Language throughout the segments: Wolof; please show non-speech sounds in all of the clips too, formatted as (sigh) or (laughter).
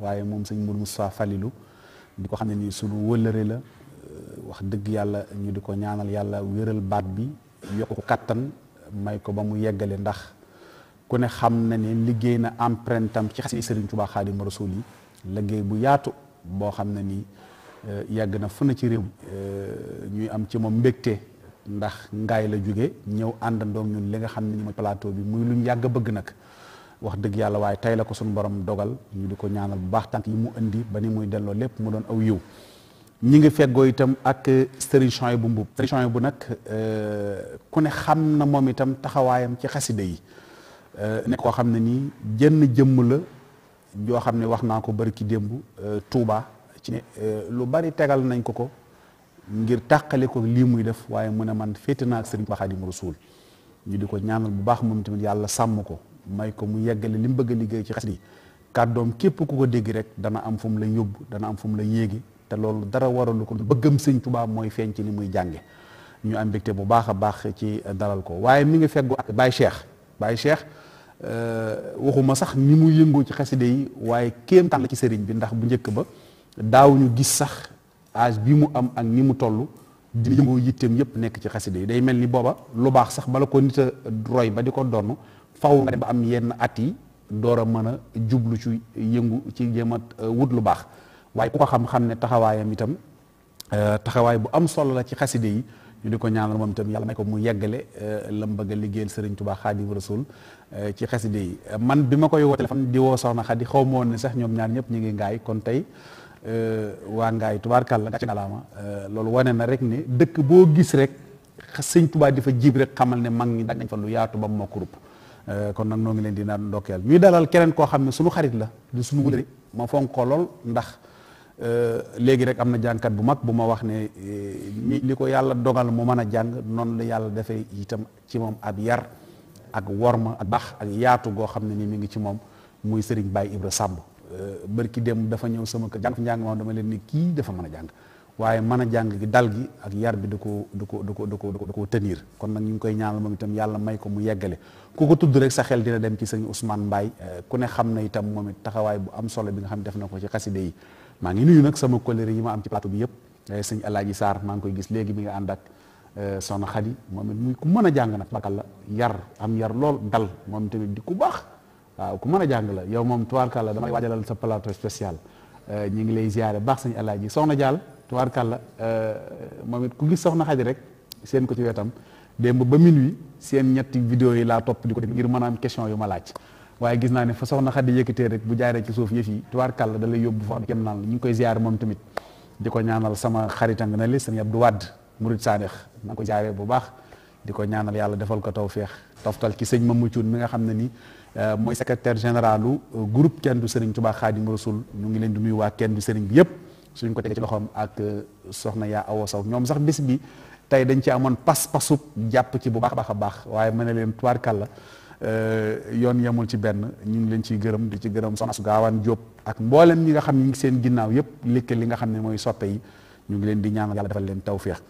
waaye moom sëñ Mourou Moustapha Falilou di ko xam ne nii sunu wëllëre la euh, wax dëgg yàlla ñu di ko ñaanal yàlla wéral baat bi yokk ko kattan may ko ba mu yeggalee ndax ku ne xam na ne liggéey na empreinte am ci xasida Sëriñ Tuubaa Xaadimu Rasuul yi liggéey bu yaatu boo xam ne nii euh, yàgg na fu na ci réew euh, ñuy am ci moom mbégte ndax ngaay la jóge ñëw àndandoom ñun li nga xam ne ni mooy plateau bi muy luñ yàgg a bëgg nag wax dëgg yàlla waaye tey la ko suñu borom dogal ñu di ko ñaanal bu baax tànk yi mu indi ba ni muy delloo lépp mu doon aw yiw ñi ngi feggoo itam ak sëriñ Chouaïbou bu mbub sëriñ Chouaïbou bu nag euh, ku ne xam na moom itam taxawaayam ci xasida yi euh, koo xam ne nii jënn jëmm la joo xam ne wax naa ko bari ki démb euh, Touba ci ne lu bari tegal nañ ko ko ngir tàqale ko lii muy def waaye mu ne man féete naa ak sëriñ Ba Xaadimu Rasuul ñu di ko ñaanal bu baax moom tamit yàlla sàmm ko may ko mu yeggale li mu bëgg a liggéey ci xasida yi kàddoom képp ku ko dégg rek dana am fu mu la yóbbu dana am fu la yéegi te loolu dara waralu ko bëggam sëñ tubaab mooy feeñ ci ni muy jànge ñu am mbégte bu baax a baax ci dalal ko waaye mi ngi feggu ak Baye Cheikh Baye Cheikh euh, waxuma sax ni mu yëngoo ci xaside yi waaye kéem tànn ci sëriñ bi ndax bu njëkk ba daawuñu gis sax âge bi mu am ak ni mu toll di yëngoo yitteem yépp nekk ci xaside yi day mel ni booba lu baax sax bala ko nit a roy ba di ko donn faw nga dem ba am yenn at yi door a mën a jublu ci yëngu ci jéem a euh, wut lu baax waaye ku ko xam-xam ne taxawaayam itam euh, taxawaay bu am solo la ci xaside yi ñu di ko ñaanal moom itam yàlla may ko mu yeggale euh, lam bëgg a liggéeyal Serigne Touba Xaadimu Rasuul ci xaside yi man bi ma koy woo téléphone di woo soxna Xadi xaw ma woon ne sax ñoom ñaar ñëpp ñu ngi ngaay kon tey waa ngaay tubaarkàlla gàcce ngalaama loolu wane na rek ne dëkk boo gis rek sëñ Touba di fa jiib rek xamal ne mag ñi dañ fa lu yaatu ba mu ma kurub Euh, kon nag noo ngi leen di naan ndokkeel ñuy dalal keneen koo xam ne suñu xarit la di suñu wudari ma fonk lool ndax euh, léegi rek am na jàngkat bu mag bu ma wax ne euh, li ko yàlla dogal mu mën a jàng noonu la yàlla dafay itam ci moom ab yar ak worma ak baax ak yaatu goo xam ne ni mi ngi ci moom muy Serigne Baye Ibra Samb bërki dem dafa ñëw sama kër jàng njàng moom dama leen ni kii dafa mën a jàng waaye mën a jàng gi dal gi ak yar bi da ko da ko da ko da ko da ko tenir kon nag ñu ngi koy ñaanal moom itam yàlla may ko mu yeggale ku ko tudd rek sa xel dina dem ci sëñ Ousmane Mbaye eh, ku ne xam na itam moom it taxawaay bu am solo bi nga xam def na ko ci xaside yi maa ngi nuyu nag sama collègue yi am ci plateau bi yëpp eh, sëñ Alaaji Sarr maa ngi koy gis léegi mi nga ànd ak eh, soxna Xadi moom it muy ku mën a jàng nag bakal la yar am yar lool dal moom tamit di ku baax waaw ku mën a jàng la yow moom tubaarkàlla damay waajalal sa plateau spécial ñu ngi lay ziare baax sëñ Alaaji soxna Jaal tubaarkàlla euh, moom it ku gis soxna xadi rek seen ko ci wetam démb ba minuit seen ñetti vidéo yi laa topp di ko ngir mën am question yu ma laaj waaye gis naa ne fa soxna xadi yëkkatee rek bu jaaree ci suuf yëf yi tubaarkàlla da lay yóbbu fa kenn naan ñu ngi koy ziar moom tamit di ko ñaanal sama xaritang na li sëñ Abdou Wadd murid saaneex na ko jaaree bu baax di ko ñaanal yàlla defal ko taw feex toftal ci sëñ Mamadou Thioune mi nga xam ne ni euh, mooy secrétaire généralu euh, groupe kenn du sëriñ Tuubaa Xaadimu Rasuul ñu ngi leen di nuyu waa kenn du sëriñ yëpp suñ ko tegee ci loxoom ak euh, soxna yaa Awa Sow ñoom sax bis bi tey dañ ci amoon pas-pasub jàpp ci bu baax a baax a baax waaye mën na leen tubaarkàlla euh, yoon yemul ci benn ñu ngi leen ciy gërëm di ci gërëm soxna su gaawaan Jóob ak mboolem ñi nga xam ne ñu seen ginnaaw yëpp likke li nga xam ne mooy soppe yi ñu ngi leen di ñaan yàlla defal leen tawféex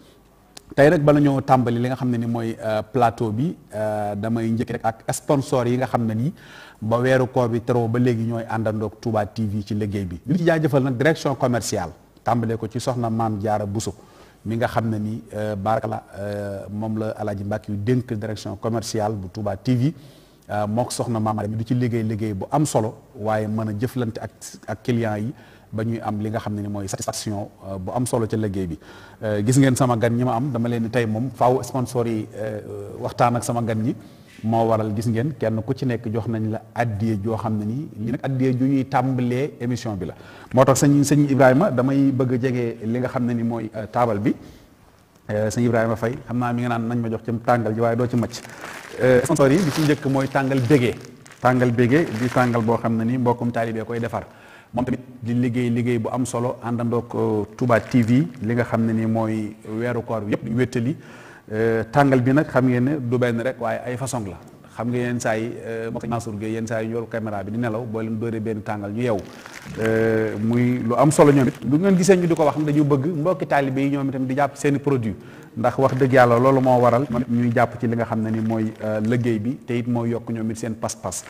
tey nag bala ñëw tàmbali li nga xam ne ni mooy euh, plateau bi damay njëkk rek ak sponsor yi nga xam ne nii ba weeru koor bi teroo ba léegi ñooy àndandoog Touba TV ci liggéey bi li ci jaajëfal nag direction commerciale tàmbalee ko ci soxna maam jaara Bousso mi nga xam ne ni euh, barakala euh, moom la alaaji Mbàkke yu dénk direction commerciale bu Touba TV euh, mook soxna maam mi du ci liggéey liggéey bu am solo waaye mën a jëflante ak ak clients yi ba ñuy am li nga xam ne ni mooy satisfaction bu am solo ci liggéey bi gis ngeen sama gan ñi ma am dama leen ni tey moom faaw sponsor yi waxtaan ak sama gan ñi moo waral gis ngeen kenn ku ci nekk jox nañ la addiye joo xam ne nii li nag ju ñuy tàmbalee émission bi la moo tax sëñ sëñ Ibrahima damay bëgg a jege li nga xam ne nii mooy euh, taabal bi euh, sëñ Ibrahima Faye xam naa mi nga naan nañ ma jox ci tàngal ji waaye doo ci macc euh, sponsor yi bi ci njëkk mooy tàngal bégee tàngal bégee di tàngal boo xam ne ni mbokkum taalibee koy defar moom tamit di liggéey liggéey bu am solo àndandoog Touba TV li nga xam ne nii mooy weeru koor bi yëpp wéttali Euh, tàngal bi nag xam ngeen ne du benn rek waaye ay façons la xam nga yenn saa yi euh, moo tax Mansour Gueye yenn saa yi ñu bi di nelaw boo leen dóoree benn tàngal ñu yeewu euh, muy lu am solo ñoom it lu ngeen gisee ñu di ko wax dañu bëgg mbokki taalibe yi ñoom di jàpp seeni ndax wax dëgg loolu moo waral ñuy jàpp ci li nga xam ne ni mooy liggéey bi te it mooy yokk ñoom it seen pas-pas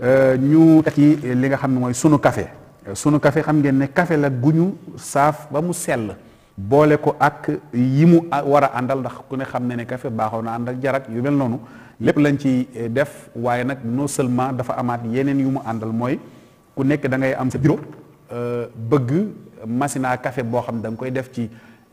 ñu teg li nga xam ne mooy sunu kafe sunu kafe xam ngeen ne café la guñu saaf ba mu sell boole ko ak yi mu war a àndal ndax ku ne xam ne ne café baaxoo na ànd ak jarak yu mel noonu lépp lañ ci eh, def waaye nag non seulement dafa amaat yeneen yu mu àndal mooy ku nekk da ngay am sa bureau euh, bëgg machine kafe boo xam da nga koy def ci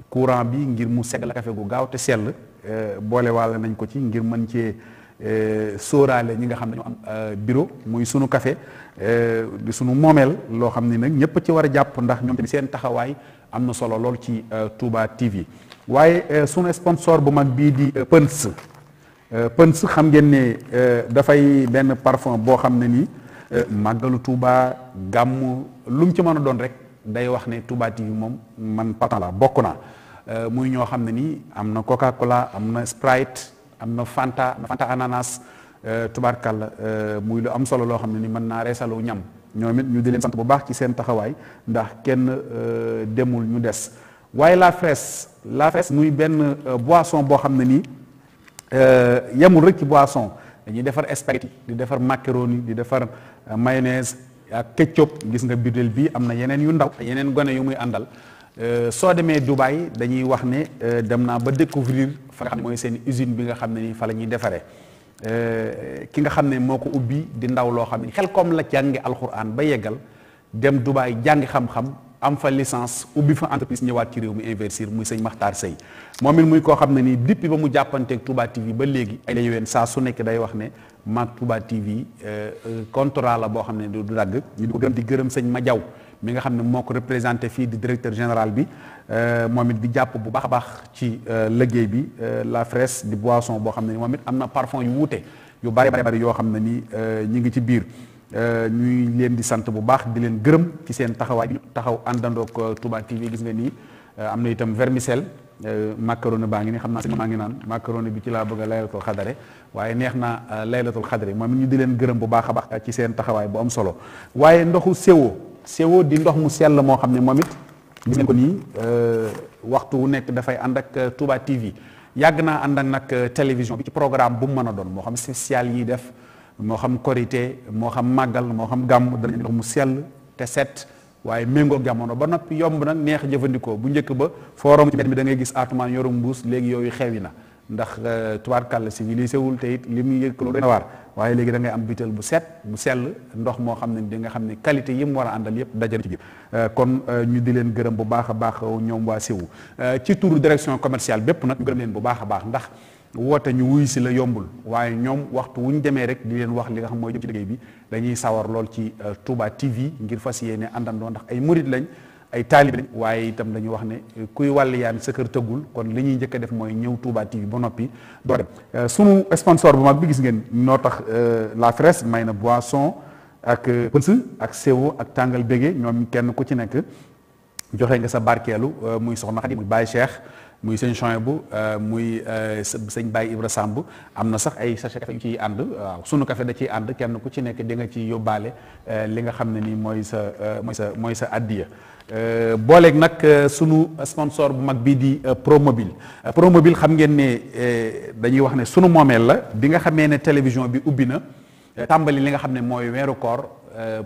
courant bi ngir mu segg la kafe gu gaaw te sell euh, boole waale nañ ko ci ngir mën cee Euh, sóoraale ñi nga xam ne ñoo am euh, bureau muy sunu kafe euh, di sunu moomeel loo xam ne nag ñëpp ci war a jàpp ndax ñoom tamit seen taxawaay am na solo lool ci Touba TV waaye sunu sponsor bu mag bii di Pëns Pëns xam ngeen ne dafay benn parfum boo xam ne nii màggalu Touba gàmm lu ci mën a doon rek day wax ne Touba TV moom man partant la bokk naa muy ñoo xam ne nii am na Coca-Cola am na Sprite. am na Fanta Fanta ananas euh, tubaarkàlla euh, muy lu am solo loo xam ne ni mën naa reesalu ñam ñoomit ñu di leen bu baax ci seen taxawaay ndax kenn euh, demul ñu des waaye la fraise la fraise muy benn boisson boo xam ne nii yemul rek ci boisson dañuy defar spaghetti di defar macaroni di defar mayonnaise ak ketchup gis nga bidel bi am na yeneen yu ndaw yeneen gone yu muy àndal Euh, soo demee Dubaï dañuy wax ne euh, dem naa ba découvrir fa nga xam ne mooy seen usine bi nga xam ne nii fa la ñuy defaree euh, ki nga xam ne moo ko ubbi di ndaw loo xam ne xel comme la jàngi alxuraan ba yeggal dem Dubaï jàngi xam-xam am fa licence ubbi fa entreprise ñëwaat ci réew mi investir muy sëñ Maxtaar Sey moom it muy koo xam ne nii depuis ba mu jàppanteeg Touba TV ba léegi ay la yoween saa su nekk day wax ne maag Touba TV contrat la boo xam ne du dagg ñu di ko gëm di gërëm sëñ Madiaw mi nga xam ne moo ko représenté fii di directeur général bi euh, moom it bi jàpp bu baax a baax ci euh, liggéey bi euh, la fraise di boisson boo xam ne moom it am na parfum yu wuute yu bari bari yoo xam ne ni ñu ngi ci biir ñuy leen di sant bu baax di leen gërëm ci seen taxawaay bi taxaw àndandoog Touba TV gis nga nii am na itam vermicelle macaroni baa ngi ni xam naa si maa ngi naan macaroni bi ci laa bëgg a laylatul xadare waaye neex na laylatul xadare moom it ñu di leen gërëm bu baax a baax ci seen taxawaay bu am solo waaye ndoxu sewo CO di ndox mu sell moo xam ne moom it gis ngeen ko nii euh, waxtu wu nekk dafay ànd ak euh, Touba TV yàgg naa ànd ak nag euh, télévision bi ci programme bu mu mën a doon moo xam spécial yi def moo xam korité moo xam màggal moo xam gàmm danañ ndox mu sell te set waaye méngoo jamono ba noppi yomb nag neex jëfandikoo bu njëkk ba forum ci mbedd da ngay gis atumaan yorum mbuus léegi yooyu xewwi na ndax euh, tubaarkàlla civilisé wul te it li muy yëkkalu rek waar waaye léegi da am butéel bu set bu sell ndox moo xam ne di nga xam ne qualité yi mu war a àndal yëpp dajale ci biir euh, kon euh, ñu di leen gërëm bu baax a baax ñoom waa siwu ci tour direction commerciale bépp nag gërëm leen bu baax a baax ndax woote ñu wuy si la yombul waaye ñoom waxtu wu ñu demee rek di leen wax li nga xam mooy jëm ci liggéey bi dañuy sawar lool ci Touba TV ngir fas yéene àndandoo ndax ay murit lañ ay taalibe waaye itam dañu wax ne kuy wàll yaan sa kër tëggul kon li ñuy njëkk a def mooy ñëw Touba TV ba noppi doo dem euh, sunu sponsor bu mag bi gis ngeen noo tax euh, la Fresse may na boisson ak euh, pëls ak sewo ak tàngal bége ñoom kenn ku ci nekk joxe nga sa barkeelu muy soxna Xadi muy Baye Cheikh muy sëñ Chouin bu muy sëñ Baye Ibra Samb am na sax ay sachet café yu ciy ànd waaw sunu café da ciy ànd kenn ku ci nekk di nga ci yóbbaale li nga xam ne nii mooy sa mooy sa mooy sa addiya Euh, booleeg nag euh, sunu sponsor bu mag bii di euh, Promobile Promobile xam ngeen ne dañuy wax ne sunu moomeel la bi nga xamee ne télévision bi ubbi na tàmbali li nga xam ne mooy weeru koor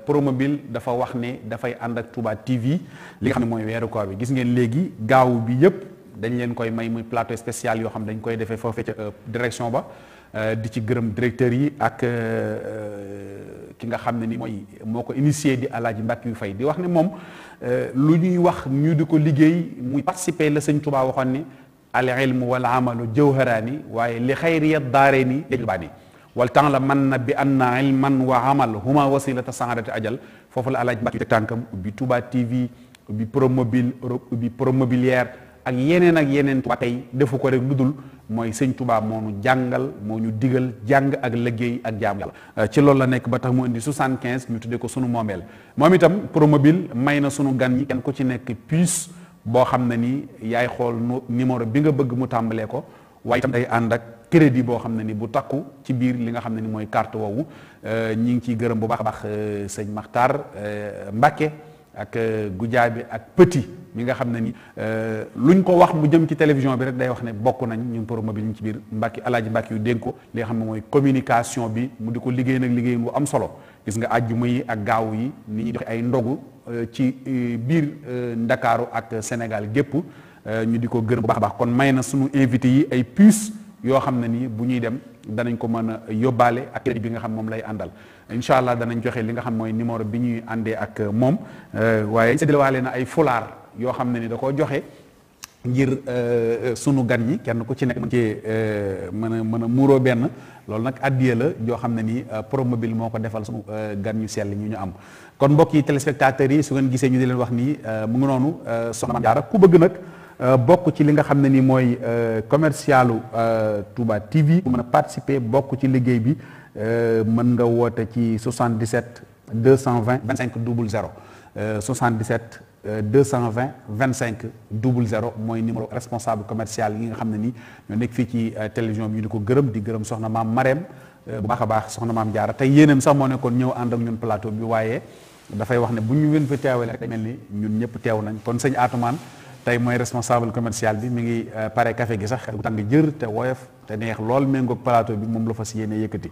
Promobile dafa wax ne dafay ànd ak Touba TV li nga xam ne mooy weeru koor bi gis ngeen léegi gaaw bi yëpp dañ leen koy may muy plateau spécial yoo xam ne dañ koy defee foofee ca direction ba di ci gërëm directeur yi ak ki nga xam ne ni mooy moo ko initié di Alaaji Mbàkke yu fay di wax ne moom Euh, lu ñuy wax ñu di ko liggéey muy participer la sëñ tubaa waxoon ni al ilmu wal amalu jawharaani waaye li xayriya daareeni yajlubaani wal temps la man na bi anna ilman wa amal huma wasilata saadati ajal foofu la alaaj ba teg tànkam ubbi Touba TV ubbi promobile Europe ubbi promobilière ak yeneen ak yeneen ba tey defu ko rek lu dul mooy sëñ tubaab moo ñu jàngal moo ñu digal jàng ak liggéey ak jaamu yàlla euh, ci loolu la nekk ba tax mu indi 75 ñu tuddee ko sunu moomeel moom itam promobile may na sunu gan yi kenn ku ci nekk puce boo xam ne ni yaay xool numéro bi nga bëgg mu tàmbalee ko waaye itam day ànd ak crédit boo xam ne ni bu takku ci biir li nga xam ne ni mooy carte woowu euh, ñi ngi ciy gërëm bu baax a baax euh, sëñ Makhtar ak euh, gujaay bi ak petit mi nga xam ne ni euh, luñ ko wax mu jëm ci télévision bi rek day wax ne bokk nañ ñun promo bi ñu ci biir mbàkki alaaji mbàkki yu dégg ko li nga xam ne mooy communication bi mu di ko liggéey nag liggéey bu am solo gis nga àjjuma yi ak gaaw yi ni ñuy joxe ay ndogu euh, ci biir ndakaaru ak Sénégal gépp ñu di ko gërëm bu baax baax kon may na suñu invité yi ay puces yoo xam ne nii bu ñuy dem danañ ko mën a yóbbaale ak bi nga xam moom lay àndal incha allah danañ joxe li nga xam mooy numéro bi ñuy àndee ak euh, moom euh, waaye séddalewaale na ay fulaar yoo xam ne ni dakoo joxe ngir euh, sunu gan ñi kenn ku ci nekk mën cee mën a mën a muuroo benn loolu nag addiya la joo xam ne ni promobile moo ko defal sunu gan ñu sell ñu ñu am kon mbokk yi téléspectateurs yi su ngeen gisee ñu di leen wax nii mu ngi noonu soxna Jaara ku bëgg nag bokk ci li nga xam ne nii mooy commercialu Touba TV ku mën a participer bokk ci liggéey bi Euh, mën nga woote ci cent 77 220 25 00 77 220 25 00 mooy numéro responsable commercial yi nga xam ne ni ñoo nekk fii ci euh, télévision bi ñu di ko gërëm di gërëm soxna maam Marème euh, bu baax a baax soxna maam Diarra tey yéenam sax moo nekkoon ñëw ànd ak ñun plateau bi waaye dafay wax ne bu ñu wen fa teewale ak mel ni ñun ñëpp teew nañ kon sëñ Atoumane tey mooy responsable commercial bi mi ngi pare café gi sax bu tàng jër te woyof te neex lool méngoog plateau bi moom la fas yéene yëkkati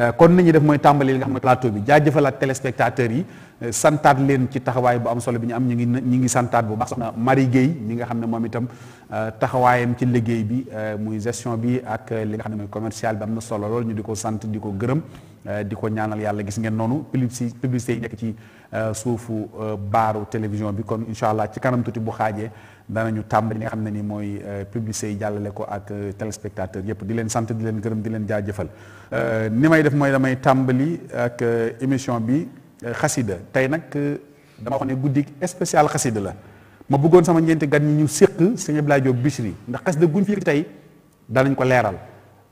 Euh, kon nañu def mooy tàmbali li nga xam ne plateau bi jaajëfalaat téléspectateurs yi euh, santaat leen ci taxawaay bu am solo bi ñu am ñu ngi ñu ngi santaat bu baax soxna Marie Guèye xam ne moom itam euh, taxawaayam ci liggéey bi muy gestion bi ak li nga xam ne commercial am na solo lool ñu di ko sant di ko gërëm di ko ñaanal yàlla gis ngeen noonu publicité publicité yi nekk ci suufu baaru télévision bi kon incha allah ci kanam tuuti bu xaajee ñu tàmbali li nga xam ne ni mooy publicité yi jàllale ko ak téléspectateur yépp di leen sant di leen gërëm di leen jaajëfal Euh, ni may def mooy damay tàmbali ak euh, émission bi euh, xasida tey nag dama waxoon ne guddi spécial xasida la ma bëggoon sama ñeenti gan ñi ñu séq sëñ Abdoulaye Diop Bichri ndax xasida guñ fi tey danañ ko leeral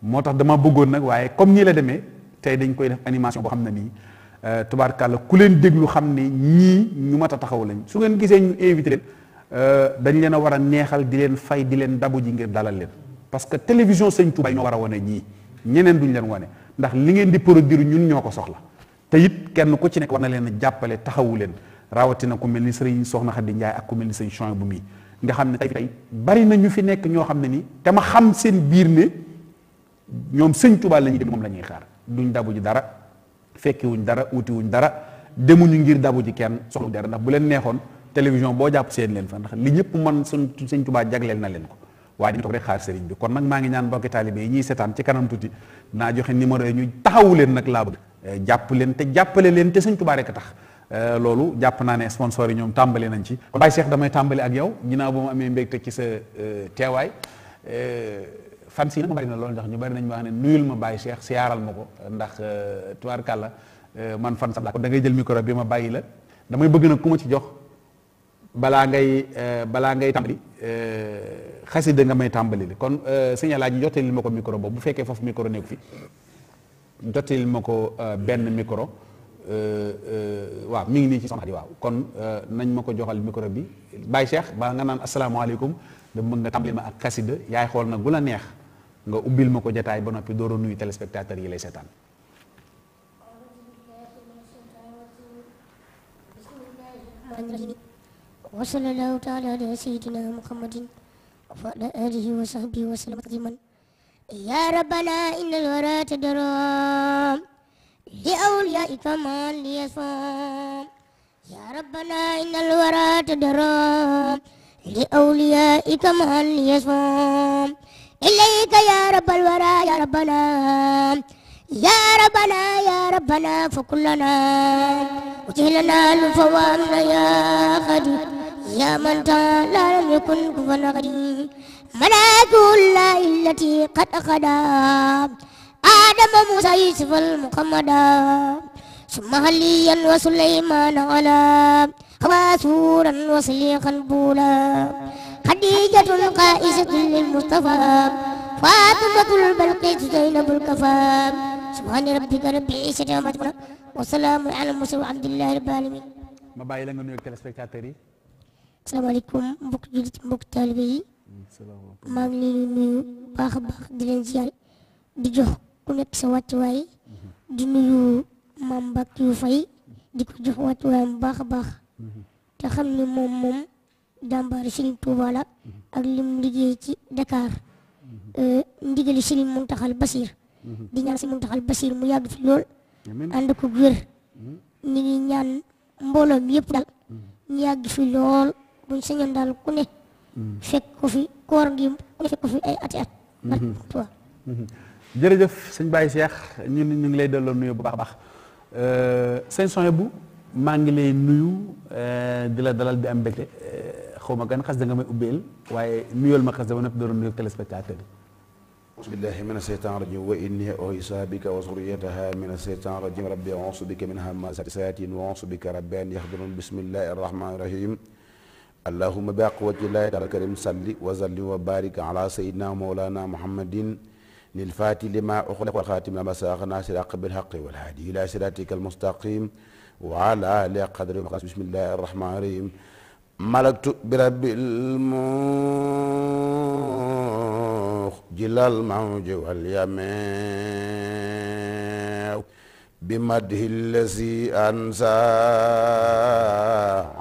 moo tax dama bëggoon nag waaye comme nii la demee tey dañ koy def animation boo xam ne nii tubaarkàlla ku leen déglu xam ne ñii ñu mat a taxaw lañ su ngeen gisee ñu invité leen dañ leen a war a neexal di leen fay di leen dabu ji ngir dalal leen parce que télévision sëñ Touba ñoo war a wane ñii ñeneen duñ leen wane ndax li ngeen di produire ñun ñoo ko soxla te it kenn ku ci nekk war na leen a jàppale taxawu leen rawatina ku mel ni sëriñ Soxna Xadi Njaay ak ku mel ni sëriñ Chouin bu mii nga xam ne tey bari na fi nekk ñoo xam ne nii te ma xam seen biir ne ñoom sëñ Tuubaa la ñuy déglu moom la ñuy xaar duñ dabu ji dara fekkiwuñ dara utiwuñ dara demuñu ngir dabu ji kenn soxlu dara ndax bu leen neexoon télévision boo jàpp seen leen fa ndax li ñëpp man suñ sëñ Tuubaa jagleel na leen ko waaye dañu toog rek xaar sëriñ bi kon nag maa ngi ñaan mbokki taalibe yi ñuy seetaan ci kanam tuuti naa joxe numéro yi ñu taxawu leen nag laa eh, jàpp leen te jàppale leen te sëñ Tuubaa rek tax eh, loolu jàpp naa ne sponsor yi ñoom tàmbali nañ ci Baye Cheikh damay tàmbali ak yow ginnaaw ba mu amee mbégte ci sa eh, teewaay fan si bari na loolu ndax ñu bari nañ wax ne nuyul ma Baye Cheikh siyaaral ma ko ndax tubaarkàlla man fan sa ko da jël micro bi ma bàyyi la damay bëgg nag ku ma ci jox balaa ngay balaa ngay tàmbali Euh, xasida nga may tàmbali li kon euh, sëñ Alaaji ñu jottalil ma ko micro boobu bu fekkee foofu micro nekk fi jottalil ma ko euh, benn micro waaw mi ngi nii ci soxna di waaw kon nañ ma ko joxal micro bi Baye Cheikh baa nga naan asalaamaaleykum da mën nga tàmbali ma ak xasida yaay xool na gu la neex nga ubbil ma ko jataay ba noppi door a nuyu téléspectateurs yi lay seetaan وصلى الله تعالى على سيدنا محمد وعلى آله وصحبه وسلم تسليما يا ربنا إن الورى تدرام لأوليائك من ليصام يا ربنا إن الورى تدرام لأوليائك من ليصام إليك يا رب الورى يا ربنا يا ربنا يا ربنا فكلنا وجهلنا الفوامن يا خدير يا من تعالى لم يكن كفوا قديم ملاك الله التي قد أخدا آدم موسى يوسف المقمدا ثم هليا وسليمان على وسورا وصليقا بولا خديجة قائسة للمصطفى فاطمة البلقيس زينب الكفام سبحان ربك رب العزة عما يصفون وسلام على المرسلين والحمد لله رب العالمين ma bàyyi la nga nuyu téléspectateurs yi salaamaaleykum mbokk jullit mbokk taalibe yi maa ngi li di nuyu baax a baax di leen di jox ku nekk sa wàccuwaay di nuyu maam Mbacke yu fay di ko jox wàccuwaayam baax a baax te xam ne moom moom dàmbaari Serigne Touba la lim liggéey ci Dakar mhm. euh, ndigali Serigne Mountakhal Bassir mhm. di ñaan si Mountakhal Bassir mu yàgg fi lool ànd ko wér mhm. ñu ngi ñaan mbooloo mi yëpp daal ñu fi lool buñ sañoon daal ku ne. fekk ko fi koor gi fekk ko fi ay ati at. Mhm. Mhm. jërëjëf sëñ Baye Cheikh ñun ñu ngi lay delloo nuyu bu baax baax euh, sëñ Sonia bu maa ngi lay nuyu euh, di la dalal di am mbégte euh, xaw ma gan xas da nga may waaye nuyool ma xas dama nekk doon nuyu téléspectateur yi. أعوذ بالله من الشيطان الرجيم وإني أعيسها بك وذريتها من الشيطان الرجيم ربي أعوذ بك من همزات الشياطين وأعوذ بك ربي أن يحضرون بسم الله الرحمن الرحيم allahuma bi aq wajhillahi taala karim salli wa sallim wa barik ala sayidina mawlana muhammadin lilfati lima uxliq walxatim lama saaq nasir aq bilxaqi walhaadi ila siratika almustaqim wa ala ali qadri bismillahi arrahmani arrahim malaktu bi rabbil muxjilal mawji wal yameew bi madhi lazi ansa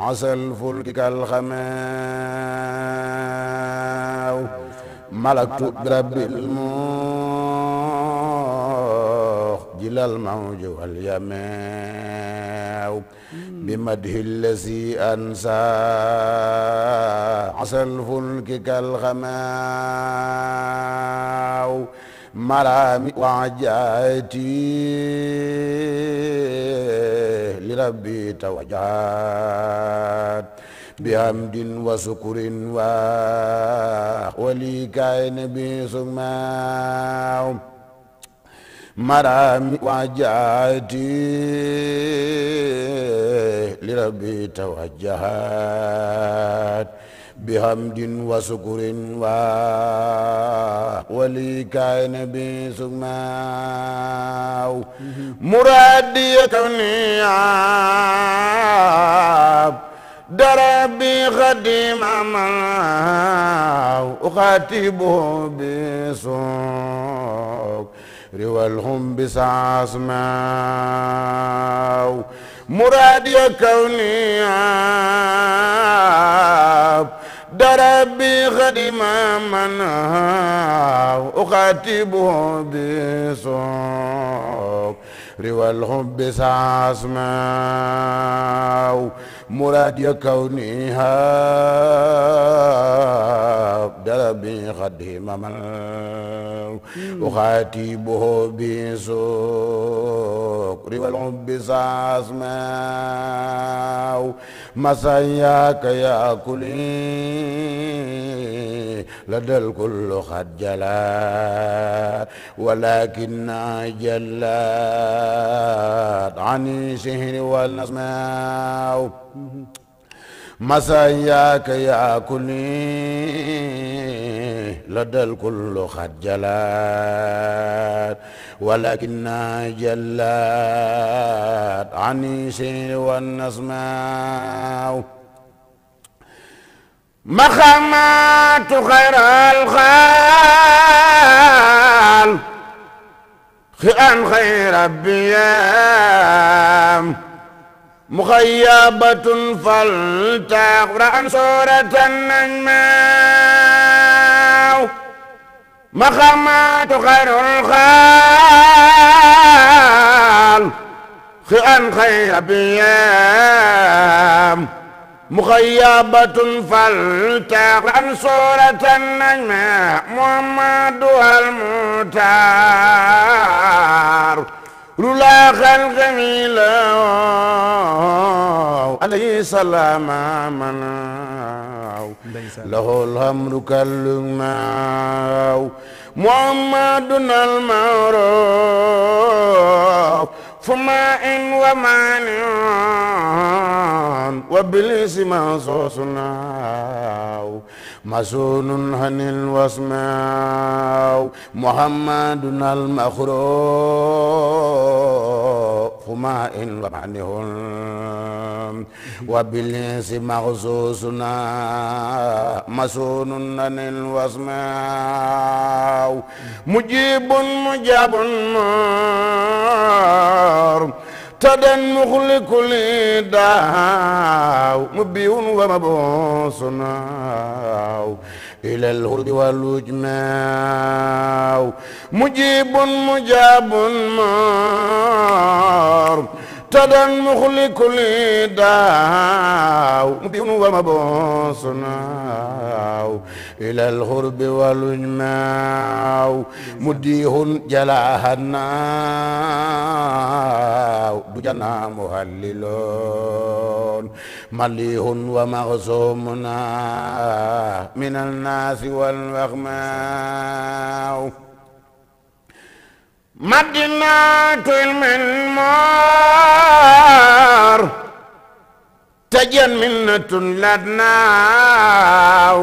عسى الفلك الخماو ملكت برب الموخ جل الموج واليماو بمده الذي أنسى عسى الفلك كالغماو مرامي وعجاتي لربي توجهات بحمد وشكر ولي كائن به سماع مرام وجهاتي لربي توجهات bihamdin wa sukurin wa wali kaay na bi sugmaaw muradiya kawniya دربي خديم أمام أخاتبه بسوق روالهم بسعاسماو مرادي كوني عاب دربي خدما من أخاتبه بسوق روى الحب ساسماو مراد كونها دربي خدم من أخاتبه بسكر والحب سأسمع مساياك يا كلي لدى الكل قد جلت ولكن جلت عن الشهر والأسماع مساياك يا كلي لدى الكل قد جلات ولكنها جلات عني سير والنسماء مخامات خير الخال خير ربي muxayyabatun fal taxra an suratan najmaaw maxamaatu xayrul xaal xi an xayra biyaam muxayyabatun fal taxra an suratan najmaaw muhammadu al mutaar رلا خلق ميلا عليه السلام من له الأمر كلما محمد المعروف فماء ومانع وبليس منصوصنا مسون هن الوسماء محمد المخروف فماء ومانع وبليس مغصوصنا مسون هن الوسماء مجيب مجاب الأبرار تدنخ لكل داو مبي ومبوسنا إلى الهرب والوجماع مجيب مجاب مار مبتدا مخلق لداو مبين ومبوسنا إلى الغرب والجماع مديه جلاهنا دجنا مهللون مليه ومغصومنا من الناس والمغماء مدينة المنمار تجن منة لدناو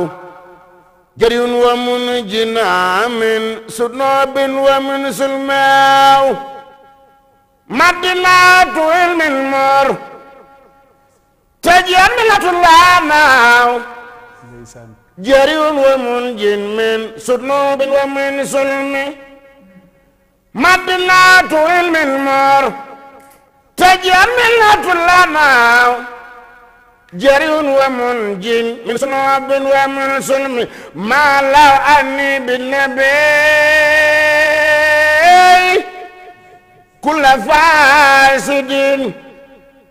جري ومن جنا من سنوب ومن سلماو مدينة المنمار تجن منة لدناو جري ومن جن من سنوب ومن سلماو مدنة علم المر تجملة لنا جري ومنجي من صنوب ومن سلم ما لو أني بالنبي كل فاسد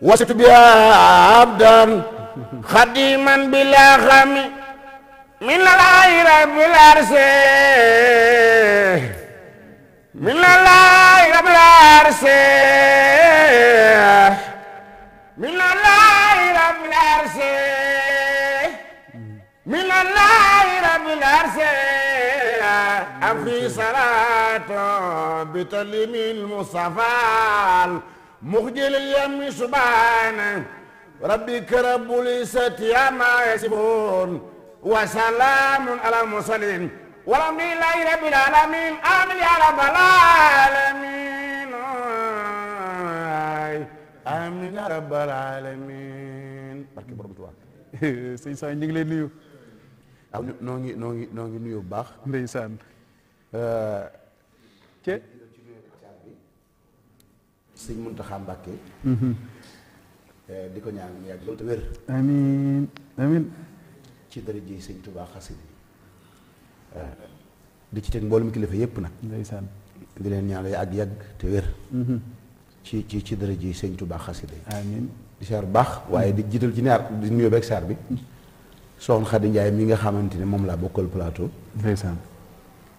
وست بها عبدا خديما بلا خم من العير بالأرسل من الله رب العرش من الله رب العرش من الله رب العرش أم في صلاة بتلم المصطفى مخجل اليم سبحانه ربك رب العزة عما يصفون وسلام على المرسلين والحمد لله رب العالمين آمين يا رب العالمين آمين يا رب ñu ngi leen nuyu waaw noo nuyu bu baax ndeysaan ci sëñ Muntaxa Mbàkke di ko ñaan mu yàgg loolu te wér amiin amiin di ci teg mboolum kilifa yëpp nag. ndeysaan di leen ñaanal ak yàgg te wér. Mm-hmm. ci ci ci dara ji sëñ Tuubaa xasida yi. amiin di saar bu baax waaye di jiital ci ñaar di nuyoo beeg saar bi. soxna Khady njaay mi nga xamante ne moom laa bokkal plateau.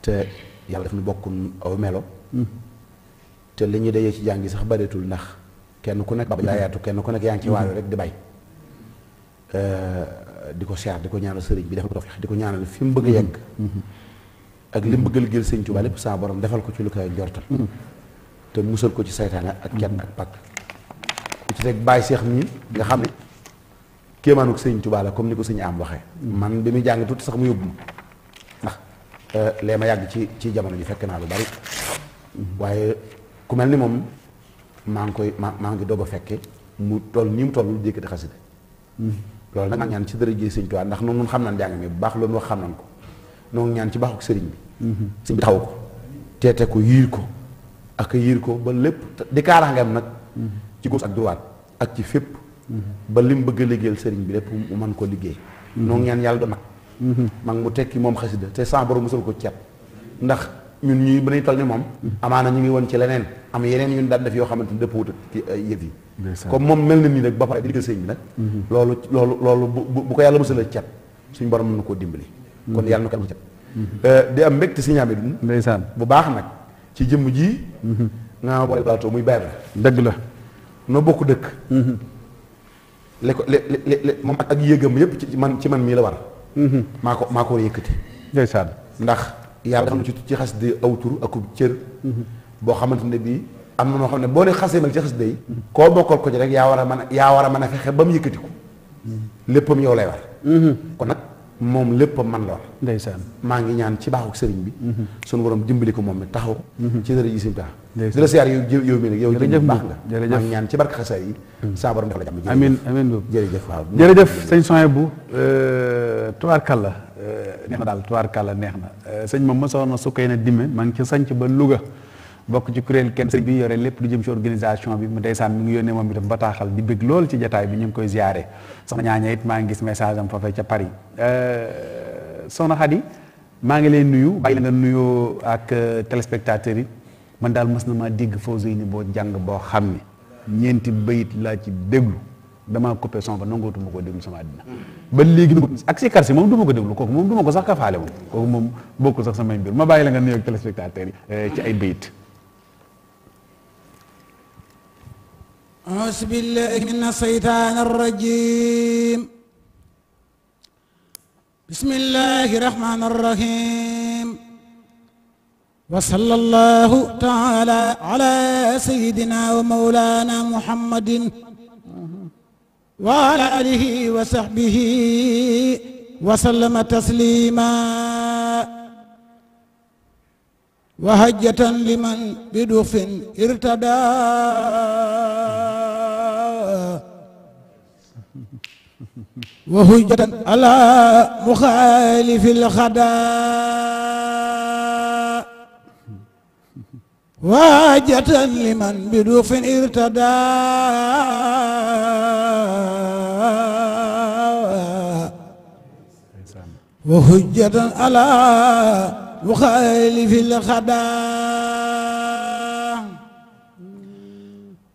te yàlla daf ñu bokk aw melo. Mm-hmm. te li ñu dajee ci jàngi sax bareetul ndax kenn ku nekk. ba yaatu kenn ku nekk yaa ngi ci waaru mm-hmm. rek di bay. Euh, di ko siyaar di ko ñaanal sëriñ bi defal ko tawfeex di ko ñaanal fi mu bëgg a mm-hmm. yegg mm-hmm. ak li mu bëgg a liggéeyal sëñ Tuubaa mm-hmm. lépp saa borom defal ko ci lu koy njortal te musal ko ci saytaane ak kenn ak pàkk ku ci teg bàyyi seex mi nga xam ne kéemaanuk sëñ Tuubaa comme ni ko sëñ am waxee man bi muy jàng tuuti sax mu yóbbu ma ndax euh, lee ma yàgg ci ci jamono ji fekk naa lu bari waaye ku mel ni moom maa ngi koy maa maa ngi doog a fekke mu toll nii mu toll lu jékkati xasida loolu nag ñaan ci dara jëlee sëñ Tuubaa ndax noonu xam nañ njàng mi bu baax loolu wax xam nañ ko noonu ñaan ci baaxu sëriñ bi. Mhm. sëñ bi taxaw ko teete ko yiir ko ak yiir ko ba lépp di kaaraangeem nag. Mhm. ci góos ak duwaat ak ci fépp. Mhm. ba lim bëgg a liggéeyal sëriñ bi lépp mu mën ko liggéey. noonu ñaan yàlla do nag. mag mu tekki moom xasida te sans borom musal ko ceeb ndax. ñun ñuy ba ñuy toll ni moom. na ñu ngi woon ci leneen am yeneen yu ñu daan def yoo xamante ni dëppoo ak yëf yi. comme moom mel na nii nag ba pare di diggal sëñ bi nag mhm. loolu loolu loolu bu ko yàlla mësala cat suñu borom mën na koo dimbali mhm. kon yàlla na ko yàlla cat mhm. euh, di am mbégte si ñaame dun ndeysaan bu baax nag ci jëmm ji nga boole plateau muy bayam la dëgg la noo bokk dëkk li ko li li li moom ak yëgam yëpp ci man ci man mii la war maa ko maa ko war a yëkkati ndeysaan ndax yàlla xam na ci ci xas di aw tur ak cër boo xamante ne bii am na noo xam ne boo ne xasee mag ci koo bokkal ko ci rek war a mën yaa war a mën a fexe ba mu yëkkatiku léppam yow lay war mm-hmm. kon nag moom léppam man la war ndeysaan maa ngi ñaan ci baaxuk sëriñ bi mm-hmm. suñu borom dimbali ko moom mi taxaw mm-hmm. ci dara gisim tax di la siyaar mi yow jërëjëf baax nga maa ngi ñaan ci barka xasa yi saa borom def la jàmm amiin amiin boobu jërëjëf jëf jërëjëf sëñ soé bu euh, tubaarkàlla euh, neex na daal tubaarkàlla neex na euh, sëñ moom mosoon na sukkay na dimme maa ngi ci sanc ba Louga bokk ci kuréel kenn sëriñ bi yore lépp lu jëm ci organisation bi mu ndeysaan mi ngi yónnee moom itam bataaxal di bëgg lool ci jataay bi ñu ngi koy ziare soxna ñaaña it maa ngi gis message am euh, maa ngi lay nuyu bàyyi la nga nuyoo ak euh, téléspectateurs yi man daal mës na maa dégg foo yi ni boo jàng boo xam ni ñeenti bayit laa ci déglu damaa coupé son ba nangootuma koo déglu sama àddina ba léegi ak si karsi moom du ma ko déglu kooku moom du ma ko sax kafaale moom kooku ma bàyyi la nga nuyoo ak téléspectateurs euh, ay bayit أعوذ بالله من الشيطان الرجيم بسم الله الرحمن الرحيم وصلى الله تعالى على سيدنا ومولانا محمد وعلى آله وصحبه وسلم تسليما وهجة لمن بدف ارتدى وهجة على مخالف الخداء واجة لمن بدوف ارتدى وهجة على مخالف الخداء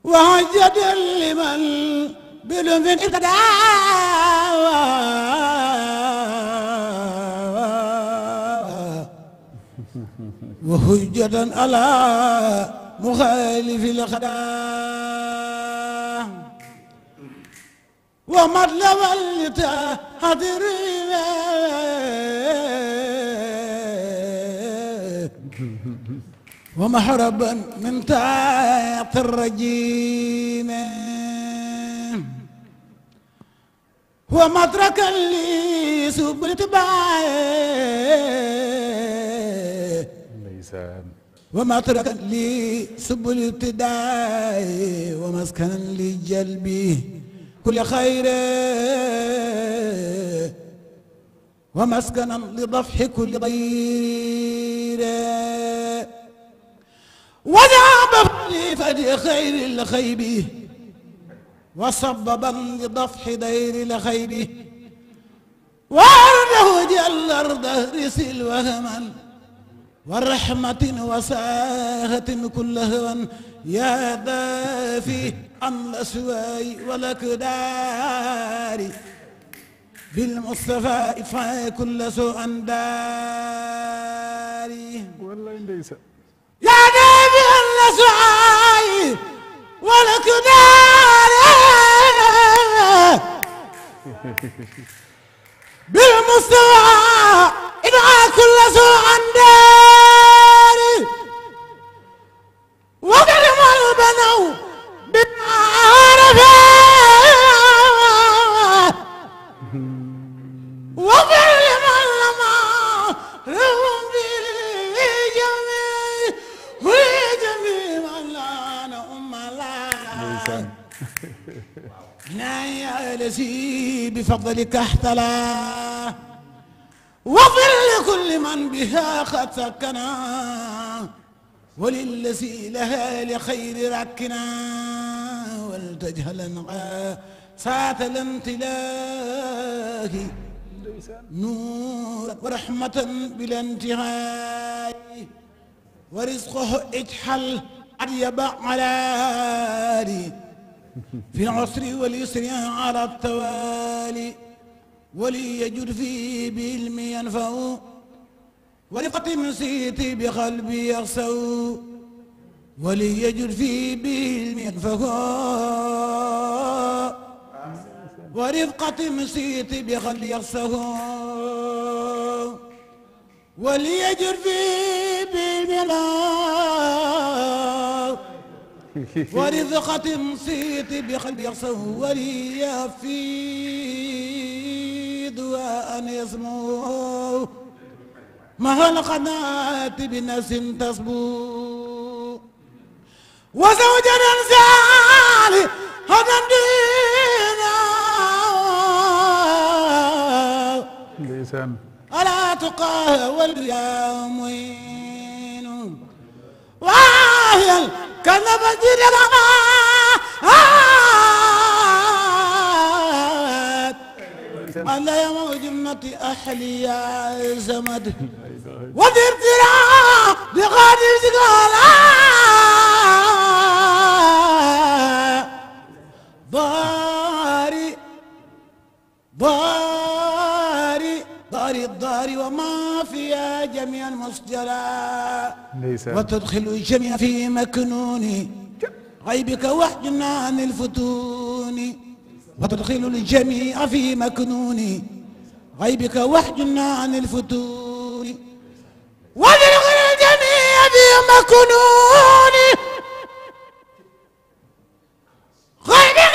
وحجة لمن بلوم القداوة وحجة على مخالف الخداع ومطلب التحضير ومحربا من تحت الرجيم wa matrakan li subul tibaaye ndeysaan wa matrakan li subul tidaaye wa maskanan li jalbi kulli xayre wa maskanan li dafxi kulli dayre wa jaaba li fadi xayri l xaybi وسببا لضفح دير لخيره وارده جل الارض رسل وهما ورحمة وساهة كل هوى يا دافي عن الأسواي والأكدار بالمصطفى إفعى كل سوء داري والله يا دافي عن الأسواي والأقدار بالمستوى إدعى كل سوء عن داري وقد ما بنوا بما عرفوا ناي الذي بفضلك احتلى وفر لكل من بها قد سكنا وللذي لها لخير ركنا ولتجهل ساعة الانتلاك نور ورحمة بلا انتهاء ورزقه اجحل أن يبع على في العسر واليسر على التوالي وليجد فيه بعلم ينفع ولقة من سيتي بقلبي يغسو وليجد فيه بعلم ينفع ورفقة من سيتي بقلبي يغسو وليجد فيه بعلم ينفع ورزقة صيت بقلب يقصه ولي يفيد وأن يسموه مهل قناة بناس تصبو وزوجا زالي هذا الدين ألا تقاهى واليوم واهيا كذب جلبا على يوم جنة أحلي يا زمد وذير ذراع بغادر زغالا باري باري باري الدار وما جميعا مسجلا وتدخل الجميع في مكنون غيبك واحجنا عن الفتون وتدخل الجميع في مكنون غيبك واحجنا عن الفتون وتدخل الجميع في مكنون غيبك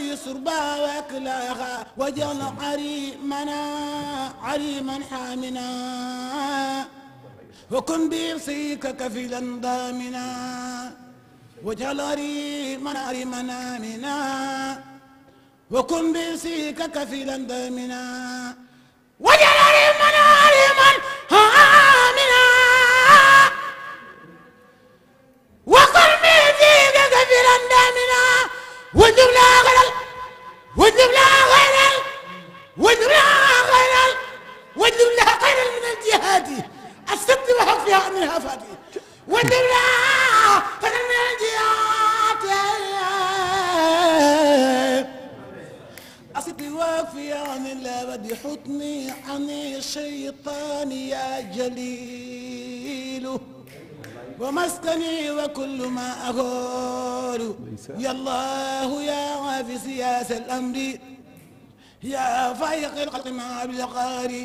لي سربا واكلاها وجعل عريمنا عريما حامنا وكن بيصيك كفيلا ضامنا وجعل عريمنا عريمنا منا وكن بيصيك كفيلا ضامنا وجعل عريمنا عريما حامنا وكن بيصيك كفيلا ضامنا وجعل واجلب لها خيرا واجلب لها خيرا واجلب لها خيرا من الجهاد السد وحق فيها من الهفات واجلب لها خيرا من الجهاد أصد وافي عن الأبد حطني عن الشيطان يا جليل ومسكني وكل ما أهو loolu yallaahu yaa waafi siyaasa al amri yaa faayiqa al xalqi maa bil qaari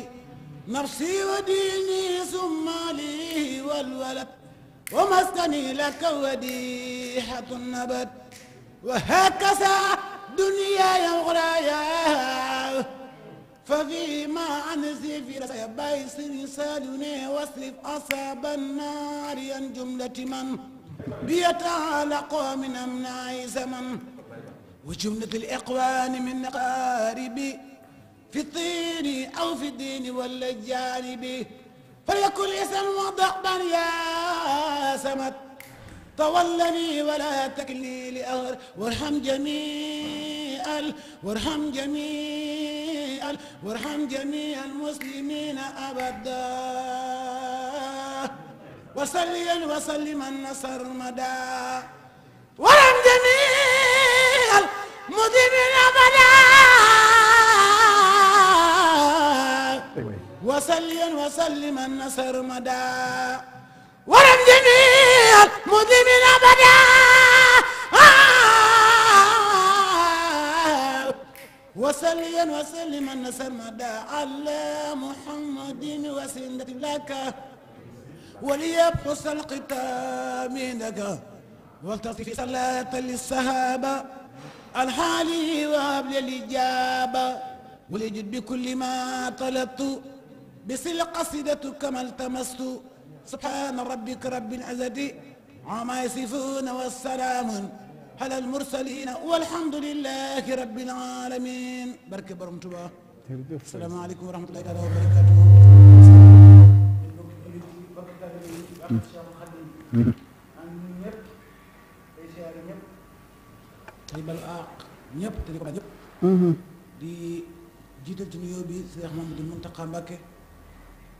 nafsi wa diini summa li wal walad wa maskani laka wadiihatu nabat wa hakaza dunyaaya wa uxraaya ففيما عن زفير سيباي سرسال وصف أصاب النار عن جملة من ليتعلق من أمنع زمن وجملة الإقوان من أقارب في الطين أو في الدين ولا الجانب فليكن اسم وضعبا يا سمت تولني ولا تكلني لأهر وارحم جميع وارحم جميع وارحم جميع المسلمين أبدا وسليا وسلما سرمدا ولم جميع المذنبين ابدا وسليا وسلما سرمدا ولم جميع المذنبين ابدا وسليا وسلما سرمدا على محمد وسند لك وليبقص القتام لك والتصف صلاة للصحابة الحالي وابل الإجابة ولجد بكل ما طلبت بسل قصيدة كما التمست سبحان ربك رب العزة عما يصفون والسلام على المرسلين والحمد لله رب العالمين بركة برمتبا السلام عليكم ورحمة الله وبركاته wax Cheikhul ñëpp day siyaare ñëpp tey bal aaq ñëpp te di ko ba ñëpp mm-hmm. di jiital ci nuyoo bi Cheikh Mamadou Mountakha Mbacké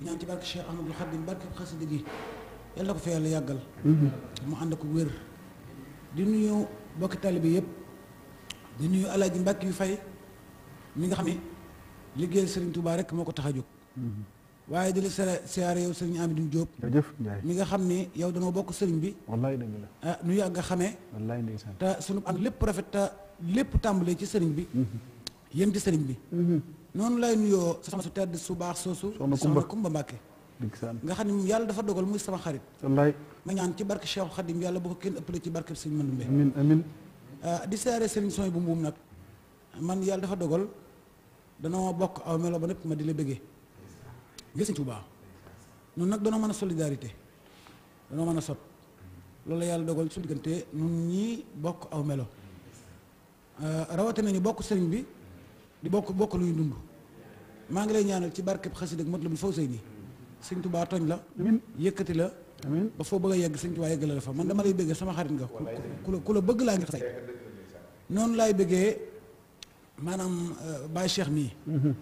di ñaan ci barke Cheikh Ahmadou Khadim Mbacké xasida gi yàlla ko fi yàggal mm-hmm. mu ànd ko wér di nuyoo bokki taalibe yëpp di nuyu alaaji Mbacké yu fay mi nga xam ne liggéeyal Serigne Touba rek moo ko tax a jóg mm-hmm. waaye di la siyaare yow sëriñ Amidou Diop. jërëjëf mi nga xam ne yow danoo bokk sëriñ bi. wallaay dëgg la ah yàgg nga xamee. wallaay ndeysaan te sunu ak lépp rafet te lépp tàmbalee ci sëriñ bi. yem ci sëriñ bi. Mhm. noonu laay nuyoo soxna su tedd su baax soosu. soxna Kumba Kumba Mbàkke nga xam ne moom yàlla dafa dogal muy sama xarit. wallaay ma ñaan ci barke Cheikh Khadim yàlla bu ko kenn ëppale ci barke sëriñ Mandumbe. amiin amiin. Ah di siyaare sëriñ sooy bu mbuum nag man yàlla dafa dogal danoo bokk aw melo ba népp ma di la bëggee ngir sëñ Tuubaa ñun nag danoo mën a solidarité danoo mën a sot loolu yàlla dogal su diggante ñun ñii bokk aw melo euh, rawatina ñu bokk sëriñ bi di bokk bokk luy dund maa ngi lay ñaanal ci barkeb xasida ak Matlabul Fawzayni sëñ Tuubaa tooñ la yëkkati la ba foo bëgg a yegg sëñ Tuubaa yegg la dafa man dama lay bëggee sama xarit nga ku la ku bëgg laa ngi say noonu laay bëggee maanaam euh, Baye Cheikh mii mhm.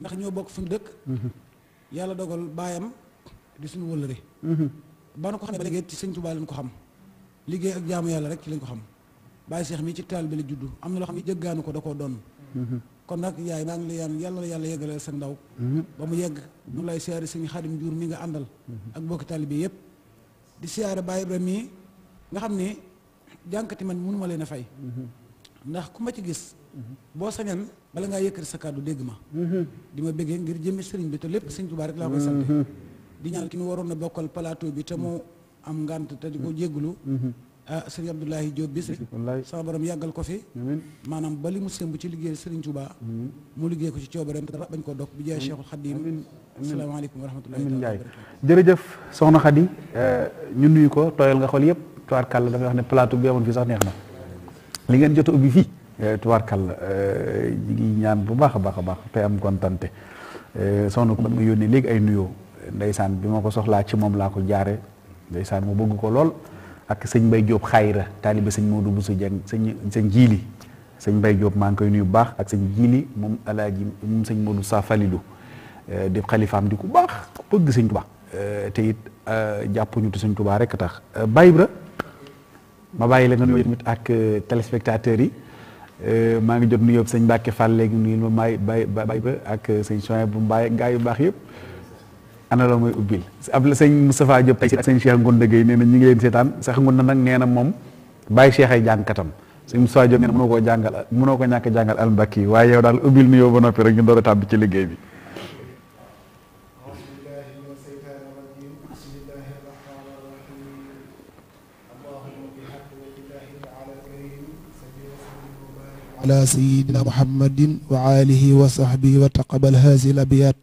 ndax ñoo bokk fu ñu dëkk mhm. yàlla dogal baayam di suñu wëllëre mm-hmm. ba na ko xam ne ba léegi ci sëñ Tuubaa lañ ko xam liggéey ak jaamu yàlla rek ci lañ ko xam Baye Cheikh mii ci taal bi la judd am na loo xam ne jëggaanu ko da koo doon mm-hmm. kon nag yaay maa ngi lay yaan yàlla yàlla yeggaleel sa ndaw mm-hmm. ba mu yegg ñu lay siyaare sëñ Xaadim Njuur mi nga àndal ak bokki taalibe yëpp di siyaare Baye Ibrahima mii nga xam ne jànkati man mënuma leen a fay ndax ku ma ci gis boo sañan bala ngaa yëkkati sa kàddu dégg ma mm-hmm. di ma bëggee ngir jëmmi sëriñ bi te lépp sëriñ Tuubaa rek laa koy sant mm-hmm. di ñaan ki ñu waroon a bokkal plateau bi te moo mm-hmm. am ngànt te di ko jéggulu ah sëriñ Abdoulaye Diop bis sama borom yàggal ko fi maanaam ba li mu sëmb ci liggéey sëriñ Tuubaa mu liggéey ko ci coobareem te dara bañ koo dog bi jaay Cheikhul Khadim asalaamaaleykum wa rahmatullaahi Ndiaye jërëjëf soxna Khady eh, ñu nuyu ko tooyal nga xool yëpp tuwaar kàll dafay wax ne plateau bi amoon fii sax neex na li ngeen jot a ubbi fii Eh, tubaarkàlla eh, ñu ngi ñaan bu baax a baax a baax te am kontante eh, soxna ko nga yónnee léegi ay nuyoo ndeysaan bi ma ko soxlaa ci moom laa ko jaare ndeysaan mu bëgg ko lool ak sëñ Mbaye Diop xayra taalibe sëñ Modou Bousso Dieng sëñ sëñ Jiili sëñ Mbaye jóob maa ngi koy nuyu bu baax ak sëñ Jiili moom alaaji moom sëñ Modou Sa Falilou di xalifaam di ku baax bëgg sëñ Tuubaa te it jàppuñu te sëñ Tuubaa rek tax. Baye Ibra ma bàyyi la nga nuyu tamit ak téléspectateurs yi. Euh, maa ngi jot nu nuyoo sëñ Mbacke Fall léegi nuyul ma maay bay bay ba ak sëñ Sonia bu Mbaye gaa yu baax yëpp ana la mooy ubbil ab la sëñ Moustapha Diop tey ak sëñ Cheikh Ngonde Gueye nee na ñu ngi leen seetaan sax Ngonde nag nee na moom Baye Cheikh ay jàngkatam sëñ Moustapha Diop nee na mënoo koo jàngal mënoo ko ñàkk jàngal al Mbacke waaye yow daal ubbil nuyoo ba noppi rek ñu door a tàbbi ci liggéey bi ala sayyidina muhammadin wa alihi wa sahbihi wa taqabal hazihi al abiyat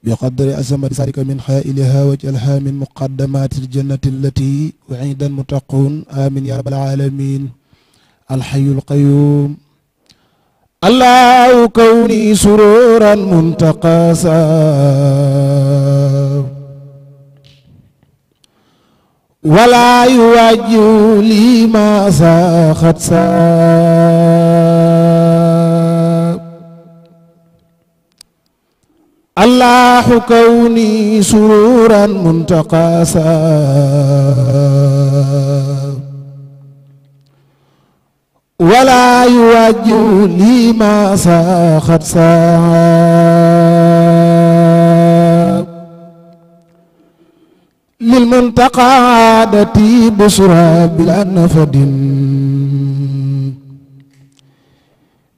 bi qadri asamati saadika min xaa'iliha wajalha min muqaddamati aljannati allati u'ida almutaqun amin ya rabbal alamin alhayu alqayum allahu kawni sururan muntaqasa ولا يواجه لي ما ساخت ساب الله كوني سرورا منتقاسا ولا يواجه لي ما ساخت ساب lil muntaqaadati busra bila nafadin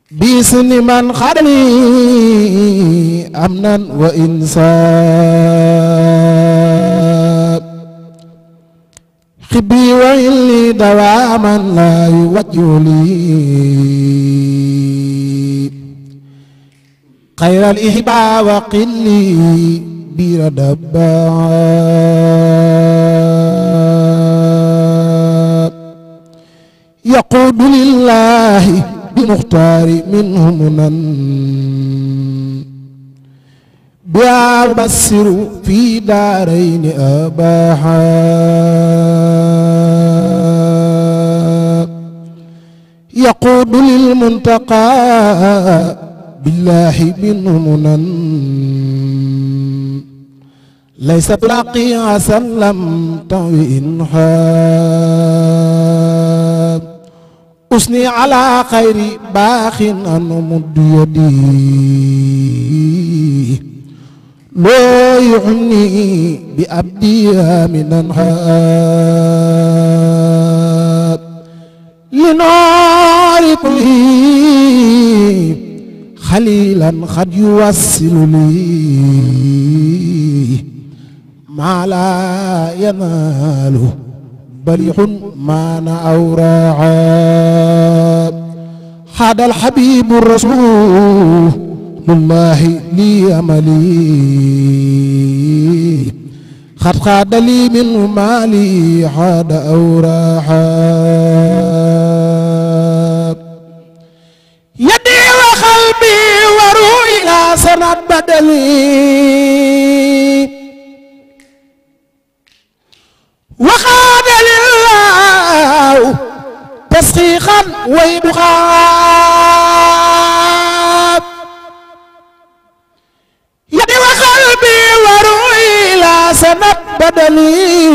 bisni man xadani amnan wa insaab xibbi wa illi dawaaman laa yuwajju lii xayral ihbaa wa qilli الكبير دبا يقود لله بمختار منه منن بيا بصر في دارين أباحا يقود للمنتقى بالله منه منن ليس تلاقي عسى لم تنوي إنحاب أسني على خير باخ أن مد يدي لا يغني بأبديها من أنحاب لنار قلبي خليلا قد يوصل لي ما لا ينال بليح ما أورع هذا الحبيب الرسول لله لي أملي خد خاد لي من مالي هذا أورع يدي وقلبي وروحي لا سند بدلي وخاد لله تسخيخا ويبخاب يدي وقلبي وروحي لا سند بدلي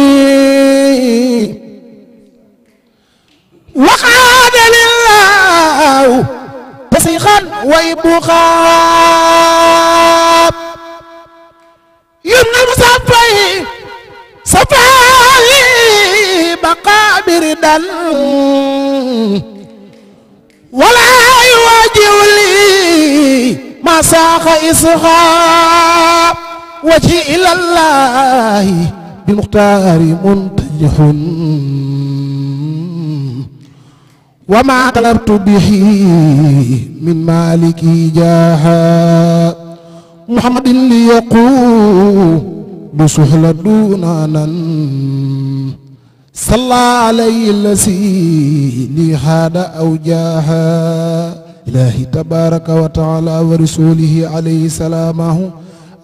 وخاد لله تسخيخا ويبخاب يمنى مصطفى صفاه wirdan wala yuwajiu li ma saaxa isxa waji ilallahi bi muxtaari muntajihun wa ma talabtu bihi min maliki jaaha muhammadin li yaqu bi suhla dunanan صلى عليه الذي لهذا أوجاها إلهي تبارك وتعالى ورسوله عليه سلامه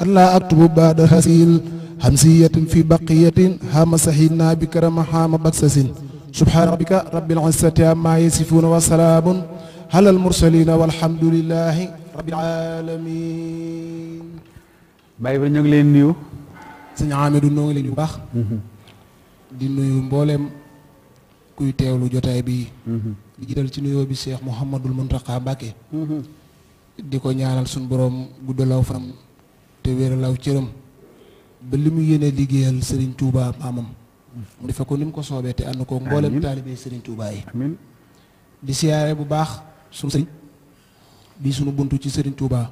أن لا أكتب بعد هذه همسية في بقية هام سهلنا بكرم هام بكسس سبحان ربك رب العزة عما يصفون وسلام على المرسلين والحمد لله رب العالمين. Baay ba ñu ngi leen nuyu. Sëñ Amidou ñoo ngi leen bu baax. di nuyu mbooleem kuy teewlu jotaay bi mm-hmm. di jiital ci nuyoo bi Cheikh Mouhamadul Mountakha Mbacké mm-hmm. di ko ñaanal suñu boroom guddalaw fanam te wéeralaw cëram ba li mu yéene liggéeyal sëriñ Touba maamam mu defe ko ni mu ko soobee te ànd ko mbooleem taalibee Serigne Touba yi di siyaare bu baax suñu sëriñ bi suñu buntu ci sëriñ Touba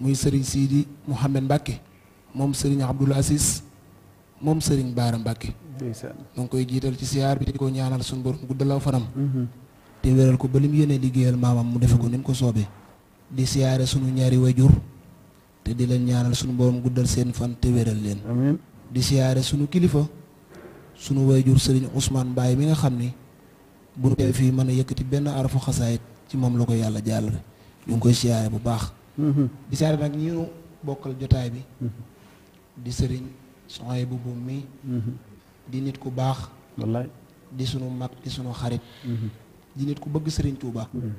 muy Serigne Sidi Mouhamed Mbacké moom Serigne Abdoul Aziz moom sëriñ Baara Mbacké mu ngi koy jiital ci siyaar bi di ko ñaanal suñu borom a fanam mm-hmm. te wéral ko ba lim yéene liggéeyal maamam mu defe ko ni mu ko soobee di siyaare sunu ñaari wajur te di leen ñaanal sunu borom guddal seen fan te wéral leen di siyaare sunu kilifa sunu jur sëriñ Ousmane Mbaye mi nga xam ni bu ñu tee fii mën a yëkkati benn arafu xasaayit ci moom la ko yàlla jàllale ñu ngi koy siyaare bu baax mm-hmm. di siyaare nag ñi ñu bokkal jotaay bi mm-hmm. di sëriñ mi di nit ku baax. wallaay di sunu mag di sunu xarit. Mm-hmm. di nit ku bëgg Serigne Touba. Mm-hmm.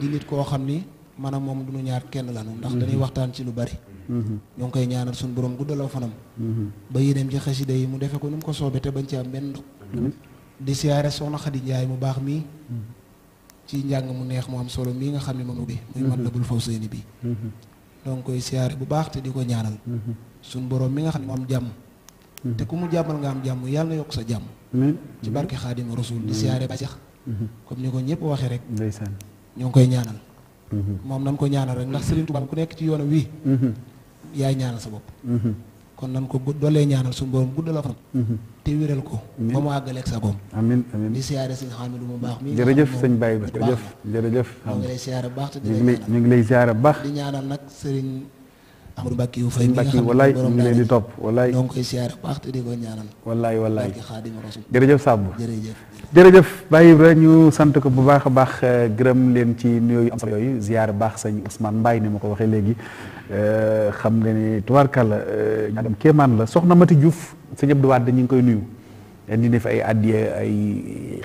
di nit koo xam ni maanaam moom du ñaar kenn lanu ndax mm-hmm. dañuy waxtaan ci lu bari. ñoo ngi koy ñaanal suñu borom guddaloo fanam. ba yéeneem ci xasida yi mu defee ko nu mu ko soobee te bañ ci am benn di siyaare soxna Xadi Njaay mu baax mii. ci njàng mu neex mu am solo mii nga xam ne moom ubbi. muy Matlabul bi. donc koy siyaare bu baax te di ko ñaanal. suñu borom mi nga xam ne mu am jàmm. te ku mu jàmmal nga am jàmm yàlla na yokk sa jàmm ci barke xaadima rasul di siyaare ba sax mm-hmm. comme ni ko ñëpp waxee rek ndeysaan ñoo koy ñaanal mm-hmm. moom nan ko ñaanal rek ndax Serigne Touba ku nekk ci yoonam wii mm-hmm. yaay ñaanal sa bopp kon nan ko doolee ñaanal suñu guddal a fan te wéral ko ba mu àggaleeg sa boom amiin amiin di siyaare sëñ Hamidou mu baax mi jërëjëf sëñ Baye ba jërëjëf jërëjëf ñu ngi lay siyaare baax te ñu lay ñaanal nag Serigne Amadou Mbacke yu fay mi nga xam ne borom di topp wallaay ñoo ngi koy siyaare baax te di ko ñaanal. wallaay wallaay jërëjëf Samb jërëjëf. jërëjëf Baye Ibra ñu sant ko bu baax a baax eh, gërëm leen ci nuyoo yu am solo yooyu ziar baax sëñ Ousmane Mbaye ni ma ko waxee léegi eh, xam nga ni tubaarkàlla eh, ñaadam kéemaan la soxna Mati Diouf sëñ Abdou Wade ñu ngi koy nuyu. indi na fi ay addiya ay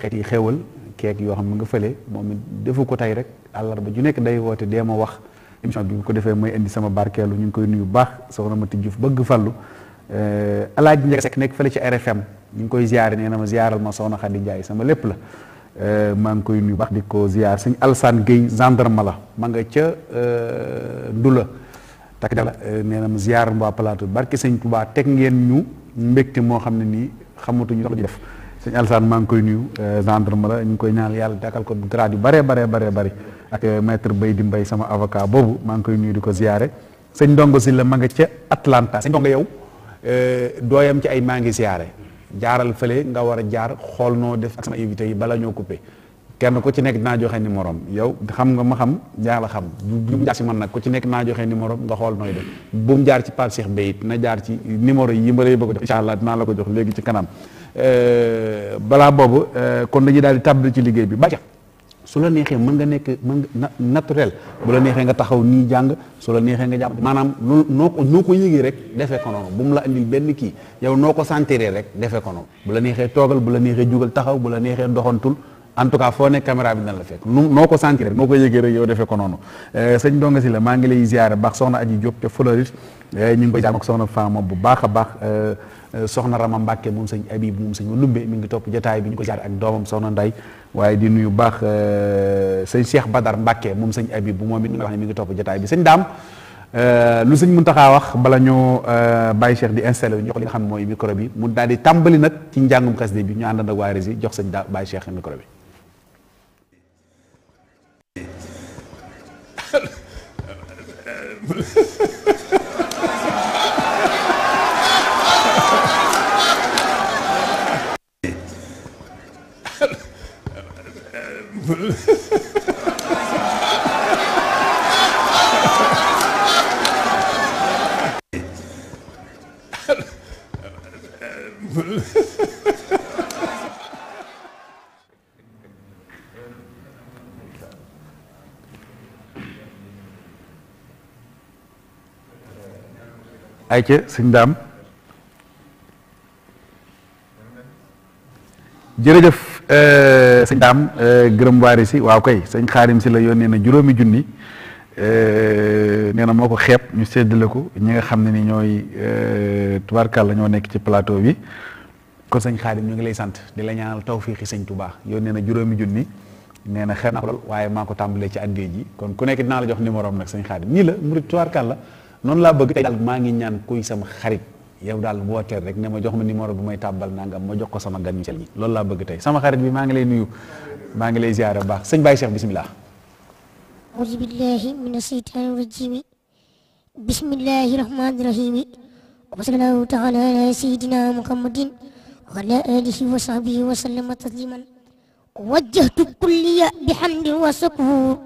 xeeti xéewal keek yoo xam ne nga fële moom it defu ko tey rek àllarba ju nekk day woote dee ma wax émission bi bu ko defee mooy indi sama barkeelu ñu ngi koy nuyu baax soxna Mati Diouf bëgg fallu euh, Alaaji Njaga Sekk nekk fële ci RFM ñu ngi koy ziare nee na ma ziaral ma soxna Xadi Njaay sama lépp la euh, maa ngi koy nuyu baax di ko ziar sëñ Alsaan Guèye gendarme la ma nga ca euh, Ndula takk dala nee na ma ziar mbaa plateau barke sëñ Tuubaa teg ngeen ñu mbégte moo xam ne nii xamatuñu sax lu def sëñ Alassane maa ngi koy nuyu euh, ma la ñu koy ñaanal yàlla dakkal ko grade yu bare bare baree bëri ak euh, maître Bay di Mbay sama avocat boobu maa ngi koy nuyu di ko ziyaare sëñ Ndongo si la ma nga ca Atlanta sëñ Ndongo yow euh, dooyam ci ay maa ngi ziyaare jaaral fële nga war a jaar xool noo def ak sama invité yi bala ñoo coupé kenn ku ci nekk dinaa joxe numéro am yow xam nga ma xam yaa xam bu mu jaar man nag ku ci nekk naa joxe numéro nga xool nooy def bu jaar ci Pape Cheikh Bayit na jaar ci numéro yi ma lay bëgg a jox allah dinaa la ko jox léegi ci kanam Euh, balaa boobu euh, kon dañuy daal di tàmbali ci liggéey bi bàcca su la neexee mën nga nekk mën nga naturel bu la neexee nga taxaw nii jàng su la neexee nga jàpp maanaam lu noo ko ko yëgee rek defee ko noonu la indil benn kii yow noo ko sentiree rek defee bu la neexee toogal bu la neexee jugal taxaw bu la neexee doxantul en tout cas foo nekk caméra bi dina la fekk nu noo ko sentir ko yëgee rek yow defee ko noonu euh, sëñ Ndonga Sylla maa ngi lay ziare baax soxna Aji Diop te Floride ñu ngi koy jàmm ak soxna Fama bu baax a baax Euh, soxna Rama Mbàkke moom sëñ Abib moom sëñ Lumbe mi ngi topp jataay bi ñu ko jaar ak doomam soxna Nday waaye di nuyu baax euh, sëñ Cheikh Badar Mbàkke moom sëñ Abib bu moom it nga wax ne mi ngi topp jataay bi sëñ daam euh, lu sëñ Muntaxa wax bala ñoo bàyyi Cheikh di installé wu ñu jox li nga xam mooy micro bi mu daal di tàmbali nag ci njàngum xasida bi ñu àndandoo ak waa Rési jox sëñ daa bàyyi Cheikh micro bi. (laughs) Kumpel. ay ca suñ daam jërëjëf Euh, sëñ daam euh, gërëm waari si waaw koy sañ xaarim si la yónnee na juróomi junni euh, nee na moo ko xeeb ñu séddale ko ñi nga xam ne ni ñooy la ñoo nekk ci plateau bi kon sañ xaarim ñu ngi lay sant di la ñaanal tawfiixi sëñ Tuubaa yónnee na juróomi junni nee na xeeb naa ko lool waaye maa ko tàmbalee ci àddee ji kon ku nekk dinaa la jox numéro am nag sëñ xaarim nii la murit tubaarkàlla noonu laa bëgg tey daal maa ngi ñaan kuy sama xarit yow daal wooteel rek ne ma jox ma numéro bu may tàbbal nangam ma jox ko sama gan ñi loolu laa bëgg tey sama xarit bi maa ngi nuyu maa ngi lay ziyaara baax sëñ Baye Cheikh bisimilah auzu billahi mina rahim wa sallallahu taala ala sayidina wa ala wa sahbihi tasliman wajjahtu kulliya bihamdi wa sakur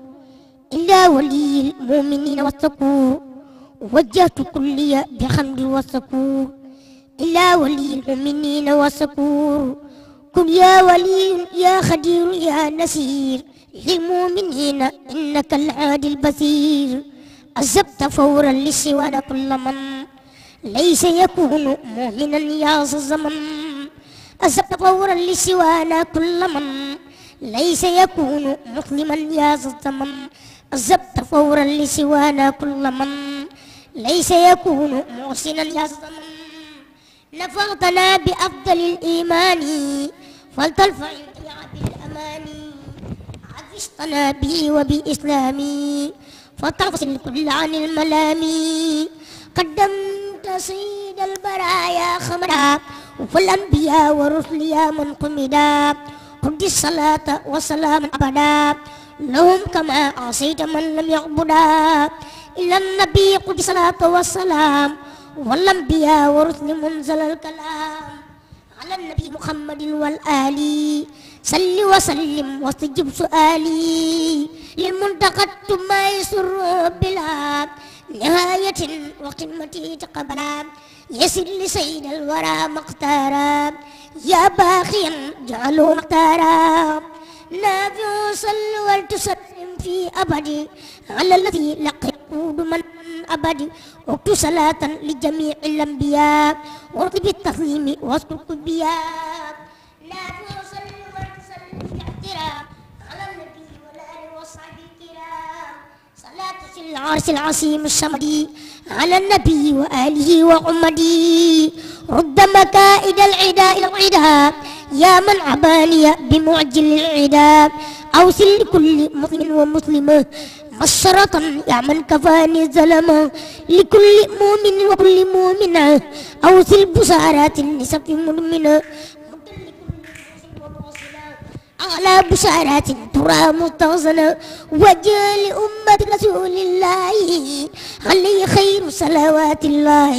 illa waliyil muminina wa sakur وجهت كلي بحمد وسكور إلى ولي المؤمنين وسكور كن يا ولي يا خدير يا نسير للمؤمنين إنك العادي البصير أجبت فورا للسواد كل من ليس يكون مؤمنا يا الزمن أجبت فورا للسواد كل من ليس يكون مسلما يا الزمن أجبت فورا لسوانا كل من ليس يكون محسنا يصدم نفرتنا بأفضل الإيمان فلترفع الدعاء بالأمان عفشتنا به وبإسلامي فتغسل كل عن الملام قدمت سيد البرايا خمرا والأنبياء والرسل يا من قمدا قد الصلاة والسلام أبدا لهم كما عصيت من لم يعبدا إلى النبي قل بصلاة والسلام والأنبياء ورسل منزل الكلام على النبي محمد والآل صل وسلم واستجب سؤالي للمنتقد ما يسر بلا نهاية وقمتي تقبلا يسر لسيد الورى مقتارا يا باخيا جعلوا مقتارا لا فيصل ولتسلم في أبدي على الذي لقي يقود من أبدي وقت صلاة لجميع الأنبياء ورد بالتسليم واذكر بياب لا فيصل ولتسلم في احترام على النبي والآل وصحبه الكرام صلاة في العرش العظيم الصمدي على النبي وآله وأمدي رد مكائد العدا إلى العدا يا من عبالي بمعجل العذاب أوصل لكل مؤمن ومسلمة مسرة يا من كفاني الظلمة لكل مؤمن وكل مؤمنة أوصل بشارات النساء مؤمنة على بشارات ترى متصلة وجه لأمة رسول الله عليه خير صلوات الله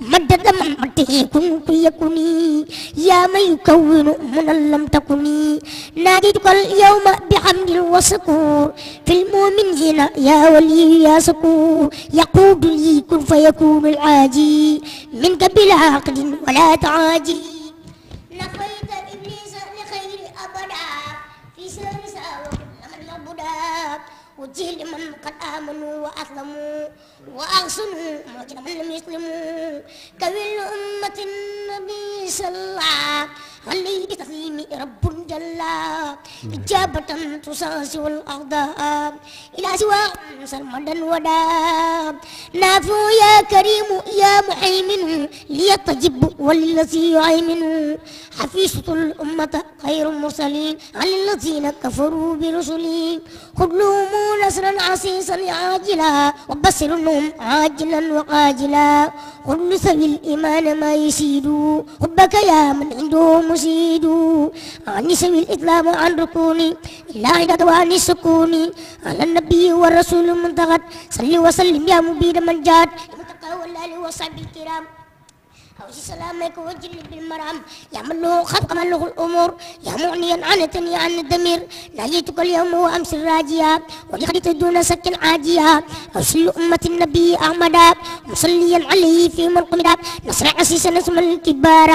مدد محمته كن في يكوني يا من يكون من لم تكوني ناديتك اليوم بحمد وسكور في المؤمنين يا ولي يا سكور يقود لي كن فيكون العاجي منك بلا عقد ولا تعاجي نقيت العذاب وجه لمن قد آمنوا وأسلموا وأحسنوا موت لمن لم يسلموا كوي لأمة النبي صلى الله عليه بتسليم رب جل إجابة تساسي والأقدام إلى سوى سرمدا ودا نافع يا كريم يا محيمن ليطجب والذي يعيمن حفيظة الأمة خير المرسلين على الذين كفروا برسلهم خذ لهم نصرا عسيسا عاجلا وبصرهم عاجلا وقاجلا خذ لسوي الإيمان ما يسيدوا ربك يا من عندهم مزيد عن سوي الإكرام وعن ركوني اللاعدة وعن السكون على النبي والرسول المنتقد صل وسلم يا مبيد من جاد المتقى والآل وصحبه الكرام بسلامك وجل بالمرام يا من له خلق من له الامور يا مغنيا عن تني عن الدمير ناجيتك اليوم وامس الراجية ولقد دون سك عاجية رسل امة النبي احمد مصليا عليه في من قمد نصر عسيس نسم الكبار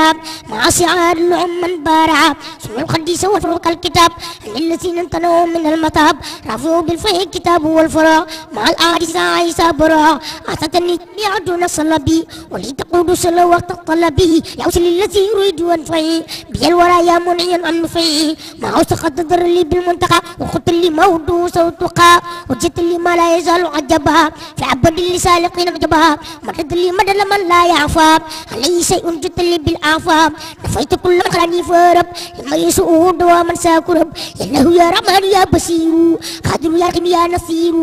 مع سعار لهم من بارع سمع القديس وفرق الكتاب ان الذين انتنوا من المطاب رفعوا بالفهم الكتاب والفراغ مع العارس عيسى براء اتتني بيعدون صلبي ولتقود صلى وقت طلبه يعوس للذي يريد أنفه بالورى يا منعيا عن نفعه ما عوس قد ضر لي بالمنتقى وخط لي موضوع صوتقى وجدت لي ما لا يزال عجبها في عبد لسالقين عجبها مدد لي مدد من لا يعفى علي شيء جدت لي بالآفام نفيت كل من خلاني فارب لما يسوء دواما ساكرب إنه يا رحمن يا بصير قادر يا رحيم يا نصير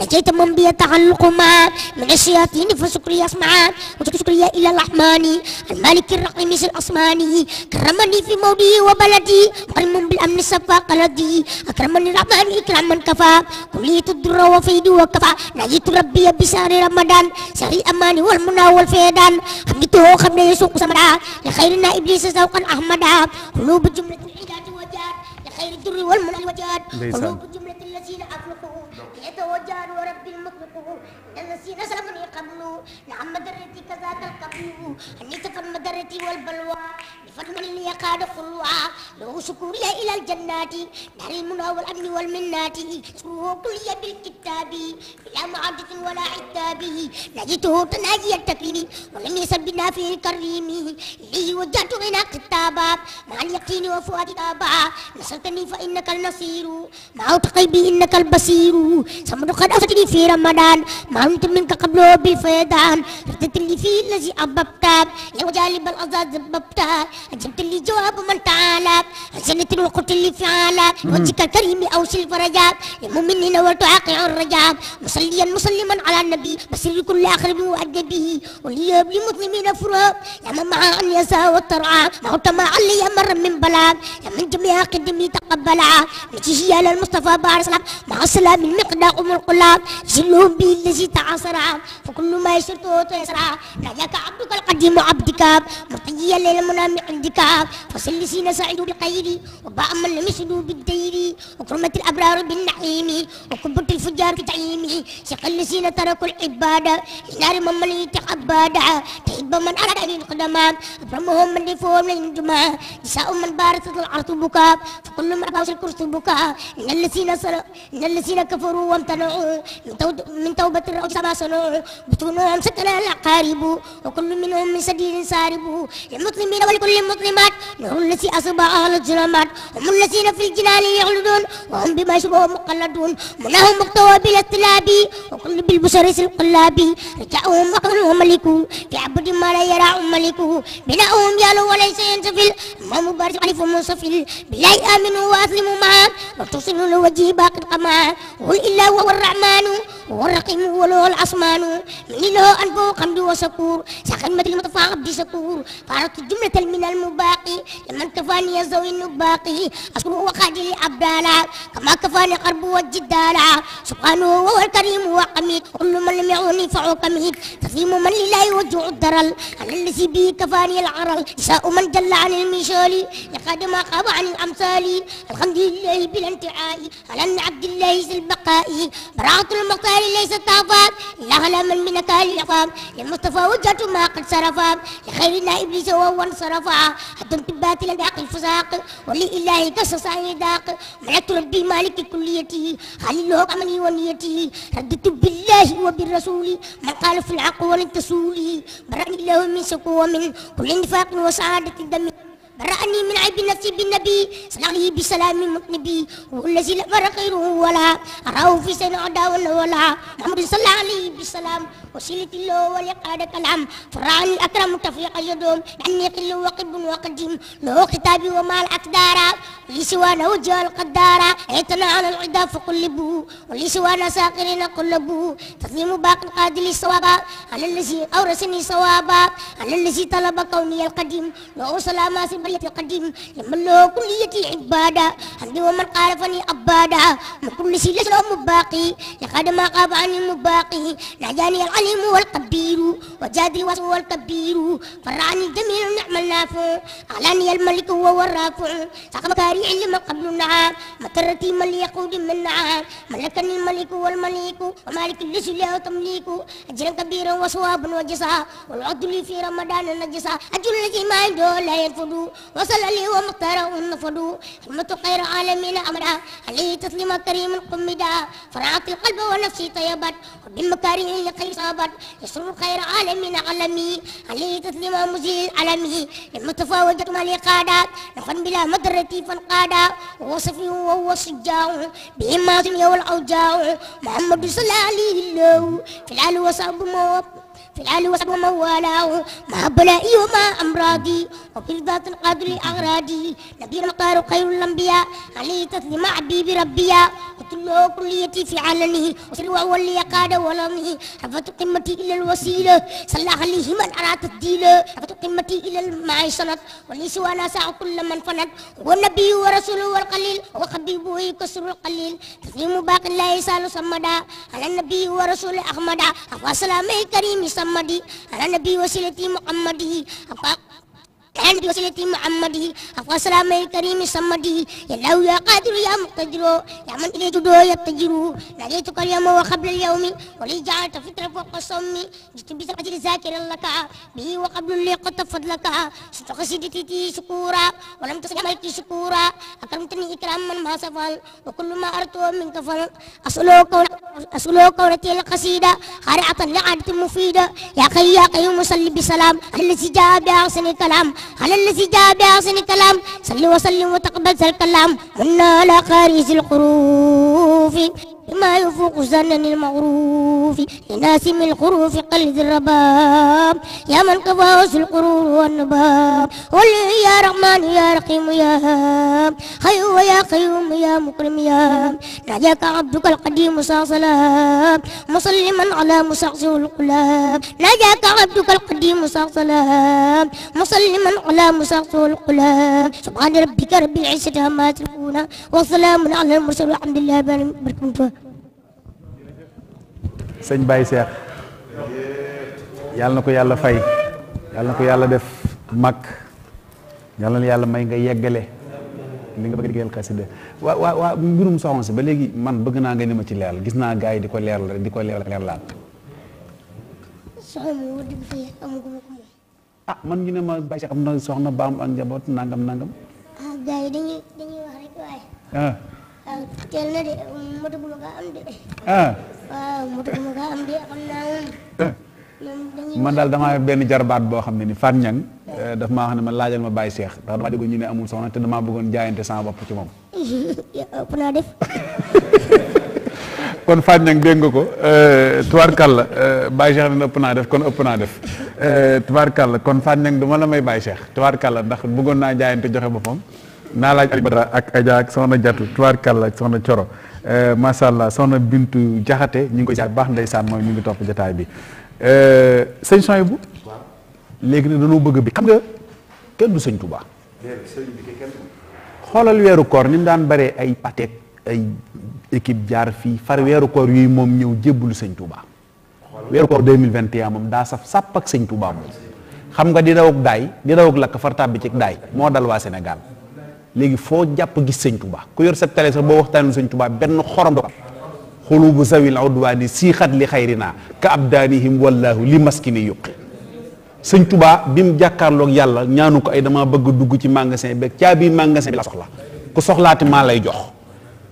نجيت من بيتعلق معه من الشياطين فسكري يسمعان وتكسكري إلى الرحمن عن مالك الرقميس الأصماني كرمني في مودي وبلدي مقرم بالأمن الصفا قلدي أكرمني الرحمن إكراما كفى كلية الدر وفيد وكفى نجيت ربي بسار رمضان سري أماني والمنى والفيدان حمدته خبر يسوق سمرا لخيرنا إبليس سوقا أحمدا قلوب جملة العداد وجاد لخير الدر والمنى والوجاد قلوب جملة الذين أخلقوا يتوجهان ورب المخلقون نسينا سلفني قبل نعم مدرتي كذاك القبل أنيت فالمدرة والبلوى لفضل اللي يقاد قلوى له شكوري إلى الجنات نهر المنى والأمن والمنات اسمه كلي بالكتاب بلا معادة ولا عتابه نجته تناجي التكريم ولم يسب بنا في كريمه إليه وجهت بنا كتابا مع اليقين وفؤاد تابا نصرتني فإنك النصير مع تقلبي إنك البصير سمد قد أفتني في رمضان مع وأنت منك قبله بالفيدان ردت اللي فيه الذي أببتاب لو جالب الأزاز زببتاب أجبت اللي جواب من تعالى حسنة وقلت اللي فعالى وجهك الكريم أوصل الفرجاب يا مؤمن هنا وتعاقع الرجاب مصليا مسلما على النبي بسر كل آخر وأدب به ولياب لمسلمين فراب يا من مع أن يسا والترعى موت ما علي مر من بلاغ يا من جميع قدمي تقبلا نتيجي على المصطفى بارسلك مع السلام المقدار أم القلاب جلهم به الذي ستة عشر فكل ما يسرته تيسرا كذاك عبدك القديم عبدك مرتجيا للمنام عندك فسلسين سعيد بالخير وباء من لم يسدوا بالدير وكرمت الأبرار بالنعيم وكبت الفجار بتعيم شق الذين تركوا العبادة نار من من يتعبد تحب من أراد أن يقدم أبرمهم من يفهم للجماع نساء من بارثت الأرض بكاء فكل ما أباوش الكرس بكاء إن الذين كفروا وامتنعوا من توبة الرحمن اقتبسوا بطونهم ستنا الأقارب وكل منهم من سديد سارب للمظلمين ولكل المظلمات نور الذي أصبع أهل الظلمات هم الذين في الجنان يخلدون وهم بما شبهوا مقلدون منهم مقتوى بالاستلاب وكل بالبشر القلاب رجعهم وقلهم ملكوا كعبد ما لا يرى ملكه بناؤهم يالو وليس ينسفل ما مبارك عليه منصفل بالله آمنوا وأسلموا معه وتصلوا لوجه باقي القمع قل إلا وهو الرحمن هو الرقيم هو والأصمان من له أنف وقمد وسكور ساق المدر المطفى غبد سكور قالت جملة من المباقي لمن كفاني الزوي النباقي أشكره وقادي أبدالا كما كفاني قرب والجدالا سبحانه وهو الكريم وقميد كل من لم يعوني فعقميد تسليم من لله يوجع الدرل أنا الذي به كفاني العرل نساء من جل عن المثال لقد ما خاب عن الأمثال الحمد لله بالانتعاء على عبد الله البقاء براعة المختار ليست تعفى الأقام لغلى من منك اللقام للمصطفى وجهة ما قد صرفا لخيرنا إبليس وهو انصرفا هدمت باطل الباقي الفساق ولإله قصص عن ذاق ملكت ربي مالك كليته خليله عملي ونيته رددت بالله وبالرسول من قال في العقل ولن تسولي برأني الله من سقوى من كل نفاق وسعادة دم برأني من عيب نفسي بالنبي صلى عليه بسلام النبي والذي لا مر خيره ولا أراه في سنة عدا ولا ولا محمد صلى عليه بالسلام وسيلة الله ولقاد كلام فرعن الأكرم تفيق يدوم لأني قل وقب وقديم له كتابي وما الأقدار ولسوانا وجه القدار اعتنى على العدا فقلبه ولسوانا ساقرين قلبه تسليم باق القادر للصواب على الذي أورثني صوابا على الذي طلب كوني القديم له سلام القرية القديم لما الله كليتي عبادة حمدي ومن قال فني أبادة من كل شيء لسنا مباقي لقد ما غاب عني المباقي نعجاني العليم والقبير وجادري وسوى الكبير فرعني جميع النعم النافع أعلاني الملك وهو الرافع ساق مكاري لمن قبلنا مكرتي من ليقود من نعام ملكني الملك والمليك ومالك ليس له تمليك أجرا كبيرا وصوابا وجسا والعدل في رمضان نجسا أجل الذي ما لا ينفذ وصل لي ومختار والنفض حمة خير عالمين أمرا عليه تسليم كريم قمدا فرعت القلب ونفسي طيبت وبالمكارم لخير صابت يسر خير عالمين علمي عليه تسليم مزيل علمي المتفاوتة ملقادات نفن بلا مدرتي فانقادا ووصفي وهو سجاع بهما سمي والأوجاع محمد صلى عليه الله في العلو وصعب مواب في العلو وصب ومن والاه مع بلائي ومع أمراضي وفي الذات القادر لأغراضي نبي المقار خير الأنبياء عليه تسليم حبيبي ربيا وكله كليتي في علنه وسلوى ولي قاد ولمه حفظت قمتي إلى الوسيلة صلح لي من أرى تبديلا حفظت قمتي إلى المعيشنة وليس وأنا ساع كل من فند والنبي ورسوله والقليل وخبيبه يكسر القليل تسليم باقي لا يسال صمدا على النبي ورسوله أحمدا وسلامه كريم صمدي على النبي وسيلتي محمدي تعالى بوسيلة محمده أقوى سلام الكريم صمده يا الله يا قادر يا مقتدر يا من إليه تدعو يبتجر ناديتك اليوم وقبل اليوم ولي جعلت فترة فوق الصم جئت بسبعة ذاكرا لك به وقبل لي قد فضلك صدق سيدتي شكورا ولم تصنع ملكي شكورا أكرمتني إكراما ما سفل وكل ما أردت منك فل أصلو قولتي القصيدة خارعة لعادة مفيدة يا خي يا قيوم صل بسلام الذي جاء بأحسن الكلام على الذي جاء بأحسن الكلام صل وسلم وتقبل الكلام منا على قارئ الحروف ما يفوق زنن المغروف لناسم القروف قلد الرباب يا من قفاوس القرور والنباب ولي يا رحمن يا رقيم يا هاب خيو يا قيوم يا مكرم يا نجاك عبدك القديم صلى سلام مسلما على مسعصع القلاب نجاك عبدك القديم صلى سلام مسلما على مسعصع القلاب سبحان ربك رب العزة عما يصفون وسلام على المرسلين والحمد لله رب العالمين sëñ Baye Seex yàlla na ko yàlla fay yàlla na ko yàlla def mag yàlla na yàlla may nga yeggale li nga bëgg di gël xasida waa waa waa mbirum soxna si ba léegi man bëgg naa nga ni ma ci leeral gis naa gars yi di ko leeral di ko leeralaat. soxna moom wax dëgg fa yàlla amaguma ko moom. ah man ñu ne ma Baye Seex na baam ak njaboot nangam nangam. ah gars dañuy wax rek waaye. Ah. teel na de moto bu ma ma gaa am de xam naa moom. man daal damaa benn jarbaat boo xam ne ni Fatou Niang. Eh, daf maa wax ne ma laajal ma bàyyi seex ndax damaa déggoon ñu ne amul soxna te damaa bëggoon jaayante sama bopp ci moom. (laughs) ëpp naa def. (laughs) kon Fatou Niang dégg nga ko eh, tubaarkàlla eh, Baye Cheikh dina ëpp naa def kon ëpp naa def tubaarkàlla kon Fatou Niang du ma la may seex Cheikh tubaarkàlla ndax bëggoon naa jaayante joxe boppam. naa laaj Badara ak Adja ak soxna Jatu Tuwaar Kalla ak soxna Coro eh, macha allah soxna Bintu Jaxate ñu ngi koy jaar baax saan mooy ñu ngi topp jataay bi eh, sëñ Sonia bu. léegi nag dañoo bëgg bi xam nga kenn du xoolal weeru koor ni mu daan baree ay patet ay équipe jaar fii far weeru koor yooyu moom ñëw jébbalu sëñ Touba. weeru koor 2021 moom daa saf sàpp ak sëñ Touba moom. xam nga di dawag daay di dawag lakk far tàbbi ci daay moo dal waa senegal léegi foo jàpp gis sëñ Touba ku yor sa télé sax boo waxtaanee sëñ Touba benn xorom doxal xulu bu zawil udwaani siixat li xayri naa ka abdaanihim wallaahu li maskini yuqi sëñ tubaa bi mu jàkkaarloog yàlla ñaanu ko ay dama bëgg dugg ci magasin beeg caabi magasin bi la soxla ku soxlaati maa lay jox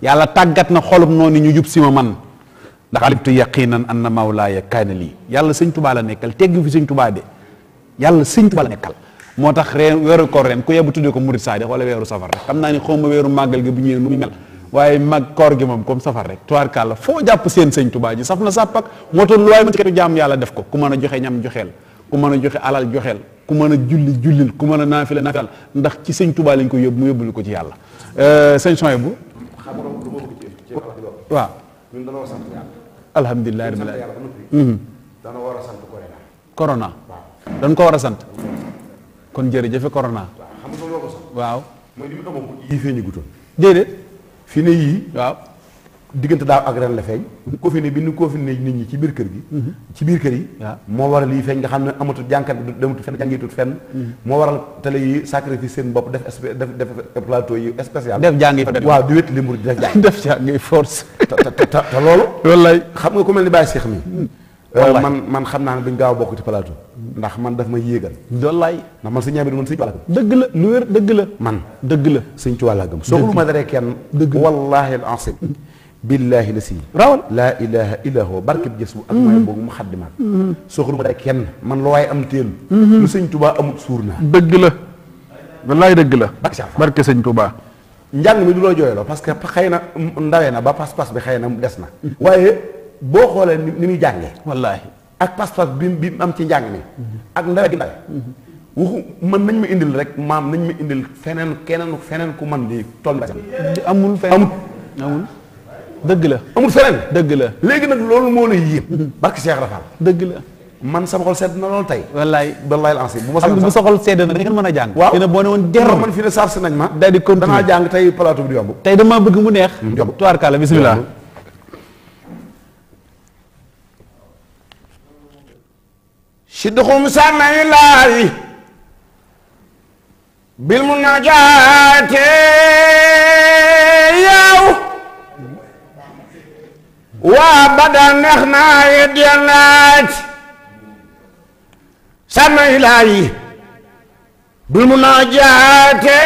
yàlla tàggat na xolum noonu ñu jub si ma man ndax alibtu yaqinan anna mawlaaya kaana lii yàlla sëñ Touba la nekkal tegg fi sëñ Touba de yàlla sëñ Touba la moo tax reen weeru koor ren ku yebu tuddee ko murit saadi wala weeru safar rek xam naa ni xaw ma weeru màggal gi bu ñëwee muy mel waaye mag koor gi moom comme safar rek tubaarkàlla foo jàpp seen sëñ Tuubaa ji saf na sàpp moo tax lu yàlla def ko ku mën a joxe ñam joxeel ku mën a joxe alal joxeel ku mën a julli jullil ku mën a naafila ndax ci sëñ lañ ko yóbbu mu yóbbul ko ci yàlla euh, sëñ Soye bu waaw ñun dañoo sant yàlla alhamdulilah war a sant corona dañ ko war a sant kon jërëjëfe corona. waaw xam nga waaw mooy li mu amagul yii feeñu gutoon. déedéet fi ne yii. waaw diggante daaw ak ren la feeñ. confiné bi ñu confiné nit ñi ci biir kër gi. Mhm. ci biir kër yi. waaw moo waral yii feeñ nga xam ne amatul jànkat bi dematul fenn jàngeetul fenn. Mhm. moo waral télé yi sacrifice seen bopp def def plateau yi spécial. def jàngi waaw di wét limbur def jàngi. (laughs) def jàngi force. te te te loolu. (laughs) wallaay xam nga ku mel ni Baye Cheikh mi. Euh, man man xam naa ne duñ gaaw a bokk ci plateau. ndax man daf may yéegal dollaay ndax man sëñ ñaamir man sëñ Tuubaa dëgg la lu dëgg la man dëgg la sëñ Tuubaa laa gëm soxlu ma dara kenn wallaahi al asim billaahi la si rawal laa ilaha illa huwa barkeb gës bu ak may boobu mu xaddimaat soxlu ma dara kenn man loo waaye am téel mhm. lu sëñ Tuubaa amut suur naa dëgg la wallaay dëgg la barke sëñ Tuubaa njàng mi du loo jooyloo parce que xëy na ndawee na ba pas-pas bi xëy na des na mhm. waaye boo xoolee ni muy jàngee wallaahi ak pas-pas bi bi am ci njàng mi ak ndawe gi ndawe waxu man nañ ma indil rek maam nañ ma indil feneen keneen feneen ku man di toll amul feneen amul dëgg la amul feneen dëgg la léegi nag loolu moo lay yéem barke Cheikh Rafal dëgg la man sama xol sedd na loolu tey wallaay wallaay la bu ma xam sedd na da nga mën a jàng waaw dina boo ne woon der man fii ne sarsi nañ ma daal di continuer danaa jàng tey plateau bi du yomb tey dama bëgg mu neex mm, tubaarkalla bismillah si duxum sànnay laay bil mu najaate yow waa badan neex naa yedd ya naaj sànnay laay bil mu najaate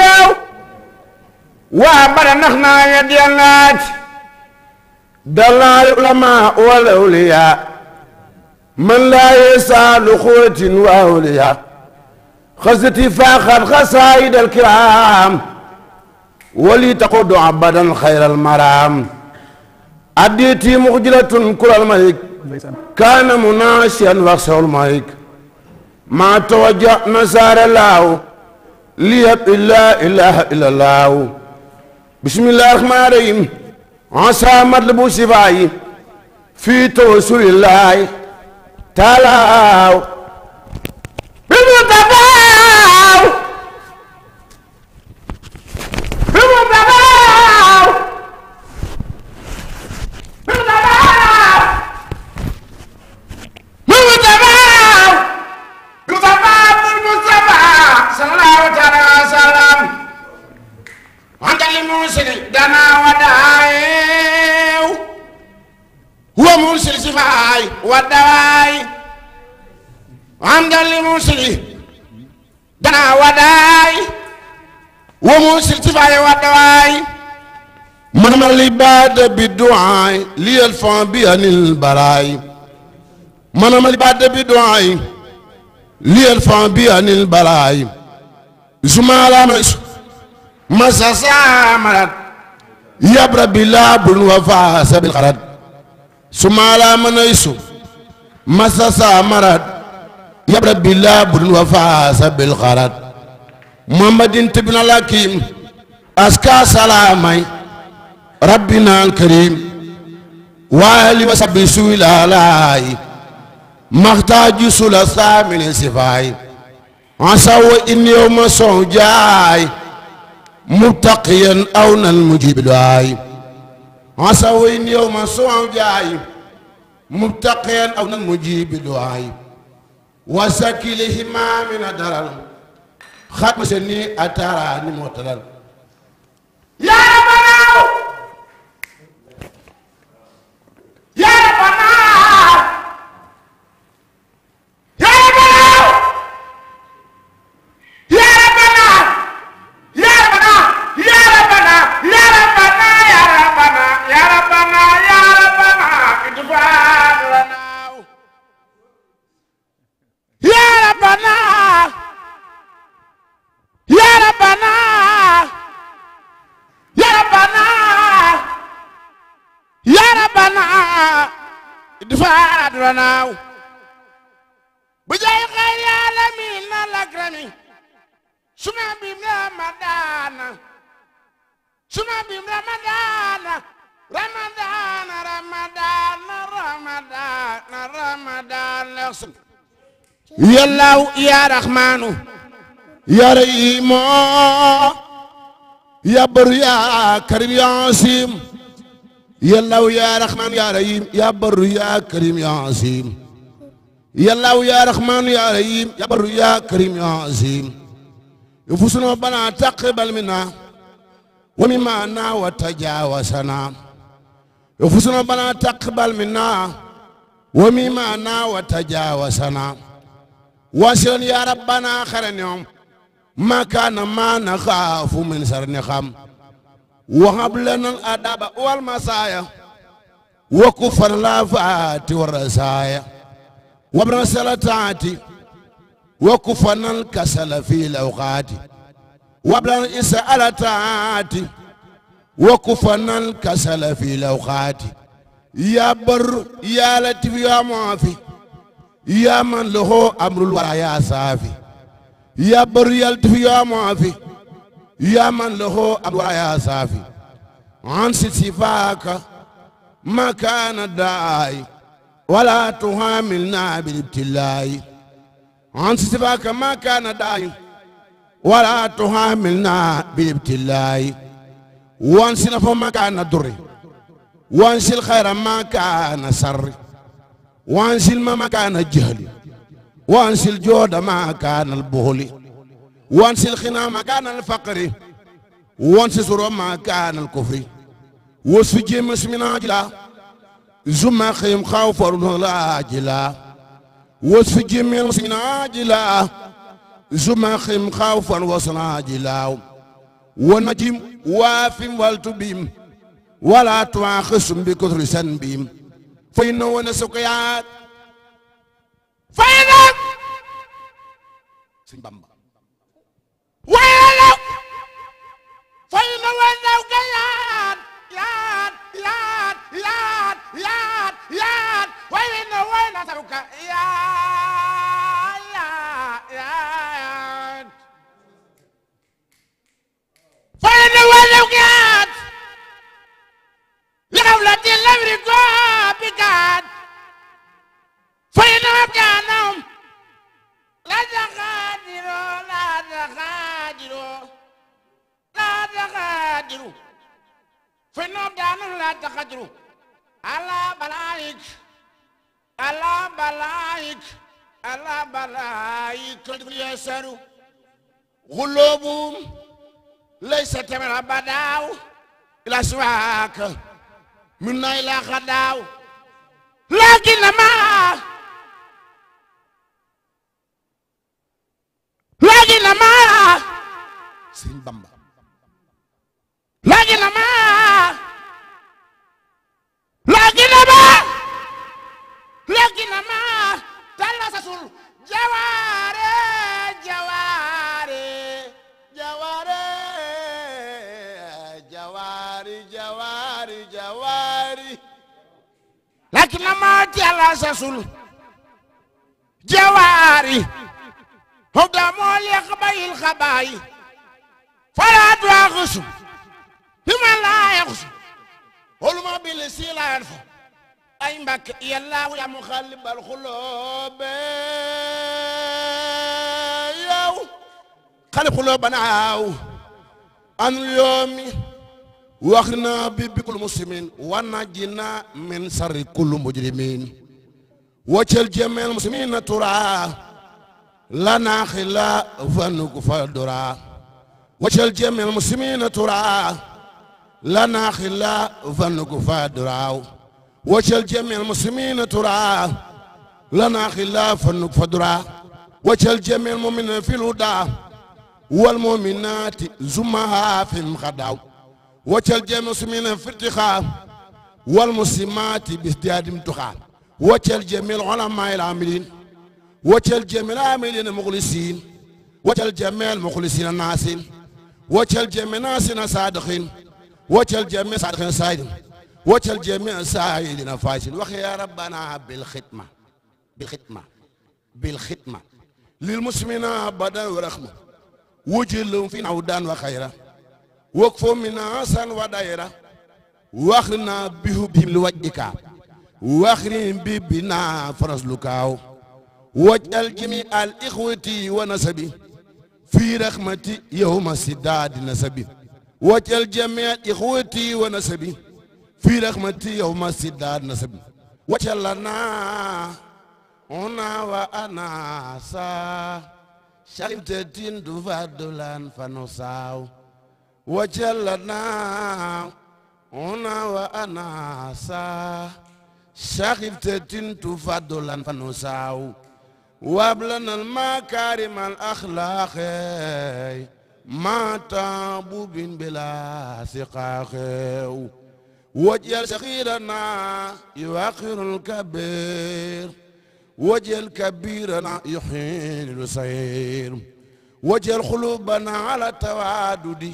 yow waa badan neex naa yedd ya naaj dalaayu lamaa wal awliyaa من لا يسال خوة وأولياء خزتي فاخر خسائد الكرام ولي تقود عبدا خير المرام أديتي مخجلة كل الملك كان مناشيا وخسر الملك ما توجه مسار الله ليب إلا إله إلا الله بسم الله الرحمن الرحيم عسى مطلب شفائي في توسل الله talaaw dana wadaay wa muusil sifaay wadaay man ma li baada bi duaay li alfan bi anil baraay man ma li baada bi duaay li alfan bi anil baraay zuma la mas masa saamarat yabra bi laabun wa faasa bil xarat suma la manaysu masa saamarat yab rabbi laa budun wa faasa bil xarat muhammadin tibna lakim aska salaamay rabbina karim waali wa sabbi suy laalaay maxtaaju sula saamini sifaay asawa in yowma sow jaay mubtaqiyan aw nan mujibilaay asawa in yowma sow jaay mubtaqiyan aw nan mujibilaay wa sakkilihima mina daral xatma se ni atara ni moo talal yaa ranaaw bu jay xayri alamin alakrami suma bim ramadana suma bim ramadana ramadana ramadana ramadana ramadana laxsun yallaaw ya rahmanu ya rahimu ya baru ya karim ya asim يا الله يا رحمن يا رحيم يا بر يا كريم يا عظيم يا الله يا رحمن يا رحيم يا بر يا كريم يا عظيم يفوسنا بنا تقبل منا وممانا وتجاوزنا يفوسنا بنا تقبل منا وممانا وتجاوزنا واسلن يا ربنا خير يوم ما كان ما نخاف من سر نخام وهب لنا الأدب والمسايا وكفر الآفات والرزايا وابرس الأتات وكفرنا الكسل في الأوقات وابلغ الإسألتات وكفرنا الكسل في الأوقات يا بر يا لطيف يا معافي يا من له أمر الورى يا صافي يا بر يا لطيف يا معافي yaa man lahu abwa ya saafi an si sifaaka ma kaana daay wala tuhaamilna bil ibtilaayi an si sifaaka ma kaana daay wala tuhaamilna bil ibtilaayi wan si nafa ma kaana durri wan sil xayra ma kaana sarri wan sil ma ma kaana jahli wan sil jooda ma kaana albuhli وانس الخنا مكان الفقر وانس سرور مكان الكفر وصف جمس من عجلا زما خيم خوف لا عجلا وصف جمس من عجلا زما خيم خوف وصنا عجلا ونجم وافم والتبيم ولا تواخصم بكثر سنبيم فإن ونسقيات فإن سنبamba way na wa naw ga yaan yaan yaan yaan yaan yaan way na wa naw ga yaan yaan way na wa naw ga yaan li xaw la di lawri go bi gaan fay na wa gaanam la jaxaadiro la jaxaadiro تقدر في النوم دانه لا تقدر على بلايك على بلايك على بلايك اليسر غلوب ليس تمر بداو إلى سواك منا إلى خداو لكن ما لكن ما سين بامبا laakin amaa laakin amaa laakin jawaari jawaari jawaari laakin amaa tallasatul jawaari hudamul yaqbayil xabaayi fala tuaxisu بما لا يخشى قل بالذي لا ينفع أي مبك يا الله يا مخلب القلوب يا خلق قلوبنا عن اليوم واخرنا بكل مسلمين ونجنا من شر كل مجرمين وجل جميع المسلمين ترى لنا خلافا نكفى درا وجل جميع المسلمين ترى لنا خلا ظنك فادراو وشل جميع المسلمين ترى لنا خلا فنك فدرا وشل جميع المؤمنين في الهدى والمؤمنات زمها في المخداو وشل جميع المسلمين في ارتخاء والمسلمات باستعداد امتخاء وشل جميع العلماء العاملين وشل جميع العاملين المخلصين وشل جميع المخلصين الناسين وشل جميع الناسين الصادقين waccal jami sadiqin saidin waccal ya rabbana bil xitma bil xitma lil muslimina badan wa raxma wujilum fi nawdan wa xayra wakfu mina san wa dayra waxrina bihu bihim li wajhika waxrin bi bina farasluka wajal jami al ixwati wa nasabi fi raxmati yawma sidadi nasabi wajal jamii ixwati wa nasabi fi rahmati yawma siddad nasabi wajal lana una wa anasa shamtatin dufadulan fanusaw wajal lana una wa anasa al makarim al akhlaqi maata bu bin bila siqaaxew wajjal saxiirana yuwaqirul kabir wajjal kabirana yuxinul sayir wajjal xulubana ala tawaadudi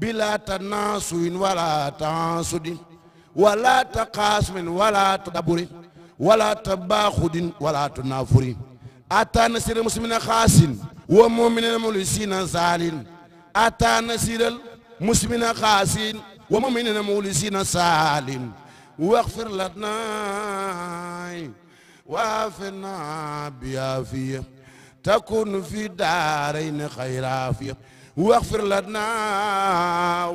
bila tanaasuin wala taasudin wala taqaasmin wala tadaburin wala tabaaxudin wala tunaafurin ataana sira muslimina xaasin wa muminina mulisina zaalin ata nasiral muslimina xaasin wa muminina mulisina saalim waxfir lanaa waafina biaafiya takun fi daarayni xayraafiya waxfir lanaa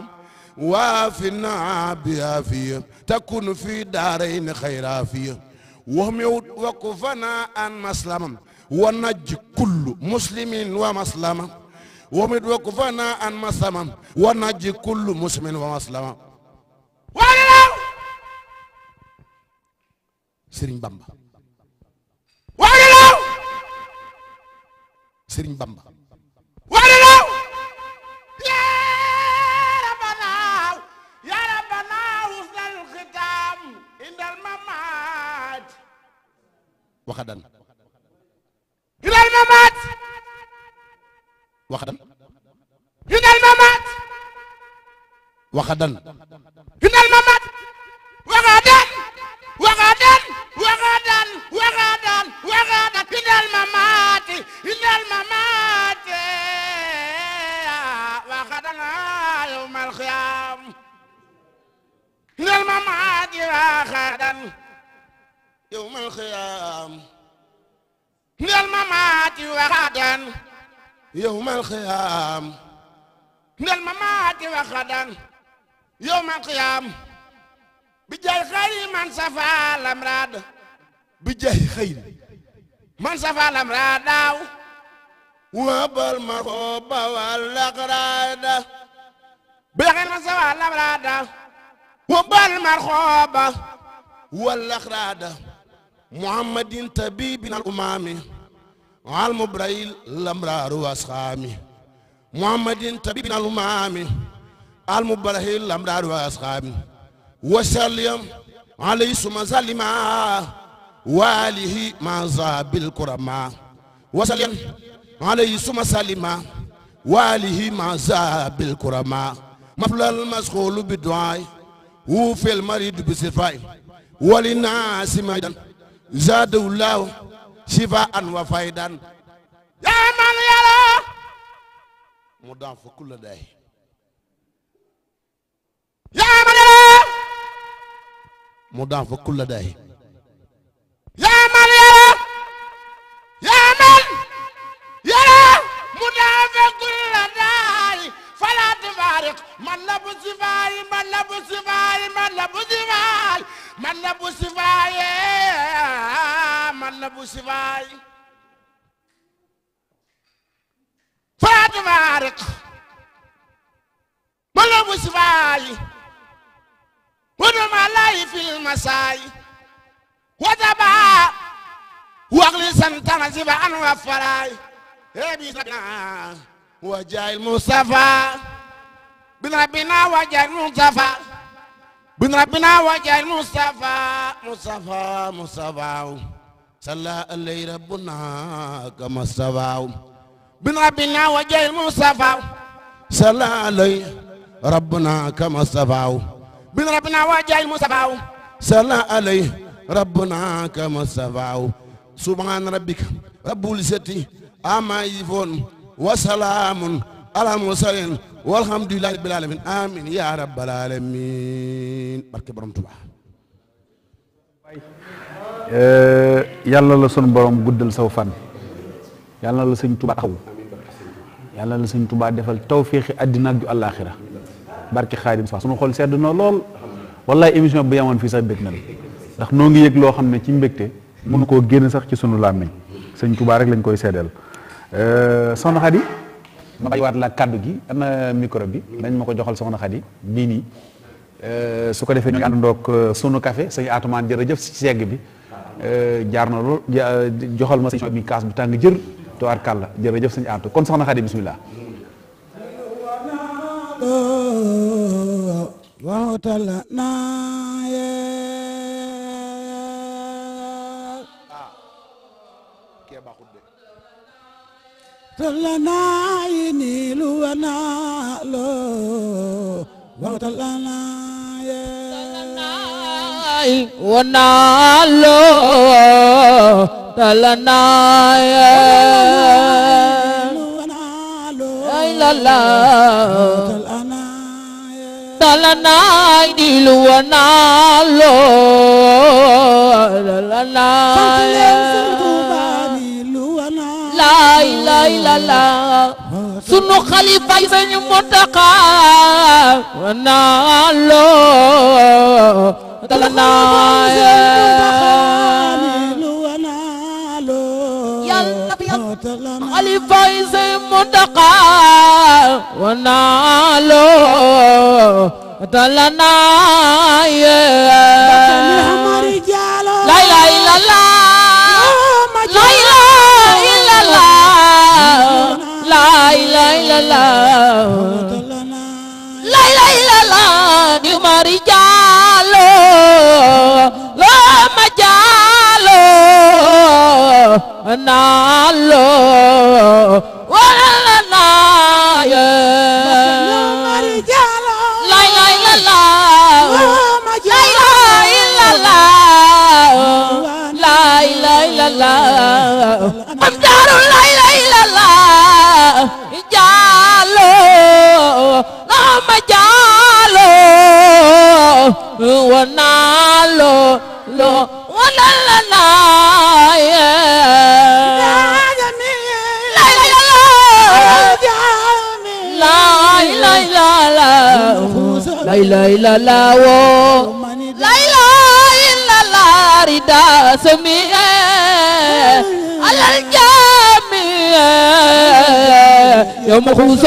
waafina biaafiya takun fi daarayni xayraafiya waxmi wakufana an maslama wa naj kullu muslimin wa maslama ومد وكفنا عن ما سمم ونجي كل مسلم ومسلم ولا سيرين بامبا ولا سيرين بامبا ولا يا ربنا يا ربنا وصل الختام عند الممات وغدا إلى الممات waxadan hinal mamat waxadan hinal mamat waxadan waxadan waxadan waxadan waxadan hinal mamat hinal mamat waxadan yawm al khiyam hinal mamat waxadan yawm al khiyam hinal mamat waxadan yawmal qiyaam ngel ma maati wa xadan bi jay xayri man safa lam bi jay xayri man safa lam wa bal mar ko bawal bi xayri man safa lam wa bal mar ko ba wal laqraada muhammadin al umami al mubrayil lamraaru asxaami muhammadin tabibin al umaami al mubrayil lamraaru asxaami wasallim alayhi suma zalima ma zaabil kurama wasallim alayhi suma salima waalihi ma zaabil kurama maflal bi duwaay wuufeel maridu bi sirfaay wali naasi maydan zaadawullahu shifa an wa faydan yaa man yàlla mu daan fa kulla day yaa man yàlla mu daan fa kulla day yaa man yàlla yaa man yàlla mu daan fa kulla day fala tufariq man la bu sifaay man la bu sifaay man la bu sifaay man la bu sifaay bu sibaay faatu faarik mala bu sibaay wadama lay fil masaay wadaba waqli santana siba an wa faraay rebi sabina wa jaayil mustafa bin rabbina wa jaayil mustafa bin rabbina wa jaayil mustafa mustafa mustafa صلى عليه ربنا كما استوى بنبينا وجه المصطفى صلى عليه ربنا كما استوى بنبينا وجه المصطفى صلى عليه ربنا كما استوى سبحان ربك رب العزة عما يصفون وسلام على المرسلين والحمد لله رب العالمين آمين يا رب العالمين barke Borom Tuubaa Eh, yàlla la sun borom guddal saw fan yàlla la suñ tubaa taxawu yàlla la sëñ tubaa defal tawféexi àddina ak ju àllaaxira barke xaadim sax sunu xol sedd na lool wallaay émission bi yamoon fii sax bég na ndax noo ngi yëg loo xam ne ci mbégte mënu koo génn sax ci suñu làmmiñ sëñ tubaa rek lañ koy seddal eh, soxna Xadi ma bàyyiwaat kàddu gi am na micro bi nañ ma ko joxal soxna Xadi nii nii eh, su ko defee ñu àndandoog sunu kafe sëñ Atumaan jërëjëf ci segg bi Euh, jaar na lool euh, joxal ma sëñ bi kaas bu tàng jër tuwaar kàlla jërëjëf sëñ Atou kon soxna Xadi bismillah waxtala naaye tala naayi ni lu wa naa loo waxtala naa nay wana lo talanay ay la la talanay di lu wana lo talanay lay lay la la sunu xalifa sëñ Muntaxa naa loo dala naa xalifa sëñ Muntaxa naa loo dala naa yee. la ilaha illallah ilaha illallah la ilaha illallah ni mari jalo lo ma jalo nalo wala la ya la ونالو لو ولا لا لا يا لا لا لا لا لا لا لا لا لا لا ردا سمي على الجميع يوم خصوص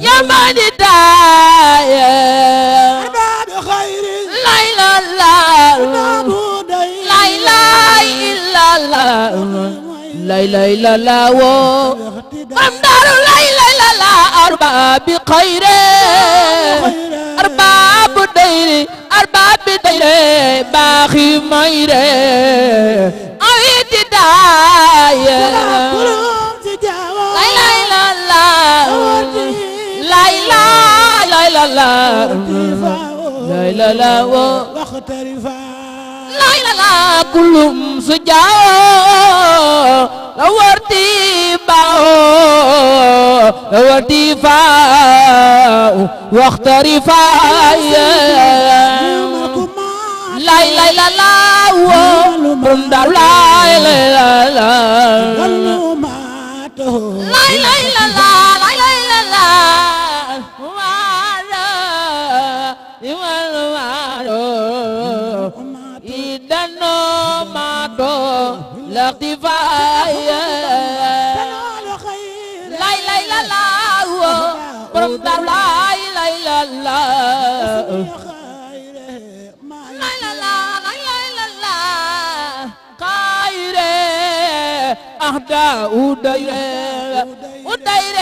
يا من دايه lay lay la woo borom daaru lay lay la baaxi mayre awi di daaye lay lay la la woo lay kulum su jaawo la warti baawo la warti faaw waxtari faaye lay lay la la wo rum اختفايا لا لا لا لا برم دار لا لا لا لا لا لا لا لا لا خير أهدا ودير ودير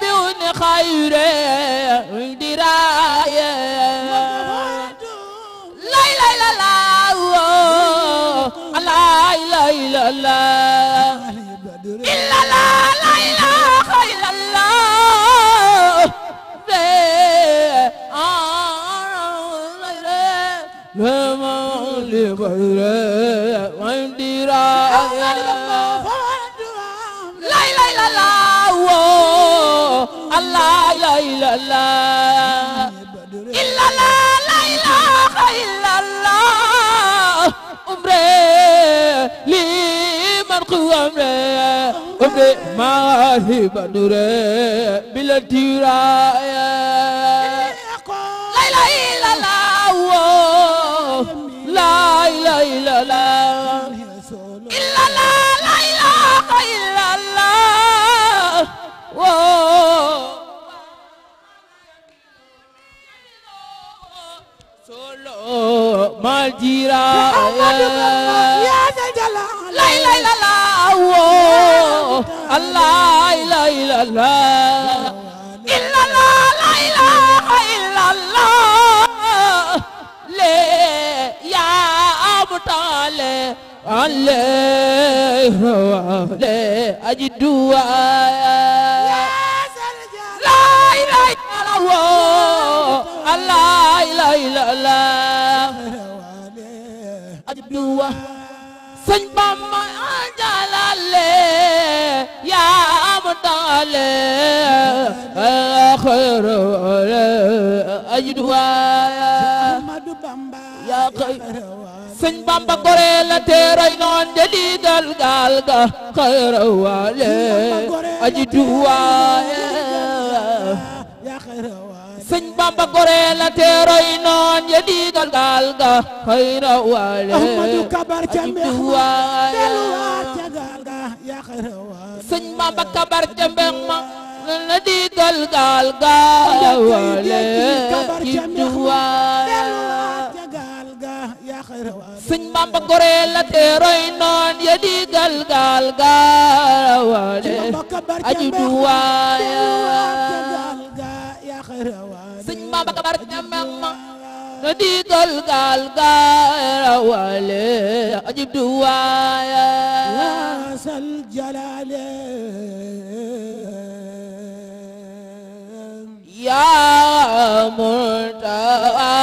بيون خير درايا illallah illallah la ilaha illallah de la mawli badre wandira la ilaha illallah allah la ilallah illallah la ilaha illallah umre li قوامنا أمري ما هيبة نوري بلا تيرايا لا إله إلا الله لا إله إلا الله إلا الله لا إله إلا الله solo mal jira ya jala la ilaha illallah allah la ilaha illallah la ilaha illallah le ya abtale عليه وعليه أجدوا لا إله إلا الله لا اله الا الله سن بما جلال يا مطال خير اجدوا يا خير سن بامبا غوريل تيري نون دلي دال غال غير والي اجدوا sëñ bamba gore la teeroy noon ye digal gaal ga xayra waale ahmadu kabar jambe sëñ bamba kabar jambe ma la digal gaal ga waale ibdu sëñ bamba gore la teeroy noon ye digal gaal ga waale ajudu waale sëñ Bamba kabar ñamem na digal gaal gaara wale ajib du waaye sal jalale yaa murtawa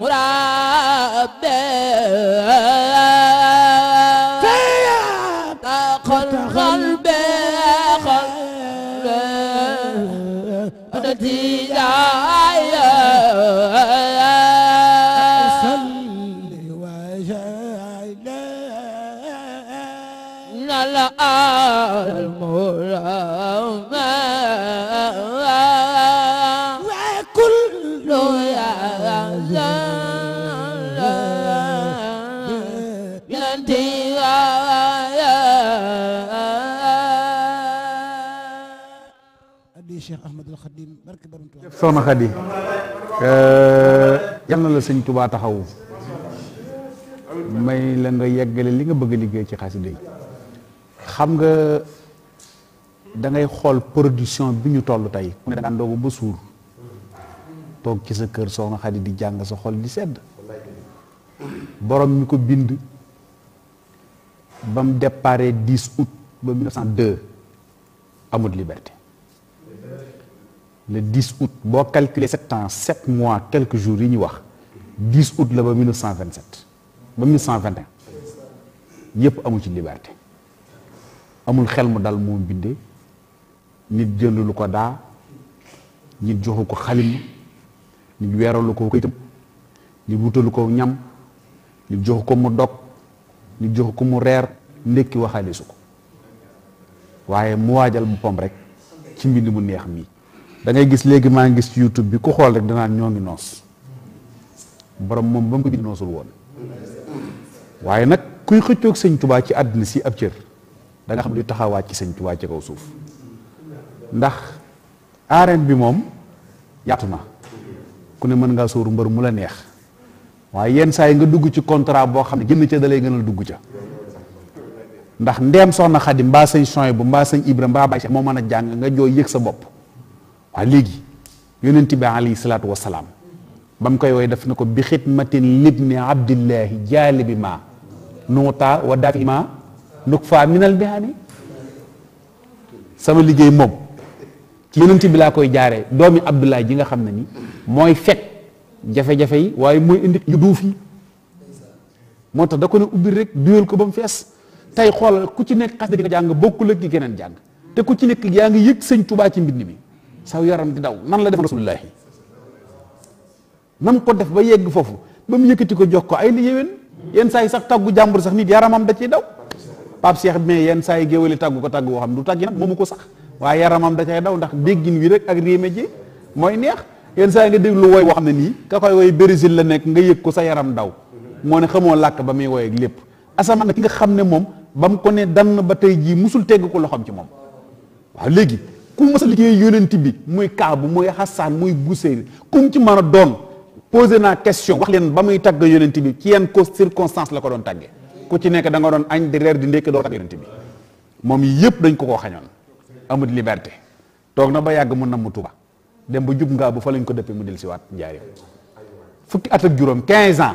مرابي Xaadim barke Borom Tuubaa soxna Xadi euh, yal na la sëñ Tuubaa taxawu may la nga yeggale li nga bëgg a liggéey ci xasida yi xam nga dangay ngay xool production bi ñu toll tey ku ne daan ba suur toog ci sa kër soxna Xadi di jàng sa xol di sedd borom mi ko bind ba mu déparé 10 août ba 1902 amul liberté le 10 août boo calculer sept ans sept mois quelques jours yi ñu wax 10 août la ba 1927 ba 1921 yëpp amul ci liberté amul xel mu dal moom bindee nit jënd lu ko daa nit joxu ko xalim nit weeralu ko këyitam nit wutalu ko ñam nit joxu ko mu dog nit joxu ko mu reer ndékki waxaalisu ko waaye mu waajal boppam rek ci mbind mu neex mii da ngay gis léegi maa ngi gis ci YouTube bi ku xool rek danaan ñoo ngi noos borom moom ba mu ngi noosul woon waaye nag kuy xëccoog sëñ tubaa ci àddina si ab cër xam li taxawaat ci sëñ tubaa kaw suuf ndax arène bi moom yaatu na ku ne mën ngaa sóoru mbër mu la neex waaye yenn saa yi nga dugg ci contrat boo xam ne jënd ca dalay gënal dugg ca ndax ndeem soxna Xadi mbaa sëñ Soy bu mbaa sëñ Ibra mbaa Baye moo mën a jàng nga jooy yëg sa bopp waaw léegi yonent bi alayhi salaatu wasalaam ba mu koy wooye daf na ko bi xidmatin libni abdillahi jaalibi ma nuuta wa dafi ma nuk faa minal bihaani sama liggéey moom ci yonent bi laa koy jaare doomi abdullahi ji nga xam ne ni mooy fekk jafe-jafe yi waaye mooy indi yu duuf yi moo tax da ko ne ubbi rek duyal ko ba mu fees tey xoolal ku ci nekk xas bi jàng bokkul ak ki keneen jàng te ku ci nekk yaa ngi yëg sëñ tubaa ci mbind mi sax yaram di daw nan la def rasulullahi nam ko def ba yegg foofu ba mu yëkkati ko jox ko ay li yéwén yenn saa yi sax tàggu jàmbur sax nit yaramam da ciy daw Pape seex mais yenn saa yi géwéli tàggu ko tàggu woo xam du tàggi nag moomu ko sax waaye yaramam da cay daw ndax déggin wi rek ak réemé ji mooy neex yenn saa yi nga déglu woy wax ne nii ka koy woy Brésil la nekk nga yëg ko sa yaram daw moo ne xamoo làkk ba muy woy ak lépp asamaan ki nga xam ne moom ba mu ko ne dann ba tey jii musul tegg ko loxoom ci moom waaw léegi ku mës a liggéey yonent bi muy Kaabu muy Hassan muy Buseyri ku mu ci mën a doon posé naa question wax leen ba muy tàgg yonent bi ci yan cause circonstance la ko doon tàggee ku ci nekk da nga doon añ di reer di ndekki doo tàgg yonent bi moom yëpp dañ ko koo xañoon amul liberté toog na ba yàgg mu namm Tuuba dem ba jub nga bu fa lañ ko dëppee mu dellusiwaat njaari fukki at ak juróom 15 ans.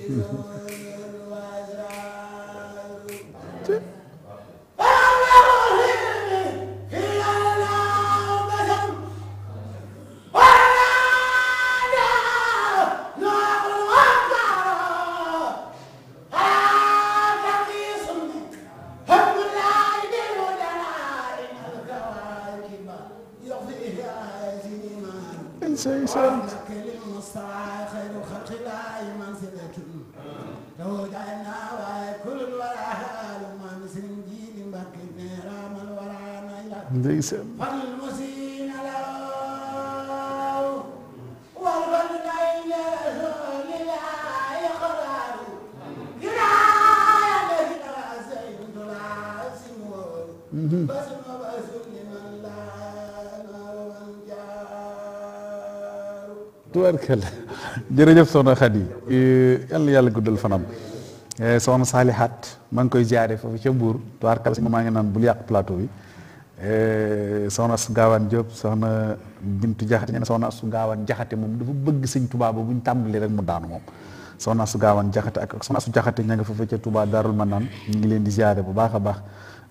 ndeysaan tubaarkalla jërëjëf soxna Khady eh, yàlla yàlla guddal fanam eh, soxna Salihat maa ngi koy jaaree foofu ca Mbour tubaarkalla maa ngi naan bul yàq plateau bi Eh, soxna su gaawaan Diop soxna Bintu Jaxate nee na soxna su gaawaan Jaxate moom dafa bëgg sëñ Touba ba bu ñu tàmbalee rek mu daanu moom soxna su gaawaan Jaxate ak soxna su Jaxate ña nga fa ca Touba Darul Manaan ñu ngi leen di ziare bu baax a baax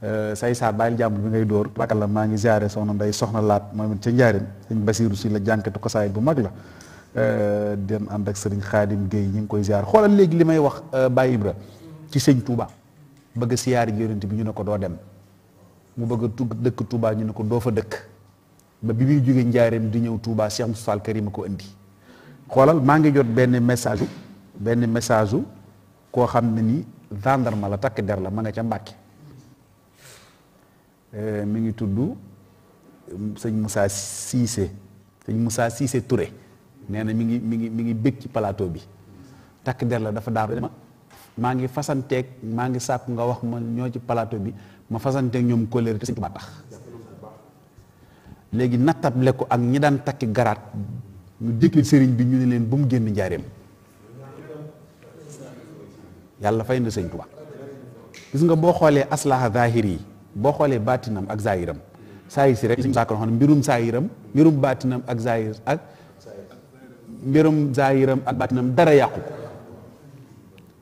eh, say saar bàyyil jàmm bi ngay dóor la maa ngi ziare soxna nday soxna laat moom it ca njaarim sëñ Basiiru si la jànkatu kosaay bu mag la eh, dem ànd ak sëriñ Xaadim Géey ñu ngi koy ziare xoolal léegi li may wax Baye Ibra ci sëñ Touba bëgg siyaari yonent bi ñu ne ko doo dem mu bëgg a dëkk Touba ñu ne ko doo fa dëkk ba bi muy jóge njaareem di ñëw Touba Cheikh Moustapha Al Karim a ko indi xoolal maa ngi jot benn message benn message u koo xam ne ni gendarme la takk der la ma nga ca Mbàkke eh, mi ngi tudd mm, sëñ Moussa Cissé sëñ Moussa Cissé Touré nee na mi ngi mi ngi mi ngi bég ci palaato bi takk der la dafa daaru ma maa ngi fasanteeg maa ngi sàkku nga wax ma ñoo ci palaato bi ma fasanteeg ñoom kóllëre te sëñ Tuubaa tax léegi nattable ko ak ñi daan takki garaat ñu dikki sëriñ bi ñu ne leen bu mu génn njaareem yàlla fay na sëñ Tuubaa gis nga boo xoolee aslaha zahir yi boo xoolee baatinam ak zahiram saayir si rek suñu saako ne mbirum saayiram mbirum baatinam ak zahir ak mbirum zahiram ak baatinam dara yàqu ko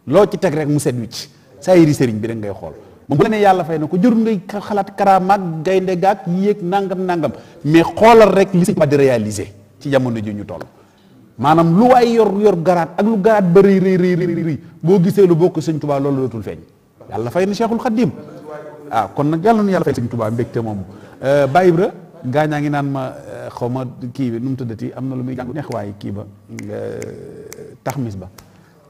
loo ci teg rek mu set wicc saayiri sëriñ bi rek ngay xool moom bu la yàlla fay na ko jërul nga xalaat karaamaak gaynde gaak yéeg nangam nangam mais xoolal rek li si di réaliser ci jamono ji ñu toll maanaam lu waay yor yor garaat ak lu garaat ba rëy rëy rëy boo gisee lu bokk sëñ Tuubaa loolu dootul feeñ yàlla fay na Cheikhul Khadim ah kon nag yàlla na yàlla fay sëñ Tuubaa mbégte moomu euh, Baye Ibra gaañaa ngi naan ma euh, xaw ma kii bi nu mu tuddati am na lu muy jàng neex waaye kii ba euh, taxmis ba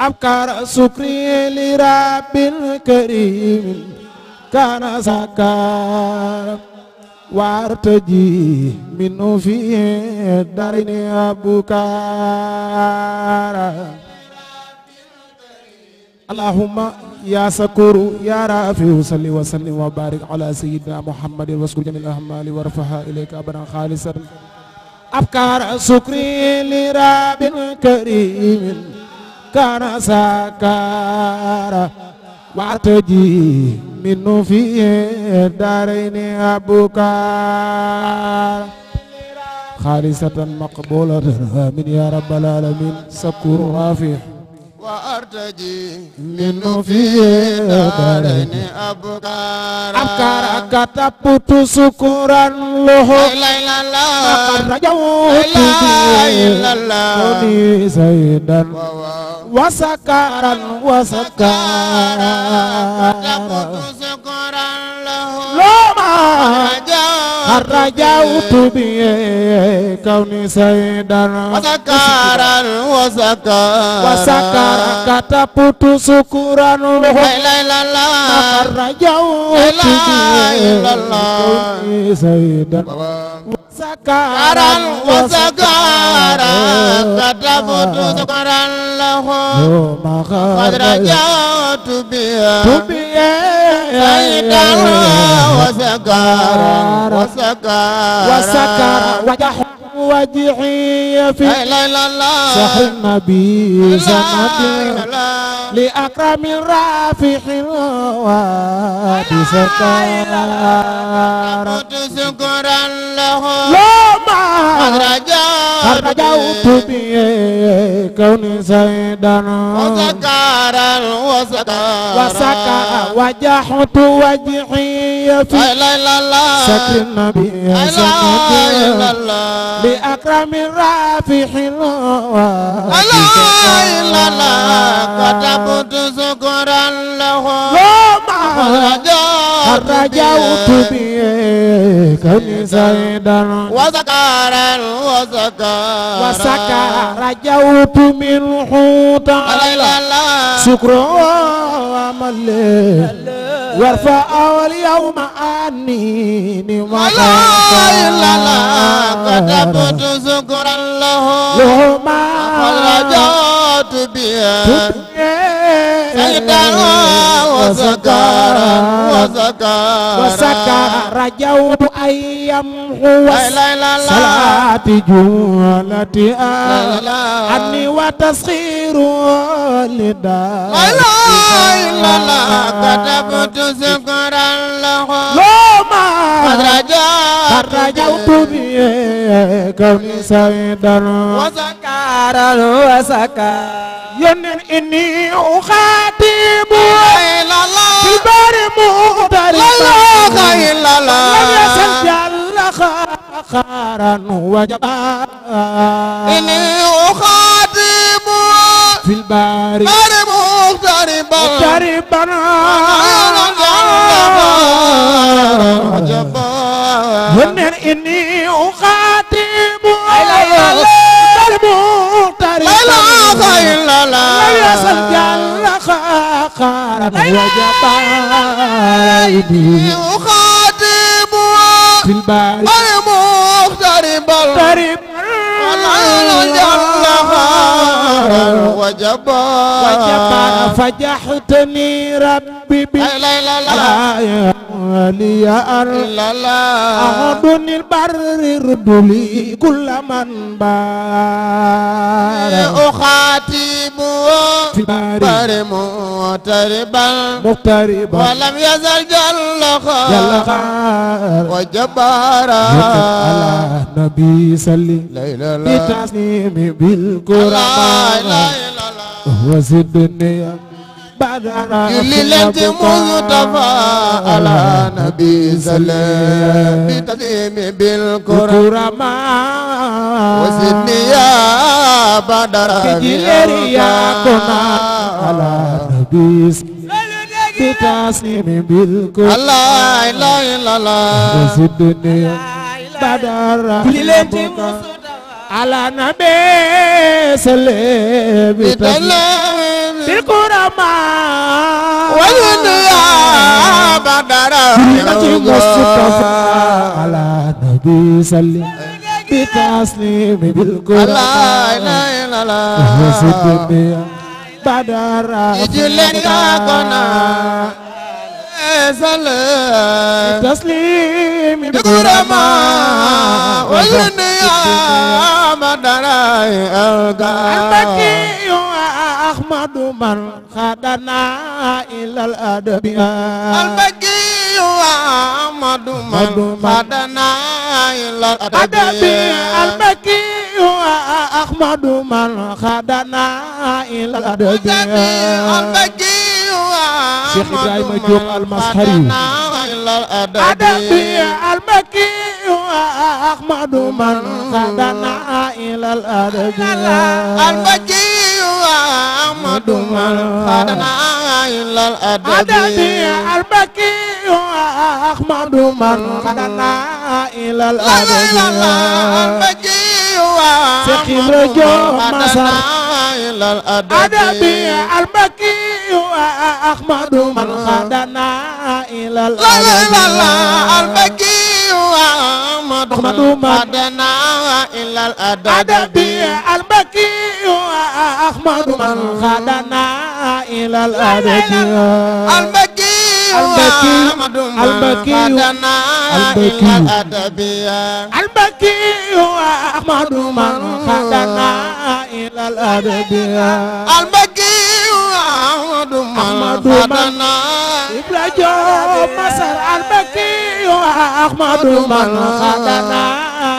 أبكر سكري لرب الكريم كان سكار وارتجي منه في الدارين أبكار اللهم يا سكور يا رافع صل وسلم وبارك على سيدنا محمد واسكر جميع الأحمال وارفعها إليك أبدا خالصا أبكار سكري لرب الكريم كان سكارا واتجي منه في الدارين أبوكار خالصة مقبولة آمين يا رب العالمين سكور رافع وأرتجي منه في الدارين أبكار أبكار كتبت سكورا له لا لا لا رجوت لا لا لا سيدا وسكارا وسكارا لما خرجوت به كوني سيدا وسكارا وسكارا وسكارا كتبت سكورا لا لا لا لا خرجوت به كوني سيدا سكارا وسكارا كتبت سكرا له قد رجعت بها سيدا وسكارا وسكارا وسكارا وجحوا وجعي في لا لا لا صح النبي سند لأكرم الرافع بسركار شكرا له لما رجعت به كوني سيدا وسكارا وسكارا وسكارا وجحت وجحي يا في سكر النبي يا سكر لأكرم الرافي حلو لا إلا الله كتبت سكرا له رجوت بيك سيدا وسكارا وسكارا وسكارا رجوت من حوتا شكرا ومليك وارفع اليوم عني ما لا إلا لا كتبت ذكرا له له ما فرجعت بها سيدا وسكارا وسكارا وسكارا جوت أن يمحو صلاتي جولتي عني وتسخير لدار لا إله إلا الله كتبت سكرا له لما قد رجعت رجعت به كوني سعيدا وسكارا وسكارا ينن إني أخاتم إلى الله في البار مغتربا لا إله إلا الله لم يزل جل خارا وجبارا إني أخاتم في الباري مغتربا مغتربا عجبا ومن اني اخاطب درب مغتربا لا خير لا لا يصل جل خاقا وجبا اخاطب في الباري مغتربا مغتربا لا لا جبارا وجبارا فجحتني ربي بالآية أعدني البر ردلي كل من بار أخاتيب في بار مغتربا ولم يزل جل جل وجبارا على نبي صلي بتسليم بالقرآن هو الدنيا بعد ليلة مصطفى على نبي صلي بتسليم بالقرآن وسدني يا بدر يا كنا على نبي صلي بتعصيم بالكل لا إله إلا الله وزدني بدر رحمك على نبي سلم بالقرى ما والدنيا بدر رحمك على نبي سلم بتعصيم بالكل لا إله إلا الله وزدني badara julleen yaakona salam taslim bi kurama wa yunniya madara alga antaki ahmad man khadana ila al adabi albaki wa ahmad man khadana ila al adabi albaki أحمد من خدنا إلى الأدب شيخ إبراهيم جوب المسحري أدبي المكي أحمد من خدنا إلى الأدب المكي أحمد من خدنا إلى الأدب أدبي المكي أحمد من خدنا إلى الأدب المكي سقيم رجو مسار أدبي المكي أحمد من خدنا إلى الأبد المكي أحمد من خدنا إلى الأبد أدبي المكي أحمد من خدنا إلى الأبد المكي أحمد من خدنا إلى الأبد المكي أحمد من خدنا إلى الأرض المكي أحمد من خدنا إبلا جو مصر المكي أحمد من خدنا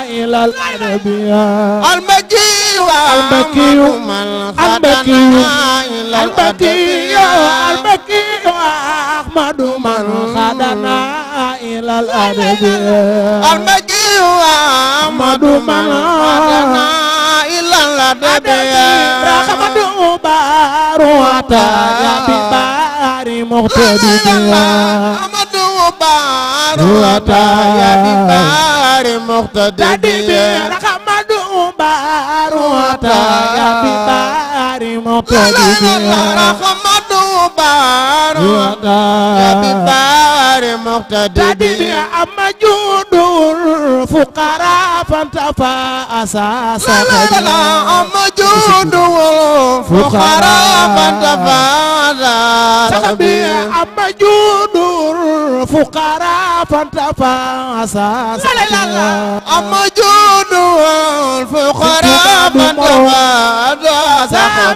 إلى الأرض المكي المكي المكي المكي المكي أحمد من خدنا إلى الأرض المكي Amadu man adana ilal adabiya rahmatu baru ataya bibari muhtadiya Amadu baru ataya bibari muhtadiya rahmatu baru ataya bibari muhtadiya rahmatu يدعو الفقراء فانتفى أساسا لا لا لا أما جوده الفقراء فانتفى أساسا أما جوده الفقراء فانتفى أساسا لا لا لا أما جوده الفقراء فانتفى أساسا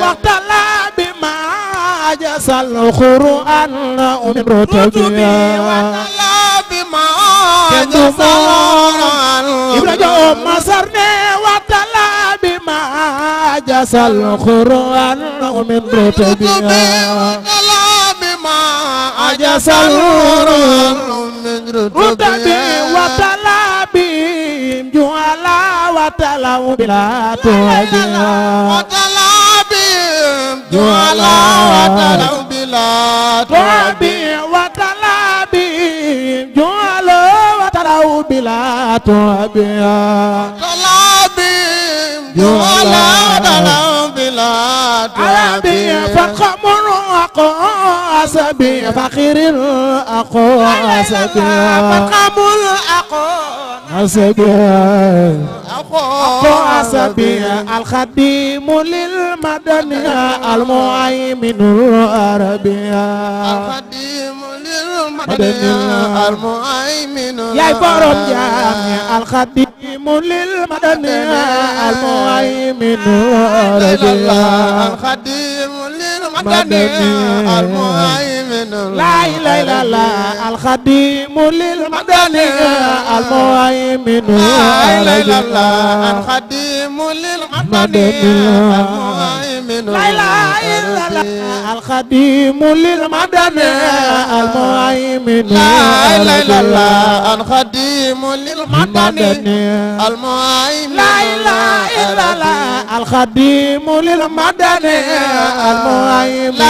وقت الله بما أجسى القرآن أمرت بي وقت الله kenn du moroom ibra joob masar ne watala bi ma jasal qur'an min rutbiya jasal qur'an min rutbiya watala bi juala watala bila tubiya watala bi juala طلعت بها طلابي ولا ظلام بلا طلابي فقمر أقاس بي فقير أقاس بي فقمر أقاس بي أقاس بي الخديم للمدنية المهيمن العربية الخديم المؤمن يا برم جامع القديم للمدن المؤمن رضي الله القديم للمدن المؤمن لا اله الا الله القديم للمدن المؤمن لا اله الا الله القديم للمدن المؤمن من لا إله إلا الله القديم للمدن المهيمن لا إله إلا الله القديم للمدن المهيمن لا إله إلا الله القديم للمدن المهيمن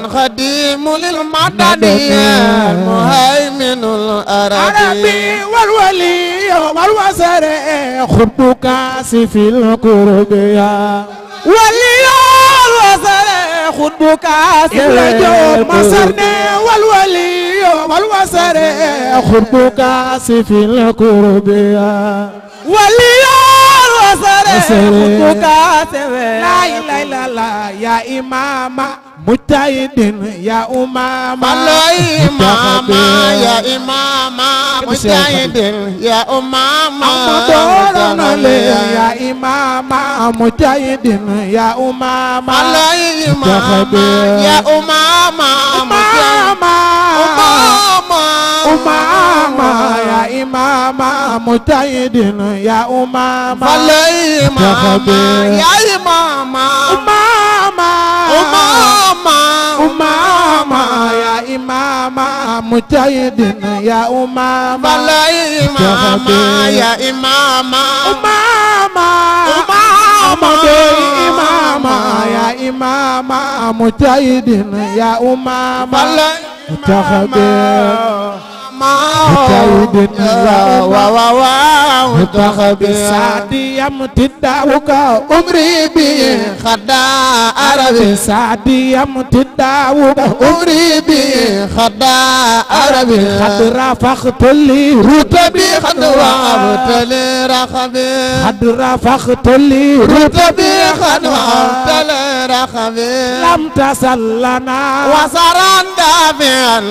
القديم للمدن المهيمن العربي والولي يوم الوزر خبك في الكرب يا ولي الوزر خبك في الكرب مصرنا والولي يوم الوزر خبك في الكرب يا ولي الوزر خبك لا إله إلا الله يا إمام مجتهد يا أمام الله إمام يا إمام mujahidin ya umama amadorale ya imama mujahidin ya umama alayhima ya umama umama umama ya imama mujahidin ya umama alayhima ya imama umama umama أماما يا إماما مجاهد يا أماما بلا إماما يا إماما أماما أماما إماما يا إماما مجاهد يا أماما بلا إماما مجاهد واو بسعدي يمتدعوك عمري بي خدا عربي سعدي يمتدعوك عمري بي خدا عربي خد رافقت لي رتبي خد وعبت لي رخبي خد رافقت لي رتبي خد وعبت لي رخبي لم تسلنا وصرنا من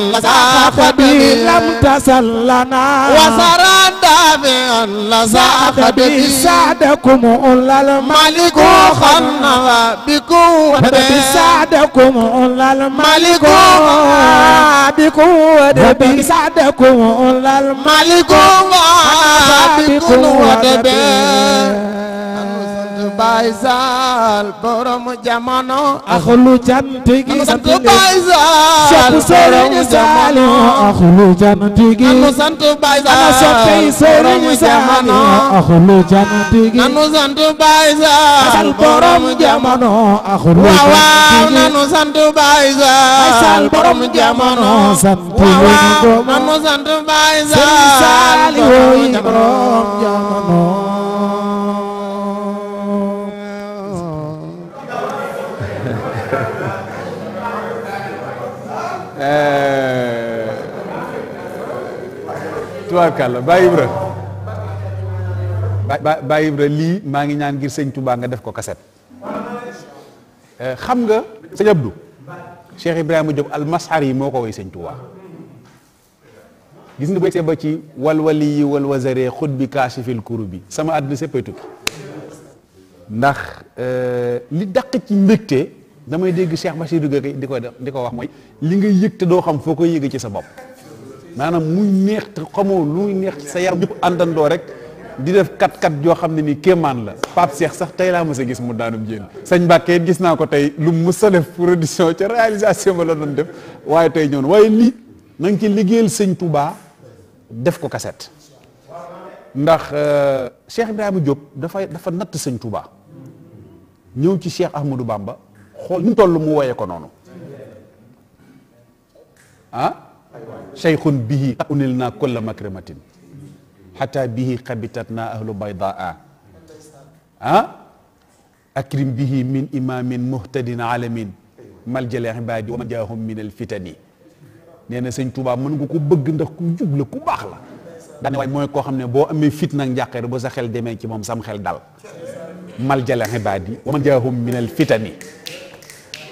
لم تسلنا وسران دافع لصاحب بسعدكم أولى الملك خلنا بقوة بسعدكم أولى الملك بقوة بسعدكم أولى الملك بقوة Baay Saal borom jamono axlu cant gi sant Baay Saal borom jamono nanu sant Baay Saal borom jamono axlu cant gi nanu sant Baay tubaarkàlla Baye Ibra Baye Ibra lii maa ngi ñaan ngir sëñ Touba nga def ko kaset eh, xam nga sëñ Abdou Cheikh Ibrahima Diop almasxar yi moo ko woy sëñ Touba gis nga bu ba ci walwali yi walwazaree xut bi kaasifil kuru bi sama àdduna séppay tukki ndax eh, li dàq ci mbégte damay dégg Cheikh Bassirou Gueye di ko di ko wax mooy li nga yëg doo xam foo koy yëg ci sa bopp maanaam muy neex te xamoo luy neex ci sa yaram ñëpp àndandoo rek di def kat-kat joo xam ne nii kéemaan la Pape seex sax tey laa mës a gis mu daanum jéen sëñ Mbàkke it gis naa ko tey lu mës a def production ca réalisation ba la doon def waaye tey ñoon waaye lii na nga ci liggéeyal sëñ Touba def ko kaset ndax euh, Cheikh Ibrahima Diop dafay dafa natt sëñ Touba ñëw ci Cheikh Ahmadou ba xool ñu toll mu woyee ko noonu ah cheykhun bihi unil naa kulla makrimatin xata bihi xabitat naa ahlu baydaa ah akrim bihi min imamin muhtadin alamin maljal ibaadi wa man jaahum min alfitani nee na sëñ Tuubaa mën nga ko bëgg ndax ku jub ku baax la daane waaye mooy koo xam ne boo amee fit nag njàqare ba sa xel demee ci moom sam xel dal maljal ibaadi wa man jaahum min alfitani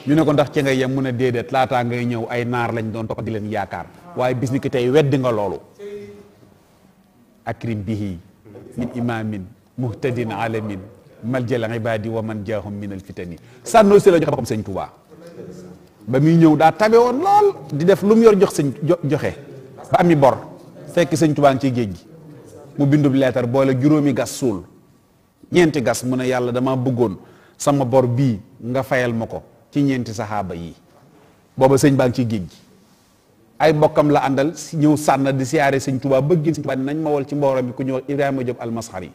ñu ne ko ndax ci nga yem mu ne déedéet laataa ngay ñëw ay naar lañ doon topp di leen yaakaar waaye bis ni ki tey weddi nga loolu akrim bihi min imamin muhtadin alamin maljal di wa man jaahum min alfitani sànnoo si la joxe boppam sëñ Tuubaa ba muy ñëw daa tabe woon di def lu mu yor jox sëñ joxe ba ami bor fekk sëñ Tuubaa ci géej gi mu bindub leetar boole juróomi gas suul ñeenti gas mu ne yàlla dama bëggoon sama bor bii nga fayal ma ko ci ñeenti saxaaba yi booba sëñ baa ngi ci géej gi ay mbokkam la àndal ñëw sànn di siyaare sëñ tubaab ba gis sëñ Tuubaa nañ ma wol ci mbooloo mi ku ñuy wax al Diop almasxari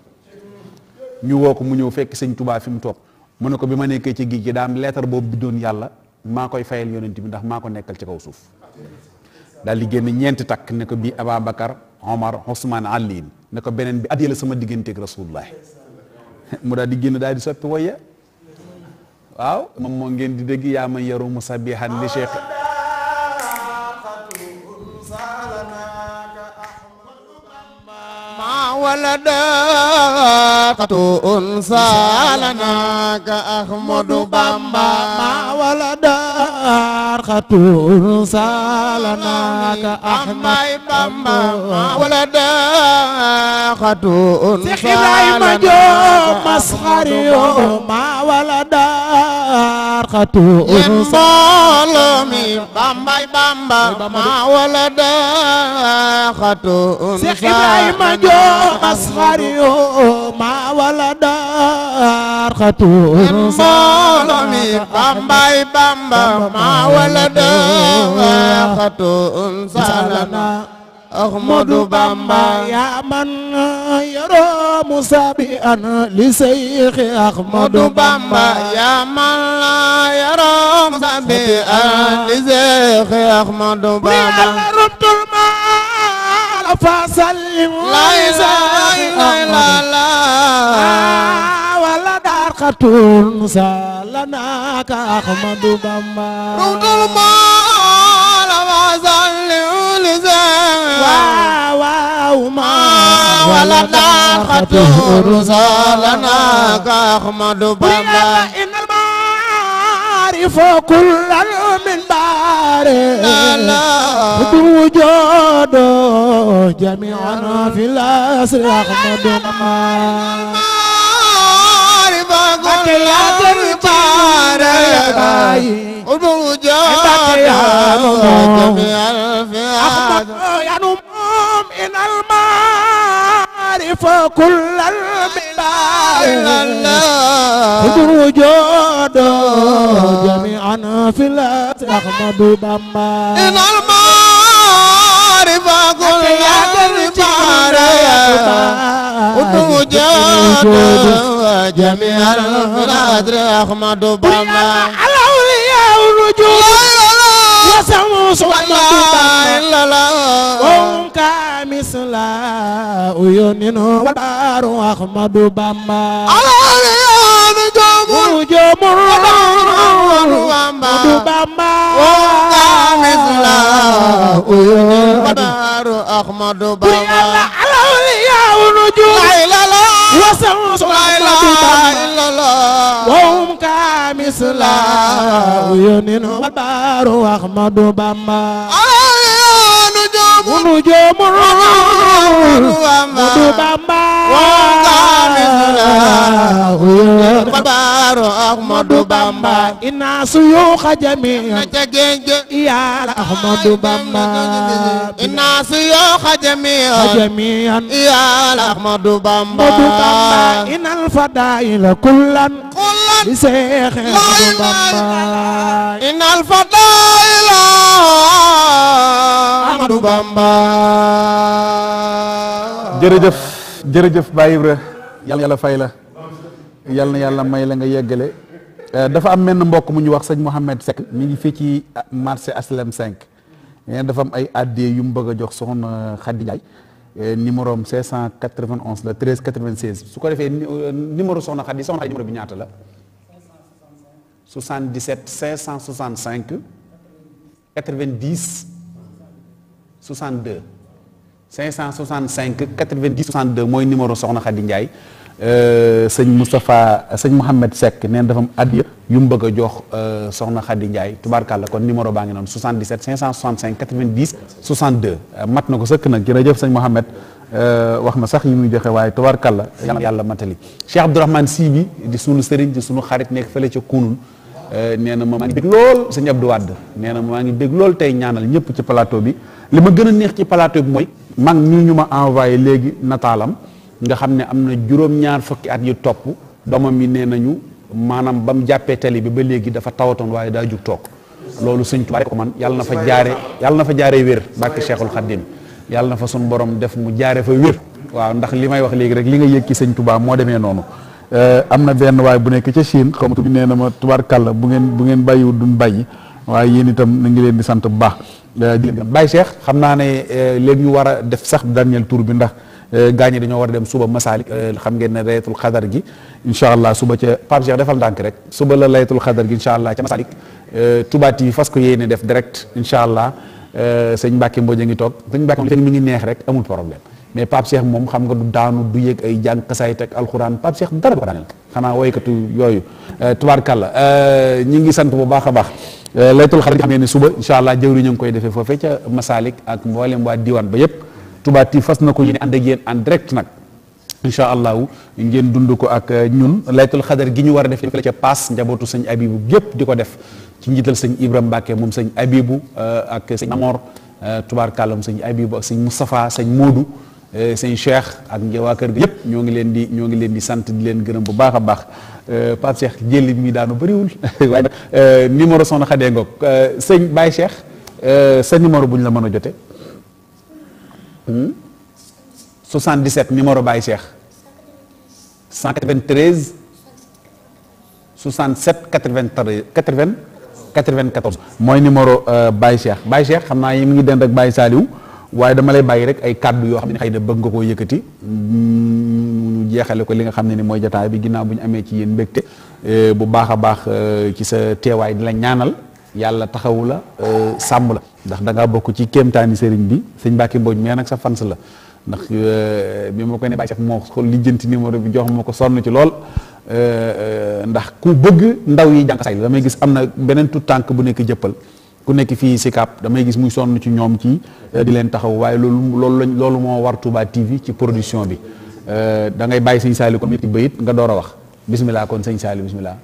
ñu woo ko mu ñëw fekk sëñ Tuubaa fi mu toog mu ne ko bi ma nekkee ci géej gi daa am leetar boobu bindoon yàlla maa koy fayal yonent bi ndax maa ko nekkal ci kaw suuf daal di génn ñeenti takk ne ko bii Ababacar Omar Ousmane Aliin ne ko beneen bi at la sama digganteek Rasulullah (laughs) mu waaw moom moo ngeen di dégg yaa man yarumu sabihan li cheikh ولداقة أنسى لنا كأحمد بامبا ما ولداقة أنسى لنا كأحمد بامبا ما ولداقة أنسى لنا كأحمد ما ولداقة أنسى لنا بامبا بامبا ما ولداقة أنسى لنا مسخري ما ولد أرخته مولمي بامباي بامبا ما ولد أرخته سالنا أحمد بامبا يا من يرى مسابئا لسيخ أحمد بامبا يا من لا يرى مسابئا لسيخ أحمد بامبا فسلم لا إله إلا الله ولا دار خطون سالناك أحمد بما روض المال وسلم لزاوما ولا دار خطون سالناك أحمد بما إن المعارف كل من بارئ بوجوده جميعنا في الأسر أحمد ما بوجوده جميعنا في الأسر يعرف كل البلاد خذوا جودا جميعا في الأرض أحمد بامبا إن المعارف كل البلاد خذوا جودا جميعا في الأرض أحمد بامبا الأولياء الرجوع وسموس وما إلا لا وهم كمثل عيونهم والبار أحمد بما joomul du Bamba wonga misla uyun badaru Ahmadu Bamba bu Yàlla alawliya nu jur wasamsu Ahmadu Bamba ka misla uyun badaru Ahmadu Bamba munu jomuru mudu bamba babaro ahmadu bamba ina suyu khajami ya ahmadu bamba ina suyu khajami khajamian ya ahmadu bamba mudu bamba inal fadaila kullan kullan bi Seex e Ahmadu Bamba jërëjëf jërëjëf Baye Ibra na yàlla fay la yal yàlla may la nga yeggale euh, dafa am menn mbokk mu ñu wax sëñ Mouhamed Seck mi ngi fii ci euh, marché HLM 5 mais dafa am ay addé yu mu bëgg a jox soxna euh, Khady Ndiaye eh, numéro am 591 la 13 96 su ko defee numéro soxna Khady soxna Khady numéro bi ñaata la. 77 565 90 62 565 90 62 mooy numéro Soxna Khady Ndiaye euh, sëñ Moustapha sëñ Mouhamed Seck neen dafa am addiya yu mu bëgg a jox euh, Soxna Khady Ndiaye tubaarkàlla kon numéro baa ngi noonu 77 565 90 62 mat na ko sëkk nag jërëjëf sëñ Mouhamed euh, wax na sax yi muy joxe waaye tubaarkàlla yàlla matali Cheikh Abdourahmane Sy di sunu sëriñ di sunu xarit nekk fële ca Kounoune Eh, nee na ma maa ngi bég lool sëñ Abdou Wade nee na ma maa ngi bég lool tey ñaanal ñëpp ci plateau bi li ma gën a neex ci plateau bi mooy mag ñi ñu ma envoyé léegi nataalam nga xam ne am na juróom-ñaar fukki at yu topp doomam yi nee nañu maanaam ba mu jàppee tele bi ba léegi dafa tawatoon waaye daa jug toog loolu sëñ Tuubaa ko man yàlla na fa jaare yàlla na fa jaare wér bàkki Cheikhul Khadim yàlla na fa suñ borom def mu jaare fa wér waaw ndax li may wax léegi rek li nga yëg ci moo demee noonu Eh, am na benn waaye bu nekk ca Chine xaw ma tudd nee na ma tubaarkàlla bu ngeen bu ngeen bàyyiwul duñ bàyyi waaye yéen itam na leen di sant bu baax. Eh, Baye Cheikh xam naa ne eh, léegi ñu war a def sax dernier tour bi ndax gaañe dañoo war a dem suba Masalik xam ngeen ne layatul xadar gi incha allah suba ca Pape Cheikh defal ndànk rek suba la layatul xadar gi incha allah ca Masalik Touba TV fas ko yéene def direct incha allah sëñ Mbacke Mbodj a ngi toog sëñ Mbacke mi ngi neex rek amul problème. mais Pape moom xam nga du daanu du yëg ay jàng xasaayit ak alxuraan Pape Cheikh dara ko daaneel xanaa woykatu yooyu euh, tubaarkàlla euh, ñu ngi sant bu baax a baax euh, laytul xadar xam ngeen ne suba incha allah jëwri ñu ngi koy defee foofee ca Masalik ak mboolem waa diwaan ba yépp Touba TV fas na ko ñu ne ànd ak yéen en direct nag incha allahu ngeen dund ko ak ñun laytul xadar gi ñu war a defee ca paas njabootu sëñ abibu yépp di ko def ci njiital sañ Ibrahima Mbacke moom sëñ abibu ak sëñ Amor tubaarkàllam sëñ abibu ak sëñ Moustapha sëñ Modou Euh, sëñ Cheikh ak waa kër gi yëpp ñoo ngi leen di ñoo ngi leen di sant di leen gërëm bu baax a baax euh, Pape Cheikh jëli mi daanu bëriwul (laughs) waaye euh, nag numéro Soxna Xadee Ngok sëñ Baye Cheikh sa numéro bu ñu la mën a jote 77 hmm? numéro Baye Cheikh 193 67 93 80 94 mooy numéro Baye Cheikh Baye Cheikh xam naa yi mu ngi dend ak Baye Saliou waaye dama lay bàyyi rek ay kàddu yoo xam ne xëy na bëgg nga koo yëkkati mm, ñu jeexale ko li nga xam ne ni mooy jataay bi ginnaaw bu ñu amee ci yéen mbégte eh, bu baax a baax eh, ci sa teewaay di la ñaanal yàlla taxawu la eh, sàmm la ndax danga bokk ci kéemtaani sëriñ bi sëñ Mbacke Mbodj mais nag sa fans la ndax bi ma koy ne bàyyi sax moo xool lijjanti numéro bi jox ma ko sonn ci lool ndax ku bëgg ndaw yi jànq say la damay gis am na beneen tout tànk bu nekk jëppal ku nekk fii Sicap damay gis muy sonn ci ñoom ci eh, di leen taxaw waaye loolu loolu lañ loolu moo war Touba TV ci production bi eh, dangay ngay bàyyi sëñ Saliou kon ñetti bayit nga door a wax bismillah kon sëñ Saliou bismillah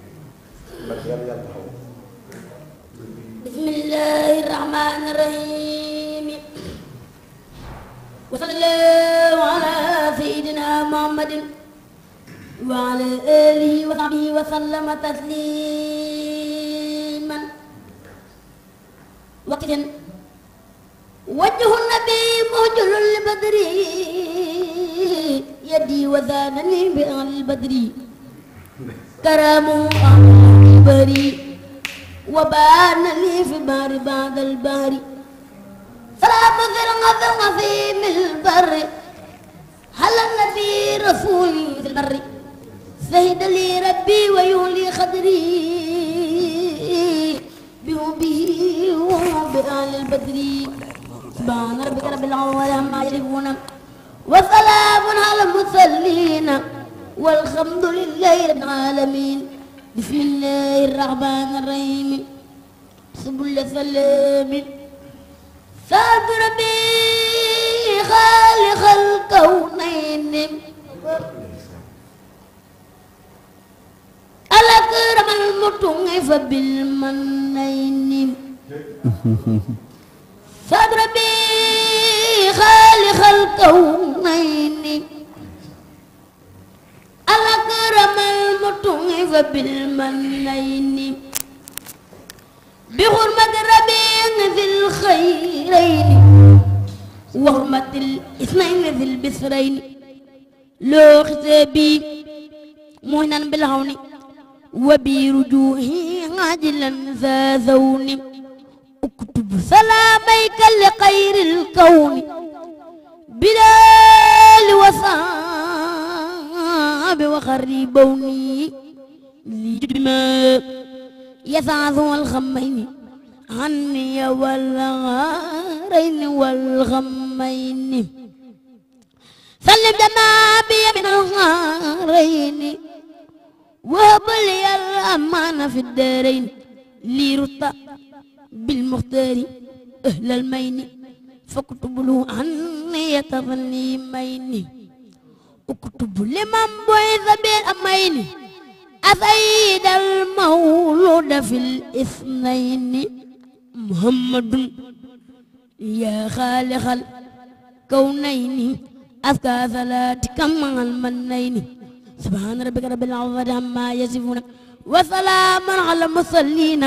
bismillahi rahmani rahim wa wa ala alihi wa wa sallama taslim وقت وجه النبي مهجل البدر يدي وذانني بأهل البدر كرامه أهل البري وبان لي في بار بعد البار فلا بذر غذر في من البر هل النبي رسولي في البر فهد لي ربي ويولي خدري بحبه وبأهل البدر سبحان ربك رب العالمين عما يصفون وسلام على المرسلين والحمد لله رب العالمين بسم الله الرحمن الرحيم سبل سلام سعد ربي خالق الكونين الأكرم المطعف بالمنين فاضربي خالق الكونين الأكرم المطعف بالمنين بحرمة ربي ذي الخيرين وحرمة الاثنين ذي البسرين لو خزبي مهنا بالهوني وبرجوعي عاجلا ذا ذون اكتب سلاميك لخير الكون بلال وصاب وخري بوني لجدما يسعد الخمين عني والغارين والغمين سلم جنابي من الغارين وهب لي الأمان في الدارين لي رطة بالمختار أهل المين فاكتب له عني تظني ميني اكتب لمن بعث بالأمين أسيد المولود في الإثنين محمد يا خالق الكونين أذكى ثلاثك مع المنين subhaana rabbika rabbil izzati ammaa yasifuun wa salaamun alal mursaliin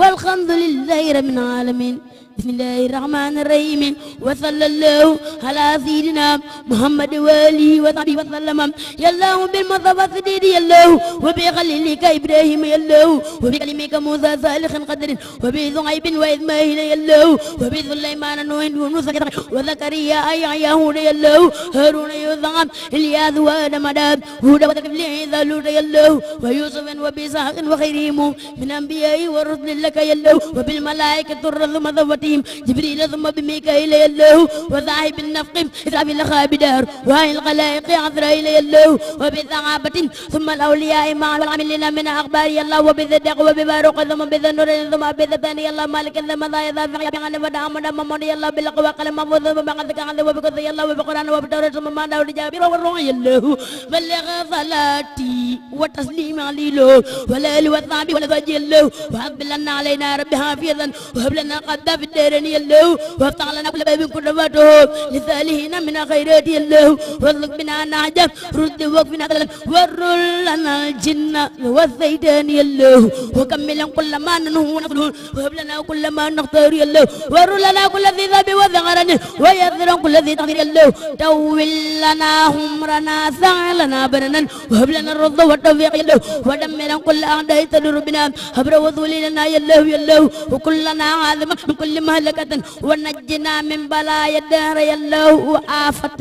walhamdu lillaahi rabbil aalamiin bismillahi rahmani rahimi wa sallallahu ala sayidina muhammad wa alihi wa sahbihi wa sallama yallahu bil mustafa sididi yallahu wa bi khalilika ibrahim yallahu wa bi kalimika musa salihan qadrin wa bi zuhaybin wa ismaila yallahu wa bi sulaymana nuhin wa musa wa zakariya ayya huda yallahu haruna yuzam ilyas wa adamada huda wa kifli isa luta yallahu wa yusufin wa bi sahaqin wa khayrihim min anbiya'i wa rusuli laka yallahu wa bil malaikati الرزم ذوتي القديم جبريل ثم بميكائيل يلوه وذاهب النفق إسرافيل خابدار وهاي الخلائق عذرائيل يلوه وبثعابة ثم الأولياء مع العاملين من أخبار الله وبصدق وبباروق ثم بذنور ثم بذباني الله مالك ثم ذا يذافع بغن فدعم دم مولي الله بالقوى قلم مفوض ثم بغذك عند وبكث الله وبقرآن وبدور ثم ما دور جابر والروح يلوه بلغ صلاتي وتسليم علي له ولا الوثابي ولا ذا يلوه وهب لنا علينا ربها فيضا وهب لنا قد في الدارين يا الله وافتح لنا كل باب كل فاتوه لسالهين من خيرات يا الله واطلق بنا نعجب رد وقفنا غلب ورل لنا الجن والزيدان يا الله وكمل كل ما ننهو نقله وهب لنا كل ما نختار يا الله ورل لنا كل ذي ذنب وذغرن ويذر كل ذي تقدير يا الله طول لنا عمرنا سعلنا برنا وهب لنا الرضا والتوفيق يا الله ودمر كل اعداء تدر بنا هبر وذل لنا يا الله يا الله وكلنا عاذب من كل لمهلكة ونجنا من بلايا الدهر يا الله وآفة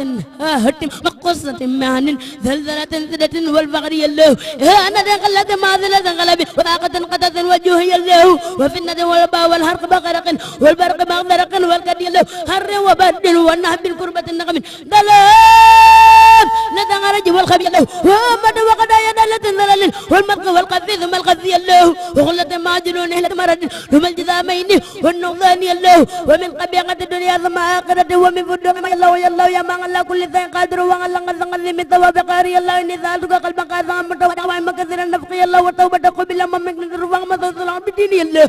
هات وقصة مهن زلزلة سدة والفقر يا الله هانة غلة ماذلة غلب وطاقة قدس وجوه يا الله وفتنة والباء والحرق بغرق والبرق مغرق والقد يا الله هر وبرد والنهب بالكربة النغم دلاب نتغرج والخبي الله ومد وقد يدلت الظلل والمرق والقفي ثم القفي الله وغلة ماجنون هلة مرد ثم الجذامين والنغضان يا الله ومن قبيقة الدنيا ثم آخرة ومن فدوك ما الله يا الله يا من على كل شيء قادر وعلى لنقص لنقص من ثواب قاري الله إني سألتك قلبا قاسا متوجه وعما كثيرا نفقي يا الله وتوبة قبل ما من كل رفع ما تصلح بدين يا الله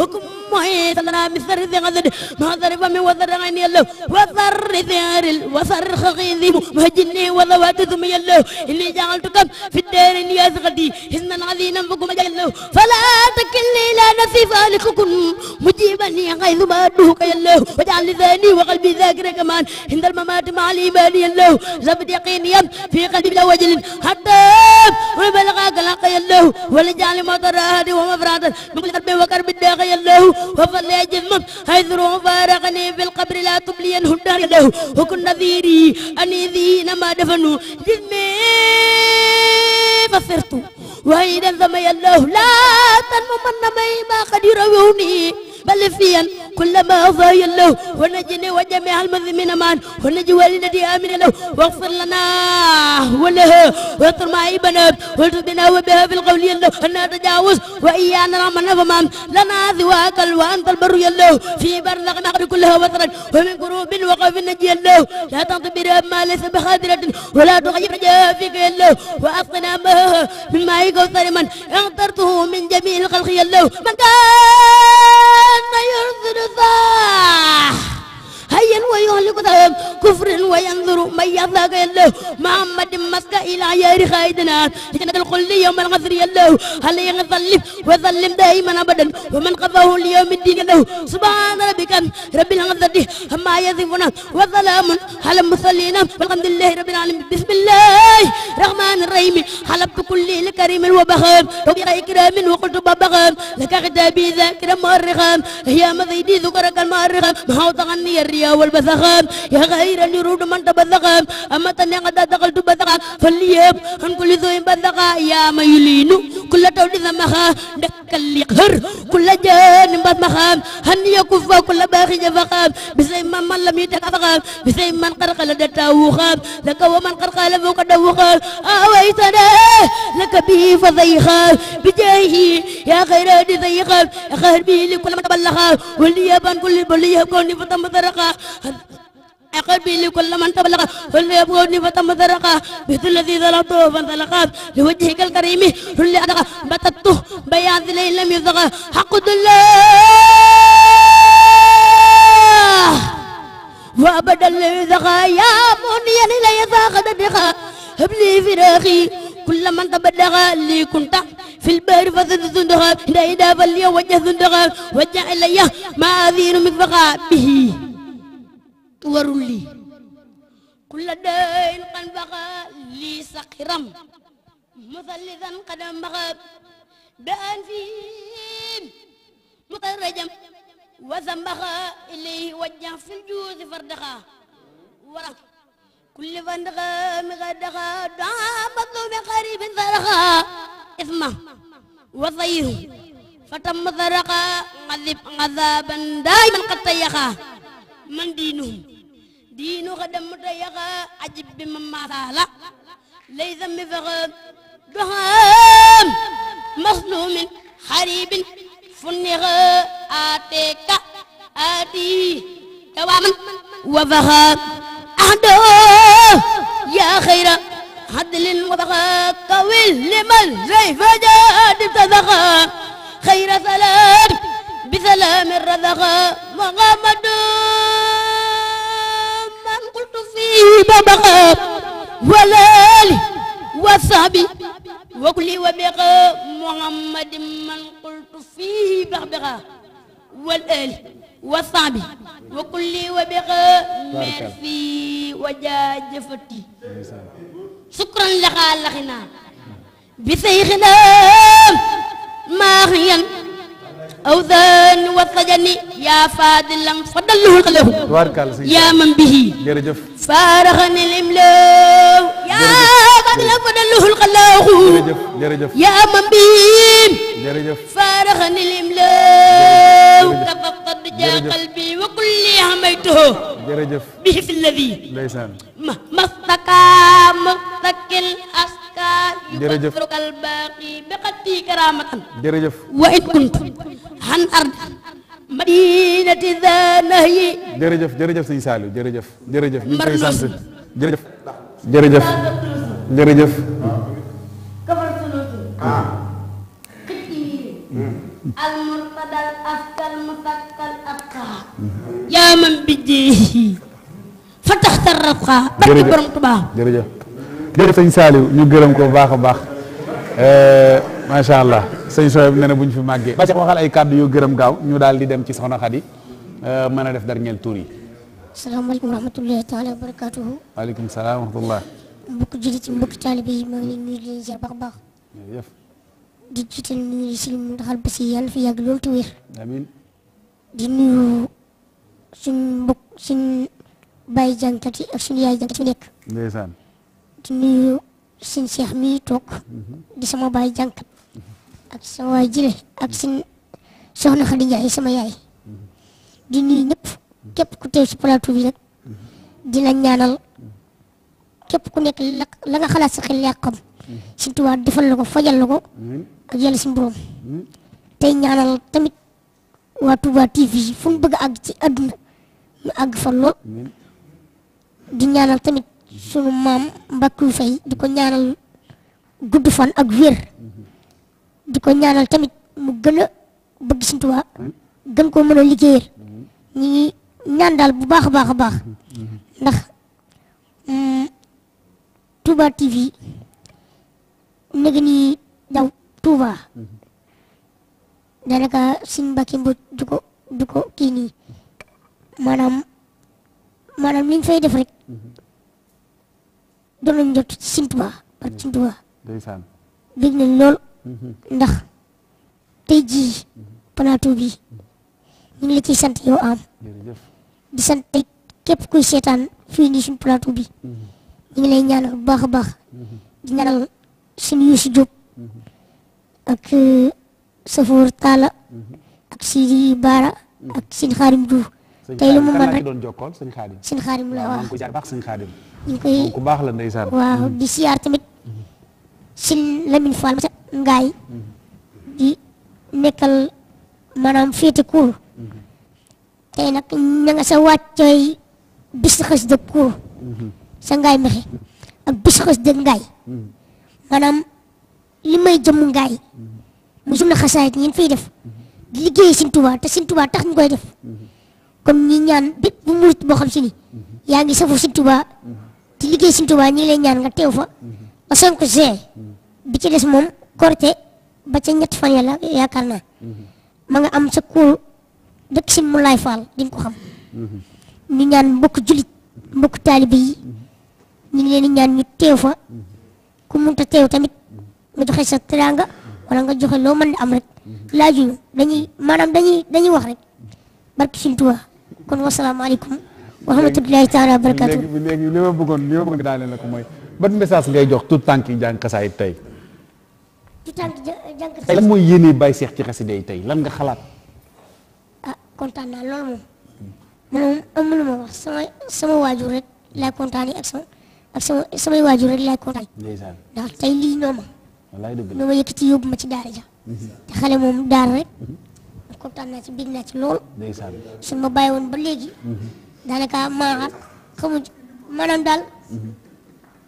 حكم مهيت لنا مصر ذي غزد ما صرف من وزر عيني يا الله وصر ذيار وصر خغيذي مهجني وذوات ثم يا الله إني جعلتكم في الدارين يا زغدي حزنا عظيما فكم يا الله فلا تكلني إلى نفسي فالككم مجيبني غيظ ما أدوه كي الله واجعل لساني وقلبي ذاكرك كمان عند الممات مع الإيمان يا الله زبد يقيني في قلبي بلا وجل حتى وبلغ قلق يا الله ولجعل مطر هادي ومفراد من قلبي وقرب الداخ يا الله وفلي جسمم حيث فارقني في القبر لا تبلينه الدهر يا الله وكن نذيري أني ذي ما دفنوا جسمي فصرت waaye idan zama yallahu laa tan mu man na may maa xadira wew nii bal fiyan kullama afa yallahu wa najini wa jami almazmina man wa naji walidati amina lahu واغفر لنا ولها واستر معيبنا والتبنا وبها في القول يلو أن تجاوز وإيانا من فمام لنا سواك وأنت البر يلو في برلغ نقر كلها وطرا ومن كروب وقف نجي يلو لا تنطبر ما ليس بخادرة ولا تغير رجاء فيك يلو وأصنا ما مما بالكوثر من اخترته من جميع الخلق يلو من كان يرسل صاح هين ويهلك ذهب كفر وينظر من يذاك يلو محمد مسك إلى يار خايدنا جنة الخلد يوم الغدر يلو هل يغظلم وظلم دائما أبدا ومن قضاه ليوم الدين يلو سبحان ربك رب العزة عما يصفون وسلام على المرسلين والحمد لله رب العالمين بسم الله الرحمن الرحيم حلبت كل الكريم وبخام وغير إكرام وقلت ببخام لك خدابي ذاكرا مؤرخام هي مزيدي ذكرك المؤرخام ما هو تغني الرياض يا والبثخام يا غير اليرود من تبثخام أما تنيا قد دخلت بثخام فليب عن كل ذو بثخا يا ما يلين كل تولي ذمخا دك اليقهر كل جان بثخام هن يكفى كل باخي جفخام بسيم من لم يتكفخام بسيم من قرقل دتاوخام ذك ومن قرقل فوق دوخام أويتنا لك به فضيخام بجاهي يا غير ذي ضيخام يا خير به لكل من تبلخام وليب عن كل بليه كوني فتم ذرقام أقربي لكل من تبلغ قل يبغوني فتم ذرقا مثل الذي ذرقته فانطلقا لوجهك الكريم رل أدقى بتته بياض ليل لم يذقى حق الله وأبدا لم يذقى يا منيا لا يذاق دقا هب لي فراخي كل من تبلغ لي كنت في البحر فسد زندقا إذا إذا فليوجه زندقا وجه إلي ما أذين مثقا به warul lii kulla dayn xan baxa lii saqiram musallisan xadam baxa bi an fii mutarajam wasambaxa ilayhi wajjax fil juusi fardaxa wara kulli fandaxa mi xaddaxa daa batu bi xaribi saraxa isma wasayihu fatam saraxa ngadib ngadaban daayiman qatayaxa man diinuhum diinu xa dem ta yaxa ajib bi ma masala laysa mi faxa doxam maslumin xaribin fu nexa ateka ati tawaman wa faxa axdo yaa xayra xadlin wa faxa kawil liman zey fajadi tasaxa xayra salam bi salamin rasaxa muhammadu كنت فيه ببغى ولالي وصحبي وكلي وبغى محمد من قلت فيه ببغى والالي وصحبي وكلي وبغى ميرسي وجاجفتي شكرا لك على خنا بسيخنا ماغيا awzan wa sajani yaa fadilan fa dalluhul xalahu yaa man bihi jërëjëf faaraxani limlaw yaa fadilan fa dalluhul xalahu jërëjëf yaa man bihi jërëjëf faaraxani limlaw tafaqqad jaa qalbi wa kulli hamaytuhu jërëjëf bihi fi lladi ndeysaan ma mastaka mustakil as jërëjëf jërëjëf wa it kunt xan ard madinati da nahyi jërëjëf jërëjëf sëñ Saliou jërëjëf jërëjëf ñu ngi koy sant jërëjëf jërëjëf jërëjëf almurtadal ah. hmm. afkal mutakkal abqa yaa man bijjeehi fataxta rabqa barki borom Tuubaa jërëjëf jërëjëf sëñ Saliou ñu gërëm ko baax a baax euh, macha allah sëñ Soyebu nee na bu ñu fi màggee. ba ci waxal ay kàddu yu gërëm gaaw ñu daal di dem ci soxna Xadi euh, mën a def dernier tour yi. salaamaaleykum wa rahmatullahi taala wa barakaatuhu. waaleykum salaam wa rahmatullah. mbokk jullit yi mbokk taalibe yi maa ngi leen di nuyu di baax baax. jërëjëf. di jiital nuyu si ndaxal ba si yàlla fi yàgg loolu te wér. amiin. di nuyu suñ mbokk suñ bàyyi jàngkat yi ak suñu yaay jàngkat yi nekk. ndeysaan. di nuyu sëñ Cheikh mi toog di sama baay jànkat ak sama waay jile ak sëñ soxna Khady Ndiaye sama yaay di nuyu ñëpp képp ku teew ci plateau bi rek di ñaanal képp ku nekk la nga xalaat sa xel yaa xam sëñ defal la ko fajal la ko ak yàlla suñu borom tey ñaanal tamit waa Touba TV fu mu bëgg a àgg ci àdduna mu àgg fa lool di ñaanal tamit. sunu maam Mbackiou Faye di ko ñaanal gudd fan ak wér di ko ñaanal tamit mu gën a bëgg sintuwa gën koo mën a liggéeyal ñi ngi ñaan daal bu baax a baax a baax ndax mm, Touba TV nekk nii daw Touba daanaka Sëriñ Mbacke Mbodj du ko du ko kii nii maanaam maanaam li ñu def rek doon nañu jot ci Sëñ Tuubaa barke Sëñ Tuubaa lool mhm. ndax tey jii plateau bi ñu ngi la ciy sant yow am di sant tey képp koy seetaan fii nii suñu plateau bi mhm. ñu ngi lay bu baax a baax mhm. di ñaanal suñu Yuusu Jóob ak euh, Safoor Taala ak Sidi Baara ak sëñ Xaadim Diouf tey lu mu mën rek sëñ Xaadim la waaw ñu koy baax la ndeysaan waaw mm-hmm. di siyaar tamit sin Lamine Fall ma ca ngaay di nekkal maanaam féete kuur mm-hmm. tey nag ña nga sa wàccay bis xës dëgg kuur mm-hmm. sa ngaay mexe ak bis xës dëgg ngaay maanaam li may jëmm ngaay mu sum na xasaayit ñeen fay def di liggéey sin Tuubaa te sin Tuubaa tax ñu def comme ñi ñaan bépp bu murit boo xam si ni ngi safu sin Tuubaa ci liggéey Sëñ Tuubaa ñi ngi ñaan nga teew fa ba cinq juin bi ci des moom korite ba ca ñett fan yàlla yaakaar naa ma nga am sa kóol dëkk si mu laay faal di ko xam ñu ñaan mbokk jullit mbokk taalibe ñu ngi leen di ñaan ñu teew fa ku munta teew tamit nga joxe sa teraanga wala nga joxe loo mën am rek laajuñu dañuy maanaam dañuy dañuy wax rek barki Sëñ Tuubaa kon wasalaamaaleykum wa rahmatullahi taala barakatu léegi li ma bëggoon li ma bëggoon daaneel la ko mooy ban message ngay jox tout tànk yi jàng xasaay tey tout tànk jàng xasaay lan mooy yéene Baye Cheikh ci xasida yi tey lan nga xalaat ah kontaan naa loolu moom man amul ma wax sama sama waajur rek laay kontaan yi ak sama ak sama samay waajur rek laay kontaan ndax tey lii ñoo ma ñoo ma yëkkati ci daara ja mhm. te xale moom daara rek mhm. kontaan naa ci bég naa ci lool su ma bàyyi woon ba léegi mhm. daanaka maaxa xamu maanaam daal mhm.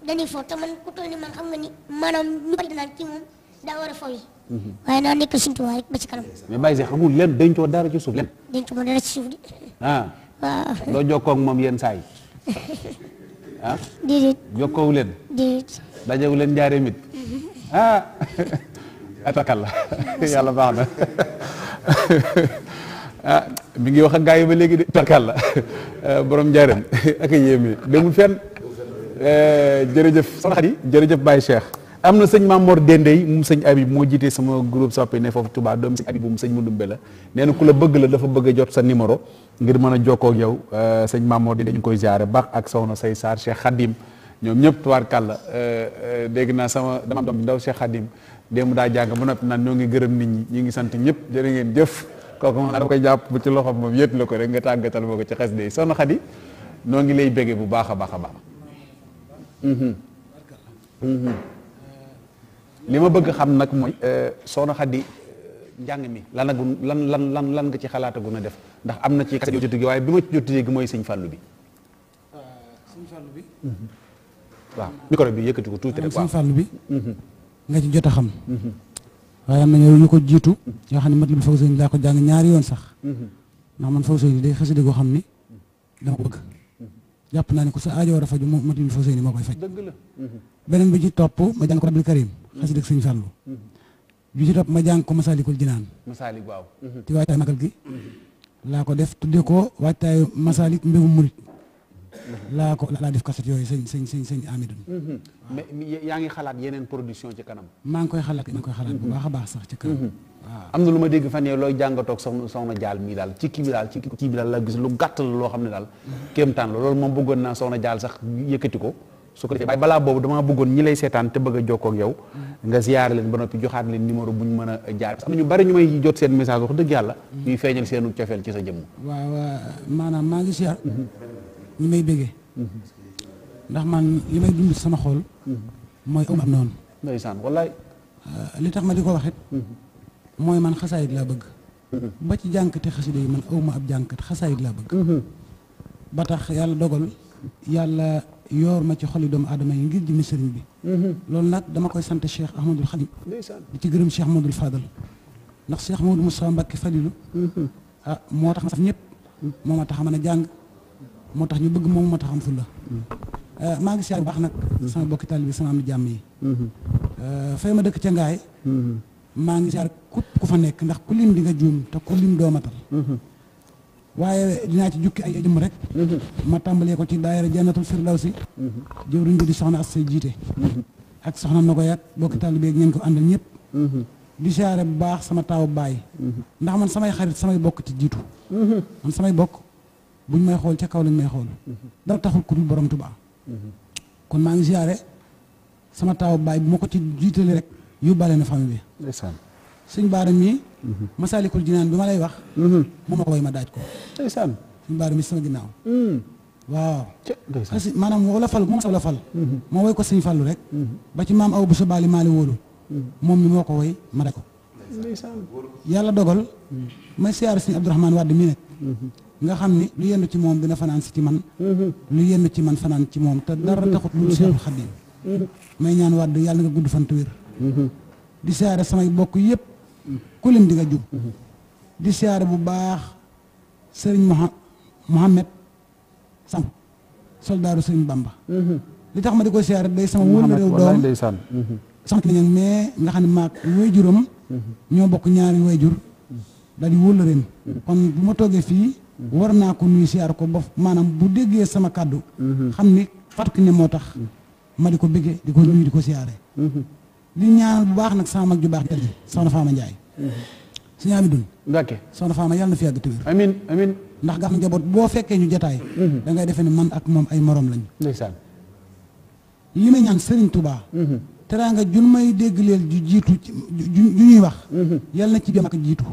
dañuy fo te man ni man xam nga ni maanaam ñu bari naan ci moom daa war a fo yi mhm. waaye naa nekk suñu tubaab rek ba ci kanam mais Baye Cheikh amul lenn dencoo dara ci suuf dara ci suuf di ah waaw doo jokkoo ak moom yenn saa yi (laughs) ah déedéet jokkoowu leen déedéet dajewu leen mit mhm. ah (laughs) atakal la (laughs) yàlla ah mi ngi wax ak gaa yi ba léegi de tarkal la (laughs) eh, borom njaaram (laughs) ak a yéeme demul fenn eh, jërëjëf soxna Xadi jërëjëf Baye Cheikh am na sëñ Mamor Dendey mu sëñ Abib moo jiitee sama groupe soppe ne foofu Touba doomu sëñ Abib bu mu sëñ Mudumbe la nee ku la bëgg la dafa bëgg a jot sa numéro ngir mën a jokkoo ak yow eh, sëñ Mamor Dendey ñu koy ziare baax ak soxna say Sarr Cheikh Khadim ñoom ñëpp tubaarkàlla dégg naa sama dama am doom bi ndaw Cheikh Khadim démb daa jàng ba noppi naan ñoo ngi gërëm nit ñi ñi ngi sant ñëpp jërë ngeen jëf kooku moom dama koy jàpp ci loxo moom yët la ko rek nga tàggatal ma ko ci xes de soxna Xadi noo ngi lay bégg bu baax a baax a baax mhm. Mhm. li ma bëgg xam nag mooy euh, soxna Xadi njàng mi lan lan lan lan lan nga ci xalaatagu na def ndax am na ci xes jotu waaye bi ma jotu gi mooy sëñ fàllu bi euh, sëñ fàllu bi mhm. waaw micro bi yëkkati ko tuuti rek bi nga ci jot a xam waaye am na ñoo ñu ko jiitu yoo xam ne matlabul fawzayni laa ko jàng ñaari yoon sax mhm. ndax man fawzayni day xasida goo xam ni dama bëgg mhm. jàpp naa ne ko sa aajo war a faju moom matlabul fawzayni moo koy faj mhm. beneen bi ci topp ma jàng ko rabbil karim xasida ak sëñ Fàllu bi ci topp ma jàng ko masaalikul jinaan masaalik waaw ci waajtaay magal gi laa ko def tudde ko waajtaay masaalik mbégu murit laa ko laa def kaset yooyu sëñ sëñ sëñ sëñ Amidou mhm. mais yaa ngi xalaat yeneen production ci kanam maa ngi koy xalaat maa ngi koy xalaat bu mhm. baax a mhm. am a jokkoo ak ñu a bari ñu may jot seen message wax dëgg yàlla ñuy feeñal seenu cofeel ci sa jëmm waaw maanaam maa ngi ziyaar ñi may bëggee ndax man li may dund sama xool mooy am noonu ndeysaan wallaay euh, li tax ma di ko waxit mooy man xasaayit laa bëgg ba ci jànkate xasida yi man awma ab jànkat xasaayit laa bëgg ba tax yàlla dogal yàlla yoor ma ci xoli doomu adama yi ngir jëmi sëriñ bi loolu nag dama koy sant Cheikh Ahmadul Xadim di ci gërëm Cheikh Ahmadul Fadal ndax Cheikh Ahmadou Moussa Mbacke Fadilu mm-hmm. ah moo tax ma saf ñëpp moo ma tax a a jàng moo tax ñu bëgg moom moo tax am fulla mm. euh, maa ngi siyaar bu baax nag sama bokki taalibe sama am jàmm yi mm-hmm. euh, fay ma dëkk ca ngaay mm-hmm. maa ngi siyaar képp ku fa nekk ndax ku lim di nga juum te ku lim doo matal mm-hmm. waaye dinaa ci jukki ay jëm rek ma tàmbalee ko ci daayira jannatul firdawsi jëwriñ bi di soxna as say jiite ak soxna na ko yat bokki taalibe ak ñeen ko àndal ñëpp di siyaare bu baax sama taaw baay ndax man samay xarit samay bokk ci jiitu man samay bokk buñ may xool ca kaw lañ may xool dara taxul ku dul borom Tuubaa kon maa ngi ziare sama taaw baay bi ma ko ci jiitale rek yóbbaale na famille bi ndeysaan sëñ mi mii mhm. masaalikul jinaan bi ma lay wax mhm. moom a ma daaj ko ndeysaan sëñ baara ginnaaw mm. waaw parce que maanaam wala fal moom la fal mhm. ma woy ko sëñ fàllu rek ba ci maam aw bu sa baali maali wóolu moom mi moo ko woy ma daaj ko yàlla dogal may siyaare sëñ Abdourahmane Wade mii nag nga xam ni lu yendu ci moom dina fanaan si ci man mm-hmm. lu yendu ci man fanaan ci moom te dara mm-hmm. taxut lu Seexul mm-hmm. Xadiim may ñaan wàdd yàlla nga gudd fan te wér di siyaare samay bokk yëpp ku lim di nga jub di siyaare bu baax sëriñ Mohamed Sam soldaaru sëriñ Bamba li tax ma di ko siyaare day sama wóor na réew doom sant nañu mais nga xam ne maag waajuram ñoo bokk ñaari waajur daal di wóor kon bu ma toogee fii war naa ko nuyu siyaar ko bof maanaam bu déggee sama kàddu mm-hmm. xam ni Fatou ne moo tax mm-hmm. ma di ko bëggee di ko nuyu di ko siyaare li mm-hmm. ñaanal bu baax nag sama mag ju baax tëdd soxna Faama Njaay suñu ami dun Mbàkke soxna Faama yàlla na fi yàgg tëdd amin amin ndax nga xam njaboot boo fekkee ñu jotaay da ngay defee ne man ak moom ay morom lañu ndeysaan li may ñaan Serigne Touba nga jun may dégg leel ju jiitu ju ñuy wax yàlla na ci dem ak jiitu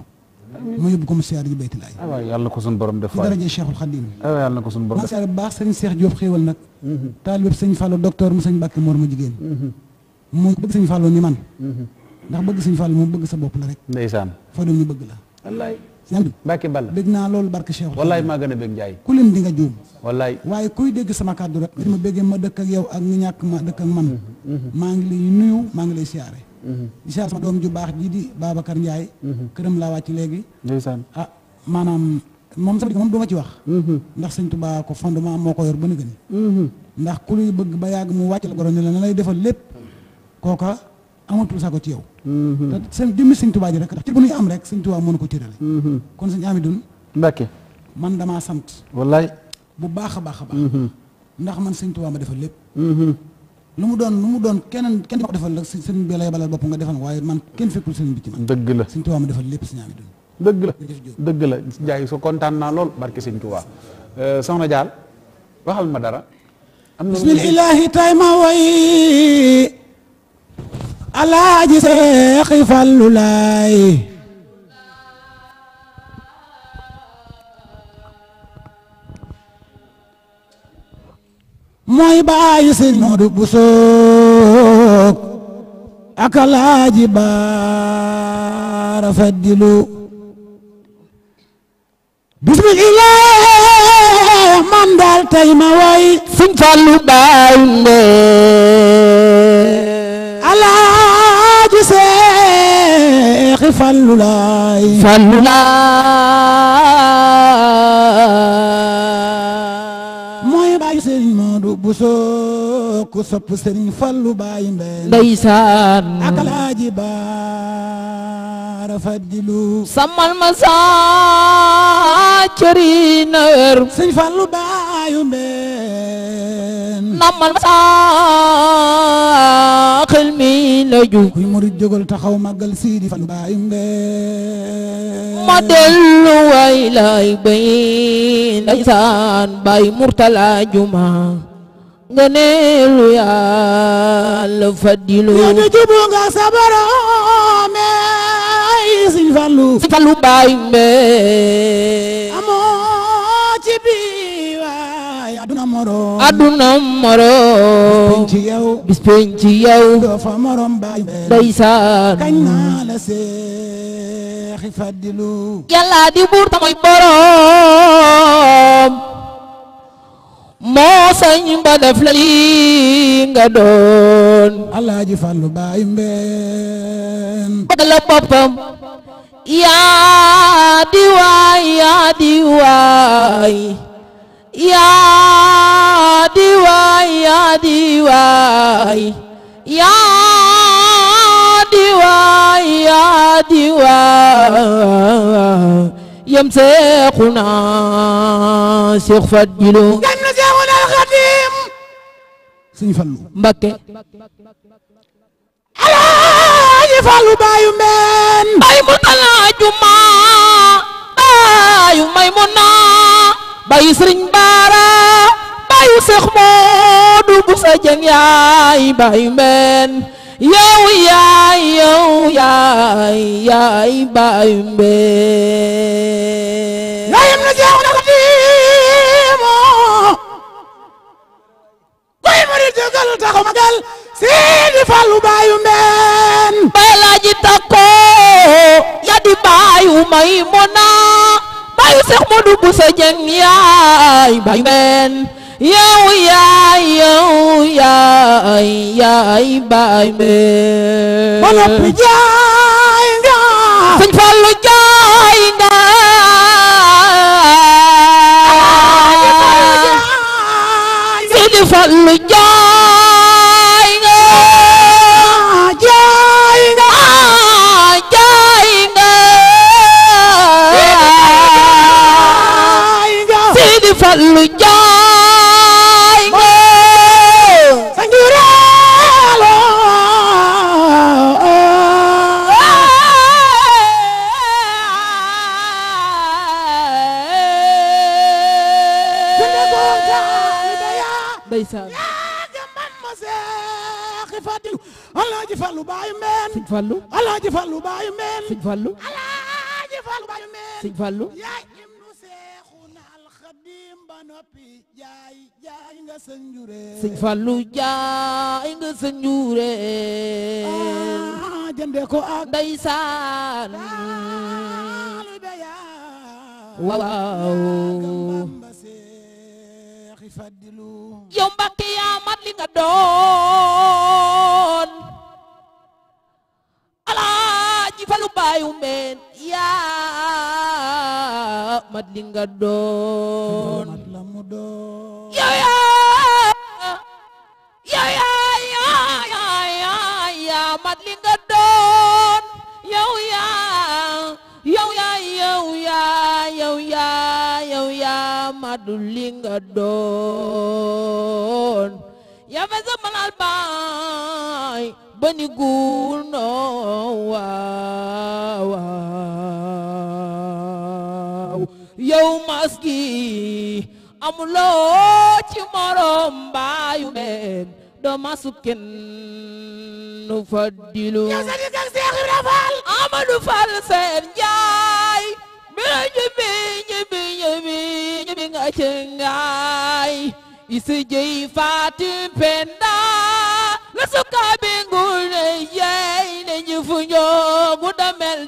mu yóbbu ko mu siyaar ji baytilaay yàlla ko suñu borom def ci daraje Cheikhul Khadim yàlla na ko suñu borom def siyaar bu baax sëriñ Cheikh Diop xéewal nag mm-hmm. taalib sëñ Fallou docteur mu sëñ Mbàkke Mor ma jigéen mm-hmm. mu bëgg sëñ man mm-hmm. ndax bëgg sëñ Fallou moom bëgg sa bopp la rek ndeysaan fa dem ñu bëgg la wallaay Mbàkke bal bëgg naa loolu barke Cheikhul wallaay maa gën a bëgg Njaay di nga juum wallaay waaye kuy dégg sama kàddu rek ma bëggee ma dëkk ak yow ak ñu ñàkk ma dëkk ak man maa ngi lay nuyu maa ngi lay siyaare di siyaar sama doom ju baax ji di Babacar Ndiaye mhm. këram laa wàcc léegi ndeysaan ah maanaam moom sama moom duma ci wax mhm. ndax sëñ Tuubaa ko fondement moo ko yor ba nëgëni mhm. ndax ku luy bëgg ba yàgg mu wàcc la goro ne la na lay defal lépp kooka amatul ko ci yow te seen jëmmi sëñ Tuubaa ji rek ndax ci bu nuy am rek sëñ Tuubaa mënu ko cërale kon sëñ Amidoune Mbacke man damaa sant wallaay bu baax a baax a baax ndax man sëñ Tuubaa ma defal lépp lu mu doon lu mu doon keneen kenn ko defal la sëñ bi lay balal bopp nga defal waaye man kenn fekkul sëñ bi ci man la sëñ Tuubaa ma defal lépp si ñaami dund dëgg la dëgg la jaay so kontaan naa lool barke sëñ Tuubaa euh, soxna Jaal waxal ma dara am na bismillaahi tay ma way alaaji seexi mooy baayu sëñ Modou Bousso ak Alaaji Baara Fadilu bismillah man daal tey way sëñ Fallu baayu ndee Alaaji Seexi Fallu laay Bousso ku sopp Serigne Fallou Baye Mbène ndeysaan ak Alaaji Baara Fadilu samal ma saa cëriñër Serigne Fallou Baye Mbène namal ma saa xel mi la ju kuy murid jógal taxaw màggal Sidi Fallou Baye Mbène ma dellu way lay bay ndeysaan Baye Murtala nga neelu yàlla fadilu yoo di nga sabaroome ay siñ fallu baay mbee amoo ci bii waay aduna moroom aduna moroom bis peñ ci yow doo naa la seexi fadilu yàlla di buur tamay boroom moo sañ ba def lii nga doon alaaji Fallu baay mbeen la boppam yaa di waay yaa di waay yaa di waay yaa di waay yaa di waay yaa di waay yam seexu naa seex fat jiloo sëñ Fallu Mbakke alaaji Fallu baayu meen baayu mu talaaju maa baayu may mu naa baayu sëriñ baara baayu seex moodu bu sa jeng yaay baayu meen yow yaay yow yaay yaay baayu meen yaayam na jeex na ko murid jógal taxaw magal Sidi Fallu baayu mbeen bay laaji takko ya di baayu Maymuna baayu Seex Modu Buso Jeng yaay baayu mbeen yow yaay yow yaay yaay baayu mbeen ba noppi jaay nga Sëñ Fallu jaay nga fallu joo fallu alaaji fallu baayu meen sëñ fallu alaaji fallu baayu meen sëñ fallu yaay ibnu seexuna alxadim ba noppi jaay jaay nga sa njuree fallu jaay nga sa njuree ah, jënde ko ak ndeysaan waaw yow Mbàkke yaa mat li nga doon alaaji falu baayu meen yaa mat li nga doon yow yaa yow yaa yaa yaa yaa mat li nga doon yow yaa yow yaa yow yaa yow yaa yow yaa mat li nga doon yaa fa sa malal baay bani guno waaw yow mas amuloo ci morom baayu meen doo masu nu faddilu ya sa dikak Seex Ibra Faal Amadu Faal jaay mi la ñëbi ñëbi nga ci ngaay isa jëy Fatim Penda bu rëy yeey ne ñu fu ñoo bu damel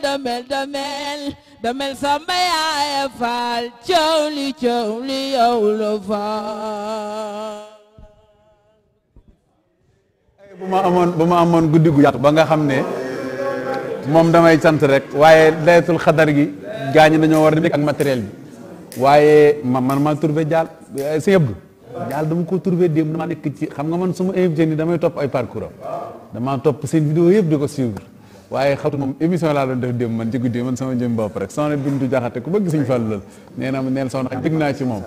damel samba yaaya faal coow li coow faal bu ma amoon bu ma amoon guddi gu yaatu ba nga xam ne moom damay sant rek waaye laylatul xadar gi gaañ dañoo war di ak matériel bi waaye man maa trouvé jaal eh, si yëpp daal dama ko trouvé démb dama nekk ci xam nga man su ma invité nii damay topp ay parcours am damaa topp seen vidéo yëpp di ko suivre waaye xatu moom émission laa doon def démb man ci guddi man sama jëm bopp rek soxna Bintu Jaxate ku bëgg suñ fàllu lool nee na neel soxna dégg naa ci moom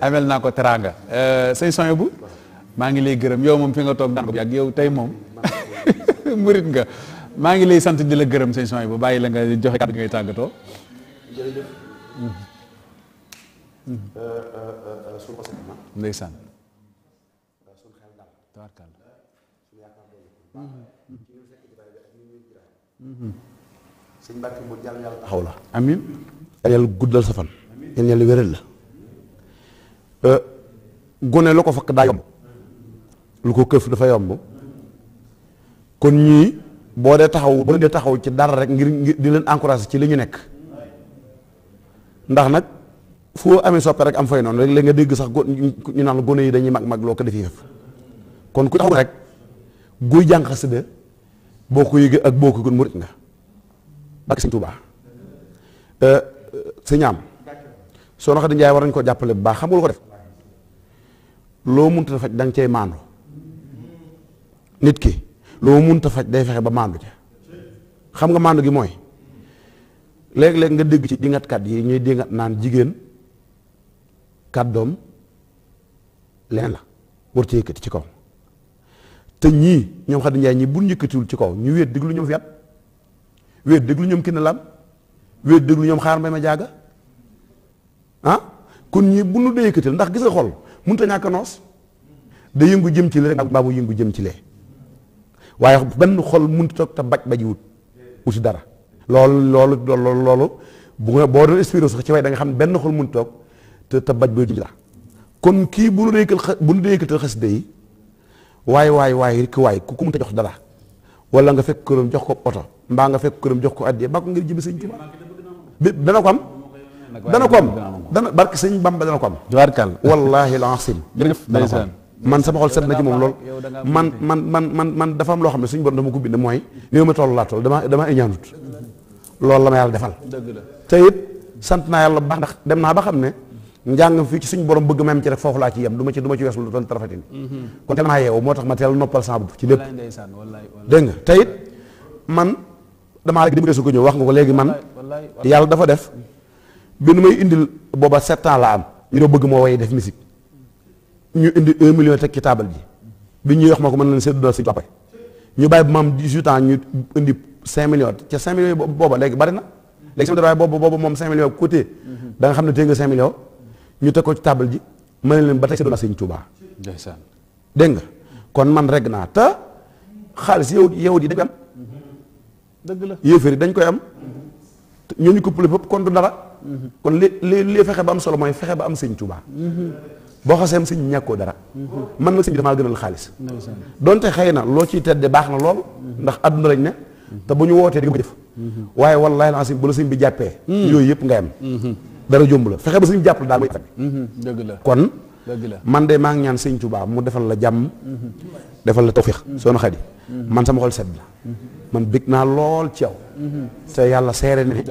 amel naa ko teraanga euh, sëñ bu maa ngi lay gërëm yow moom fi nga toog daan ko yàgg yow tey moom (laughs) murit nga maa ngi lay sant di la gërëm sëñ soñ bu bàyyi la nga joxe kàddu ngay tàggatoo jërëjëf mm-hmm. suñu ko seetlu naa. ndeysaan. suñu xel taxaw la. amiin. yàlla guddal sa fan. amiin yàlla wéral la. Euh, gone lu ko fakk daa yomb. lu ko këf dafa yomb. kon ñii boo dee taxaw boo dee taxaw ci dara rek ngir di leen encouragé ci li ñu nekk. ndax nag. foo amee soppe rek am fay noonu léeg-léeg nga dégg sax ñu naan gone yi dañuy mag mag loo ko defee kon ku taxaw rek guy jàng xasida boo ko ak boo ko gën murit nga ak sëñ Tuubaa sëñ soo na xa war nañ ko jàppale bu baax xam nga lu def loo mënut a faj da nga cay maandu nit ki loo mënut a faj day fexe ba maandu ca xam nga maandu gi mooy léeg-léeg nga dégg ci dingatkat yi ñuy dingat naan jigéen doom leen la war ci yëkkati ci kaw te ñii ñoom Xadi Njaay ñi bu ñu yëkkatiwul ci kaw ñu wéet déglu ñoom fiyat wéet déglu ñoom Kiné Lam wéet déglu ñoom xaar mbay ma jaaga ah kon ñii bu nu dee yëkkatil ndax gis xol mënut a ñàkk noos da yëngu jëm ci lee rek mbaa mu yëngu jëm ci lee waaye benn xol mënut toog te baj baji wut wuti dara loolu loolu loolu loolu boo doon espéré sax ci way da xam ne benn xol mënut toog te te baj bay duñ dara kon kii bu nu réykal bu nu réykatal xasida yi waay waay waay ki waay ku mënta jox dara wala nga fekk këram jox ko oto mbaa nga fekk këram jox ko addiya ba ko ngir jëm sëñ Tuubaa bi dana ko dana ko am dana barke sëñ Bamba dana ko am tubaarkal wallaahi al-aziim (laughs) man sama xol set na ci moom lool man man man man man dafa loo xam ne suñu na ma ko bind mooy néew ma toll laa toll dama dama iñaanut loolu la ma yàlla defal te it sant naa yàlla baax ndax dem naa ba xam ne njàng fii ci suñu borom bëgg ma am ci rek foofu laa ci yem du ci du lu doon tarafatin mhm. kon teel maa yeewu moo tax ma teel noppal sama ci lépp dégg nga man damaa rek dimbali su wax nga ko léegi man yàlla dafa def bi nu may booba sept ans la am ñu doo bëgg moo way def musique ñu indi un million teg ci taabal ji bi ñuy yox ma ko mën na leen seddoo si joxe ñu bàyyi ba ma am dix-huit ans ñu indi cinq millions ci cinq millions booba léegi bari na léegi sama waaye moom cinq millions côté mhm. xam ne téye nga cinq ñu teg ko ci table ji ma ne leen ba tey seddoo naa sëñ Touba. ndeysaan dégg nga kon man reg naa te xaalis yow yow di dañ am. dëgg la yéefar yi dañ koy am. ñooñu ko pule fépp kon du dara. Mhm. kon li li li fexe ba am solo mooy fexe ba am sëñ Touba. Mhm. boo xasee am sëñ ñàkkoo dara. Mhm. man nag sëñ bi damaa gënal xaalis. donte xëy na loo ciy tedde baax na lool. ndax adduna lañ ne. te bu ñu wootee di nga def. waaye wallaahi laa bu la sëñ bi jàppee. yooyu yëpp nga am. dara jomb la fexe ba suñu jàpp daal mooy mhm, la kon. dëgg la man de maa ngi ñaan sëñ Tuubaa mu defal la jàmm. defal la tawféex. Mhm. soxna Xadi mhm. man sama xol sedd la man bég naa lool ci yow. te yàlla seere ne.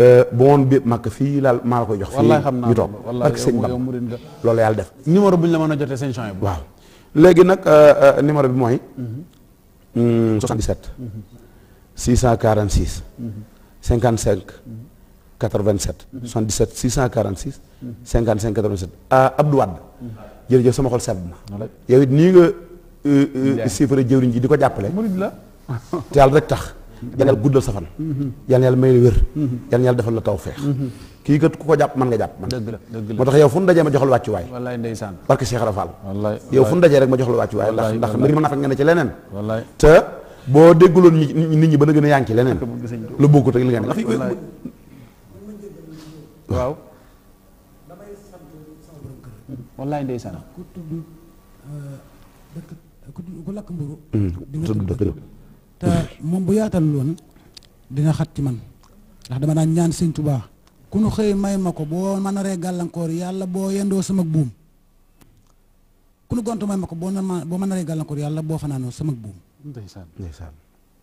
Euh, bu woon bépp mag fii laal maa la koy jox. wallaay xam naa ko wallaay yow yow mu rënd la yàlla def. numéro bu ñu la mën a jotee seen champs waaw léegi nag euh, euh, numéro bi mooy. 77. 646. 55. 87. 77 646. 55 87 ah Abdou Wade. jërëjëf sama xol sedd na. yow it nii nga. Euh, euh, siifara jëwriñ ji di ko jàppale. murid la te yàlla rek tax. yàlla yàlla guddal sa fan. yàlla yàlla may la wér. yàlla yàlla defal la taw feex. kii kat nga jàpp man. moo tax yow fu mu ma jox la wàccuwaay. barke Cheikh Rafal. wallaay fu mu rek ma jox la wàccuwaay. wallaay ndax ndax mën naa fekk nga ne ci leneen. wallaay te boo dégguloon nit ñi ba na gën a yaa ngi ci leneen. lu bokkut ak li nga ne waaw. damay sant sama borom kër. wallaay ndeysaan. Euh, lakk mburu. Mm. dina tudd te moom bu yaatal woon dina xat ci man ndax dama daan ñaan sëñ Tuubaa ku nu xëy may ma ko boo ma naree gàllankoor yàlla boo yendoo sama buum ku nu gontu may ma ko boo mën boo mën a ree gàllankoor yàlla boo fanaanoo sama buum. ndeysaan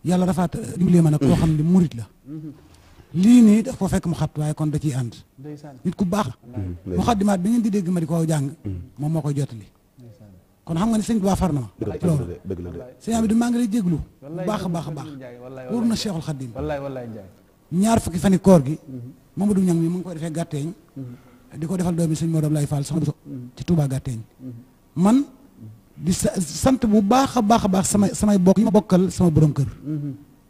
yàlla dafa dimbali ma nag koo xam ne murit la. Mm-hmm. lii nii daf ko fekk mu xat waaye kon da ciy ànd nit ku baax la mm-hmm. mu xaddimaat bi ngeen di dégg ma di ko jàng mm-hmm. moom moo koy jottali kon xam nga ne sëñ bi waa far na ma loolu sëñ bi du maa ngi lay jéglu bu baax a baax a baax wóor na Cheikhul Khadim ñaar fukki fani koor gi mm-hmm. Mamadou Ñang mi mu ngi ko defee gàtteeñ di ko defal doomi sëñ Modou Abdoulaye Fall soxna Bousso ci Touba gàtteeñ man di sant bu baax a baax a baax samay samay bokk yi ma bokkal sama borom kër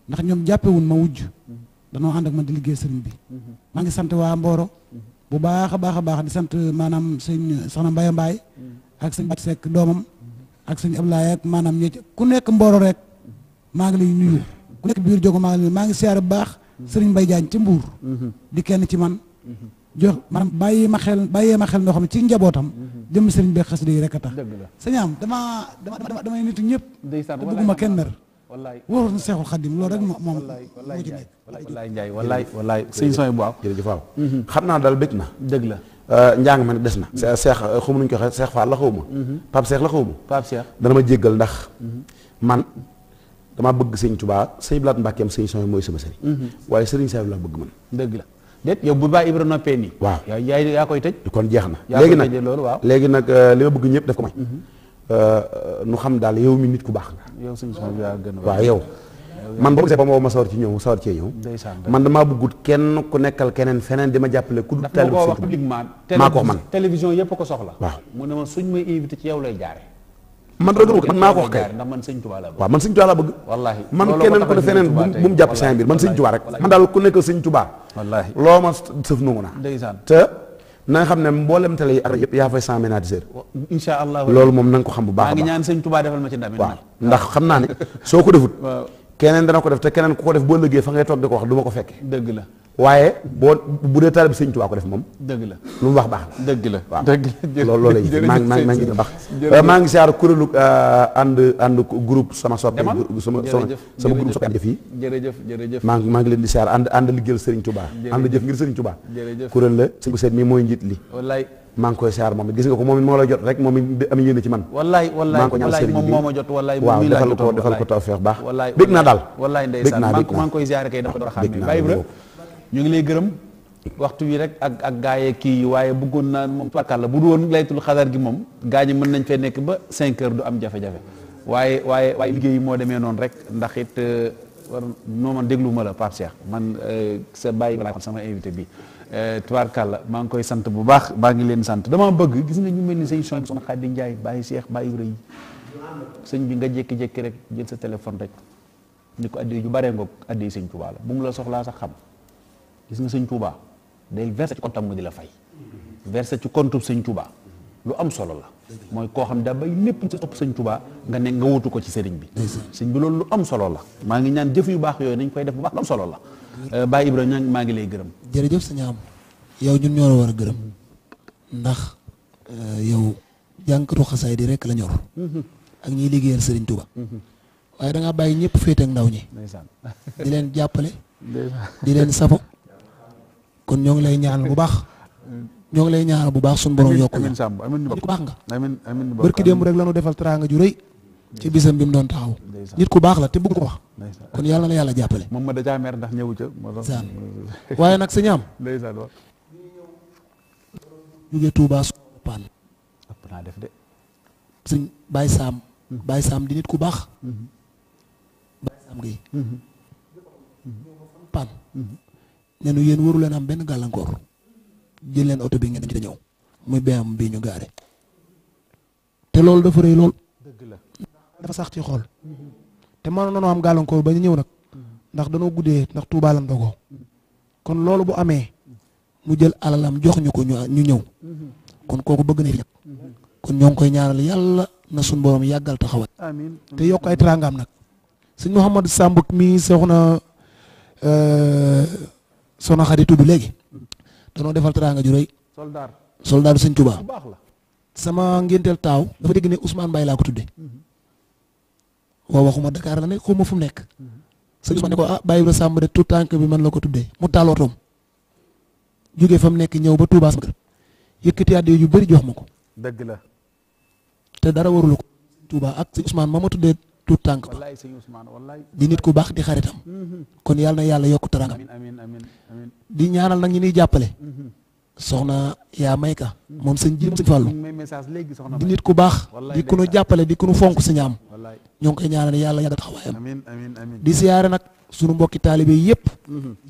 ndax ñoom jàppewun ma wujj danoo ànd ak man di liggéey sëriñ bi mhm. maa ngi sant waa Mboro mhm. bu baax a baax a baax di sant maanaam sëñ soxna Mbaye Mbaye mhm. ak sëñ Bàcc Seck doomam ak sëñ Ablaye ak maanaam ñi ku nekk Mboro rek maa ngi lay nuyu ku nekk biir jogo maa ngi lay maa ngi siyaare bu baax sëriñ Mbaye jaañ ci mbuur di kenn ci man jox maanaam bàyyi ma xel bàyyee ma xel noo xam ne ci njabootam jëm sëriñ bi xasida yi rek a tax sëñ am dama dama damay nitu ñëpp te bëgguma kenn mer waroon seexul xadim loolu rek moom moo ci nekk wallaay njaay wallaay wallaay sëñ sooy bu aw jërëjëf waaw mhm. xam naa daal bëgg na dëgg la euh, njàng ma ne des na mhm. seex euh, xamu nuñ ko waxee seex Fall la xaw ma mhm. Pape Seex la xaw ma Pape Seex dana ma jéggal ndax man damaa bëgg sëñ Tuubaa sëñ Blaat Mbàkkeem sëñ sooy mooy sama sëriñ waaye sëriñ Seex la bëgg man dëgg la déet yow bu baa Ibra noppee nii waaw yaa yaa koy tëj kon jeex na léegi nag léegi nag euh, li ma bëgg ñëpp daf ko may Euh, nu xam daal yow mi nit ku baax nga. yow suñu son yaa gën waaw yow. man boo gisee ba ma woo ma sawar ci ñëw sawar cee ñëw. man damaa bëggut kenn ku nekkal keneen feneen di ma jàppale. ku dul taalib wax publiquement maa ko man sëñ Tuubaa la bëgg. man keneen ku ne feneen bu mu jàpp saa mbir man sëñ Tuubaa rek. man daal ku nekkal sëñ Tuubaa. loo ma sëf nangu naa. na nga xam ne mboolem télé yi ak yëpp yaa fay cent ménatiseur loolu moom na nga ko xam bu baax a baax maa ngi ñaan sëñ Touba ndax xam naa ne soo ko defut keneen dana ko def te keneen ku ko def boo lëggee fa ngay toog di ko wax du ko fekke la waaye boo bu dee taal bi sëñ Tuubaa ko def moom. dëgg la lu mu wax baax la. dëgg la waaw loolu loolu la maa ngi maa ngi maa maa ngi siyaar kuréelu euh, ànd ànd groupe sama soppe. sama sama groupe soppe yi. jërëjëf jërëjëf maa ngi leen di siyaar ànd ànd liggéeyal Serigne Touba. ànd jëf ngir Serigne Touba. jërëjëf kuréel la sëñ Seydou mii mooy njiit li. maa ngi koy siyaar moom gis nga ko moom moo la jot rek moom it am yéene ci man wallaay wallaay wallaay moom moo ma jot wallaay waaw defal ko defal ko tawfeex baax bég naa daal wallaay ndeysaan maa ngi koy siyaar kay ñoo ngi lay gërëm waxtu wi rek ak ak gaayee kii yi waaye bëggoon naa moom la bu du woon laytul xadar gi moom gaa ñi mën nañ fee nekk ba cinq heures du am jafe-jafe waaye waaye waaye liggéey yi moo demee noonu rek ndax it euh, war noo man déglu ma la Pape Cheikh man euh, sa bàyyi laa sama invité bi euh, tubaarkàlla maa ngi koy sant bu baax maa ngi leen sant dama bëgg gis nga ñu mel ni sëñ Soxna Xadi Njaay bàyyi Cheikh bàyyi rëy sëñ bi nga jékki-jékki rek jël sa téléphone rek ni ko addi ju baree ngoog addi sëñ Tuubaa la bu la soxlaa sax xam gis nga sëñ Touba day verser ci comptam mu di la fay verser ci comptu sëñ Touba lu am solo la mooy koo xam daa bay lépp ci topp sëñ Touba nga ne nga wutu ko ci sëriñ bi sëñ bi loolu lu am solo la maa ngi ñaan jëf yu baax yooyu dañ koy def bu baax lu am solo la euh, Baye Ibrahima maa ngi lay gërëm jërëjëf sëñ am yow ñun ñoo war a gërëm ndax euh, yow jànkatu xasaay di rek la ñor ak ñiy liggéeyal sëriñ Touba waaye da ngaa bàyyi ñëpp féete ndaw ñi di leen jàppale di leen safo kon ñoo ngi lay ñaanal bu baax ñoo ngi lay ñaanal bu baax suñu borom yokku ñu ku baax nga barki démb rek lañu defal teraanga ju rëy ci bisam bi mu doon taxaw nit ku baax la te bëgg ko wax kon yàlla na yàlla jàppale moom ma dajaa mer ndax ñëwu ca waaye nag sëñ am jóge Touba su paan ëpp naa def de sëñ Baye Sam hmm. Baye Sam di nit ku baax hmm. Baye Sam Gueye hmm. nee na yéen waru leen am benn gàllankoor jël leen oto bi ngeen ci ñëw muy BM bii ñu gaare te loolu dafa rëy lool. dëgg la dafa sax ci xool te mënoon nañoo am gàllankoor ba ñu ñëw nag ndax danoo guddee ndax Touba lam dogoo kon loolu bu amee mu jël alalam jox ñu ko ñu ñu ñëw kon kooku bëgg na fi kon ñoo koy ñaanal yàlla na suñu borom yàggal taxawaay. amiin te yokk ay teraangaam nag. sëñ Mouhamadou Samb mii seexu na. Euh, soxna xaritu tudd léegi danoo defal teraanga ju rëy soldaar soldaar sëñ Tuubaa sama ngénteel taaw dafa dégg ne Ousmane Mbaye laa ko tudde mhm. waaw waxuma Dakar la ne xaw ma fu mu nekk mhm. sëñ Ousmane ne ko ah bàyyi ba sàmm de tout tànk bi man la ko tuddee mu taal otoom jógee fa mu nekk ñëw ba Touba sama kër yëkkati àddiya yu bëri jox ma ko. dëgg la te dara warul ko Touba ak sëñ Ousmane ma ma tuddee tout tànk ba di nit ku baax di xaritam mm-hmm. kon yàlla na yàlla yokk tarangam di ñaanal nag ñi nuy jàppale mm-hmm. soxna yaa may ka mm-hmm. moom sëñ jëm sëñ fàllu di nit ku baax di ku nu jàppale di ku nu fonk sëñ am ñoo ngi koy ñaanal yàlla yàgg taxawaayam di siyaare nag sunu mbokki taalibe yëpp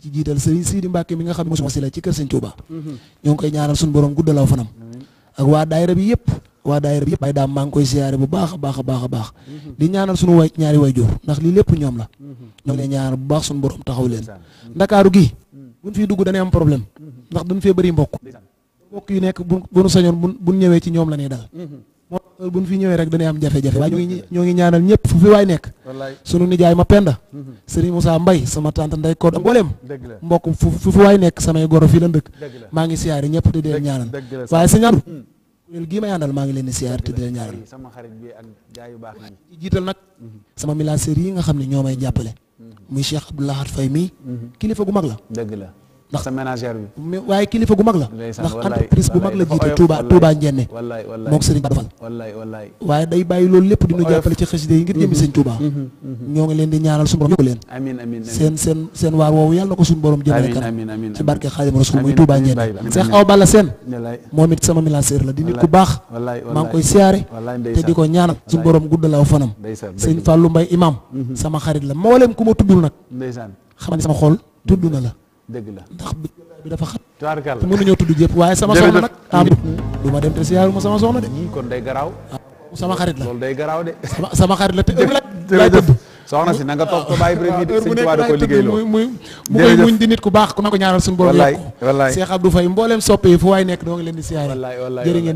ci jiital sëriñ Sidi Mbàkke mi nga xam ne mosuma si la ci kër sëñ Tuuba ñoo ngi koy ñaanal sunu borom guddalaw fanam ak waa daayira bi yëpp waa daayira bi yëpp ay daa maa ngi koy siyaare bu baax a baax a baax a baax di ñaanal suñu way ñaari way jur ndax lii lépp ñoom la ñoo leen bu baax suñu borom taxaw leen ndakaaru gi buñ fiy dugg dañuy am problème ndax dañ fee bëri mbokk mbokk yi nekk buñu sañoon bu buñ ñëwee ci ñoom la ñuy dal mhm. moo fi ñëwee rek dañuy am jafe-jafe waaye ñoo ngi ñoo ngi ñaanal ñëpp fu fi waay nekk sunu nijaay ma penda mhm. Serigne Moussa mbay sama tante nday ko mboolem mbokk fu fi waay nekk samay goro fii la ndëkk maa ngi siyaare ñëpp di dee ñaanal waaye sa ñaanal mm. kuréel gii may àndal maa ngi leen di siyaar te di leen sama xarit bi ak gaa yu baax yi jiital nag sama milaasër yi nga xam ne ñoo may jàppale mm-hmm. muy Cheikh Abdoulahat Fay mii mm-hmm. kilifa gu mag la dëgg la ndax sa ménagère bi. mais waaye kilifa gu mag la. ndax entreprise bu mag la jiite Touba Touba Njenne. wallaay wallaay moog Serigne Badofal. loolu lépp dina jàppale ci xasida yi ngir jëmmi sëñ Touba. Mm-hmm, mm-hmm. leen di ñaanal suñu borom yokk leen. amiin amiin seen seen seen waar woowu yàlla na ko suñu borom jëmale kanam. amiin amiin ci barke Xaadimu Rasuul Seen. moom it la di nit baax. wallaay di ko ñaanal suñu borom guddalaaw fanam. sëñ Fallou Mbaye imam mm-hmm. sama xarit la mboolem ku ma tuddul nag. xamal ni sama xol tudd na la dëgg la ndax bi bi dafa xat. tubaarkàlla te mënuñoo tudd jëpp waaye sama soxna nag. amit ah, ma dem te siyaaruma sama soxna de. kon day garaaw. Ah, sama xarit la loolu day garaaw de. sama sama xarit la te ëpp soxna si na nga toog ko bàyyi bëri nit sëñ Tuubaa da ko liggéey loo muy bu koy muñ di nit ku baax ku na ko ñaanal suñu borom yokk wallaay Cheikh Abdou Faye mboolem soppe yi fu waay nekk doo ngi leen di siyaare wallaay wallaay jërë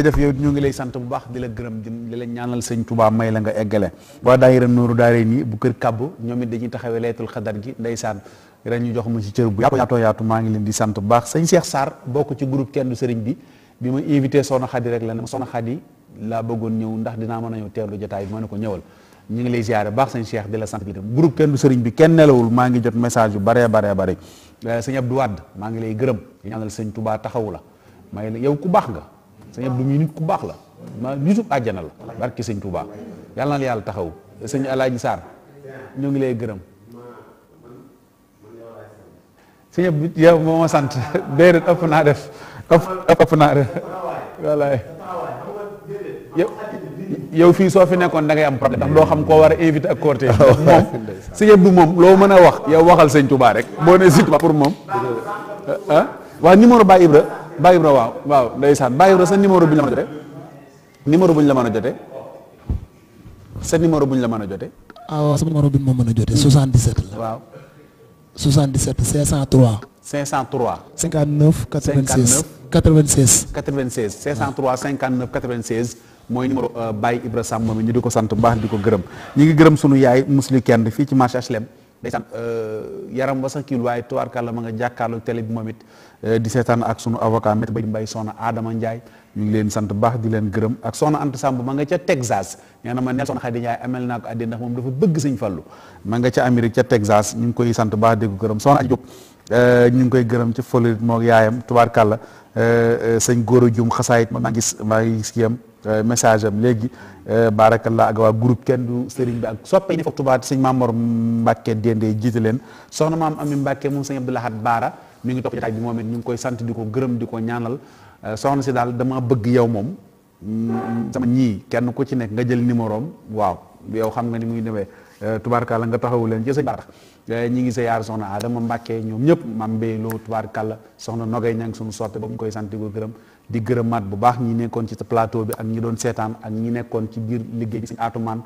jëf yow ñu ngi lay sant bu baax di la gërëm di la ñaanal sëñ Tuubaa may la nga eggale waa daayira Nooru Daare nii bu kër kàbb ñoom it dañuy taxawee laytul xadar gi ndeysaan ren ñu jox ma ci cër bu yaatoo yaatu maa ngi leen di sant bu baax sëñ Cheikh Sarr bokk ci groupe kenn du sëriñ bi bi ma invité Soxna Xadi rek la ne ma Soxna Xadi laa bëggoon ñëw ndax dinaa mën a ñëw teerlu jotaay bi ma ne ko ñëwal ñu ngi lay ziare baax sëñ Cheikh di la sant kenn du sëriñ bi kenn nelawul maa ngi jot message yu baree baree eh, maa ngi lay gërëm sañ sëñ Touba taxawu la may la yow ku baax nga sëñ Abdou mii nit ku baax la ma nitub àjjana la barki sëñ Touba yàlla na yàlla taxaw sëñ Alaaji Sarr ñoo ngi lay gërëm sëñ Abdou yow moo ma sant (laughs) déedéet naa def ëpp ëpp naa rek wallaay yow fii soo fi nekkoon da ngay am problème ndax doo xam koo war a invité ak cortège (laughs) oh, moom si yëpp bi moom loo mën a wax yow waxal sañ Touba rek boo nee sëñ Touba pour moom (laughs) ah waaw numéro Baye Ibra Baye Ibra waaw waaw ndeysaan Baye Ibra sa numéro bu ñu la mën la mën a jotee sa numéro bu ñu la mën a jote ah waaw sama numéro bi ma mën a jotee 77 la waaw 77 503. 503. 59 96 96. 96 503 59 96. mooy numéro euh, Baye Ibra Samb moom ñu di ko sant bu baax di ko gërëm ñi ngi gërëm sunu yaay musli kenn fii ci marché HLM. day sant euh, yaram ba sax kii waaye tubaarkàlla ma nga jàkkaarloo télé bi moom it euh, di seetaan ak sunu avocat bay Baye Soxna Adama Ndiaye. ñu ngi leen sant baax di leen gërëm ak soxna ant Samb ma nga ca Texas nee na ma ne soxna Xadi Njaay amel naa ko àddee ndax moom dafa bëgg sëñ Fallu ma nga ca Amérique ca Texas ñu ngi koy sant baax di ko gërëm soxna Jóob euh, ñu ngi koy gërëm ci Floride moo yaayam tubaarkàlla euh, sëñ Góora Juum xasaayit ma maa gis maa ngi gis kiyam euh, message am léegi baarakallah ak waa groupe kenn du sëriñ bi ak soppe ne tubaat sëñ Mamor Mbàkke Dendé jiite leen soxna maam Ami Mbàkke moom sëñ Abdou Lahad Baara mi ngi topp jotaay moom it ñu ngi koy sant di ko gërëm di ko ñaanal Euh, soxna si daal dama bëgg yow moom mm, sama ñii kenn ku ci nekk nga jël numéroom waaw yow xam nga ni muy demee euh, tubaarkàlla nga taxawu leen ci sa baax euh, ñi ngi sa yaar soxna Adama mbàkkee ñoom ñëpp mam mbéy loo tubaarkàlla soxna nogay ña ngi suñu sotte ba mu koy sant ko gërëm di gërëmaat bu baax ñi nekkoon ci sa plateau bi ak ñi doon seetaan ak ñi nekkoon ci biir liggéey bi sëñ Atumaan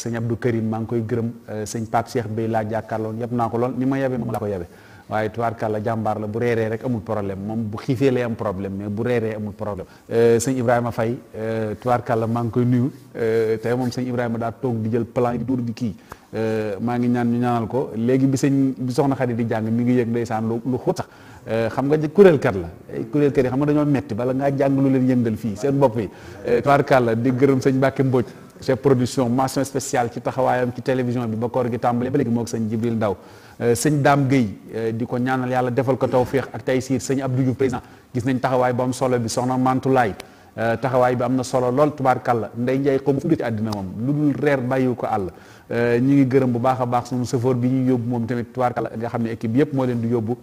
sëñ Abdou Karim maa ngi koy gërëm sëñ Pape Cheikh Bey laa jàkkaarloon yëpp naa ko lool ni ma yebe moom laa ko yebe waaye tubaarkàlla jàmbaar la bu reeree rek amul problème moom bu xiifee lay am problème mais bu reeree amul problème euh, sëñ Ibrahima Faye euh, tubaarkàlla maa ngi koy nuyu euh, tey moom sëñ Ibrahima daa toog di jël plan di duur di kii maa ngi ñaan ñu ñaanal ko léegi bi sëñ bi soxna Xadi di jàng mi ngi yëg ndeysaan lu lu xóot sax xam nga kuréel kat la eh, kuréel kat yi xam nga dañoo metti bala ngaa jàng lu leen yëngal fii seen bopp yi tubaarkàlla di gërëm sëñ Mbàkke Mbóoj chef production mention spéciale ci taxawaayam ci télévision bi ba koor gi tàmbale ba léegi moo ko sëñ Jibril Ndaw Euh, sëñ Dame Guèye euh, di ko ñaanal yàlla defal ko tawféex ak taysiir sëñ Abdou Diouf président gis nañ taxawaay bu am solo bi soxna Mantoulaye euh, taxawaay bi am na solo lool tubaarkàlla ndey njaay xaw ma fu ci àddina moom lu dul reer bàyyiwu ko àll ñu ngi gërëm bu baax a baax sunu sëfoor bi ñuy yóbbu moom tamit tubaarkàlla nga xam ne équipe yëpp moo leen di yóbbu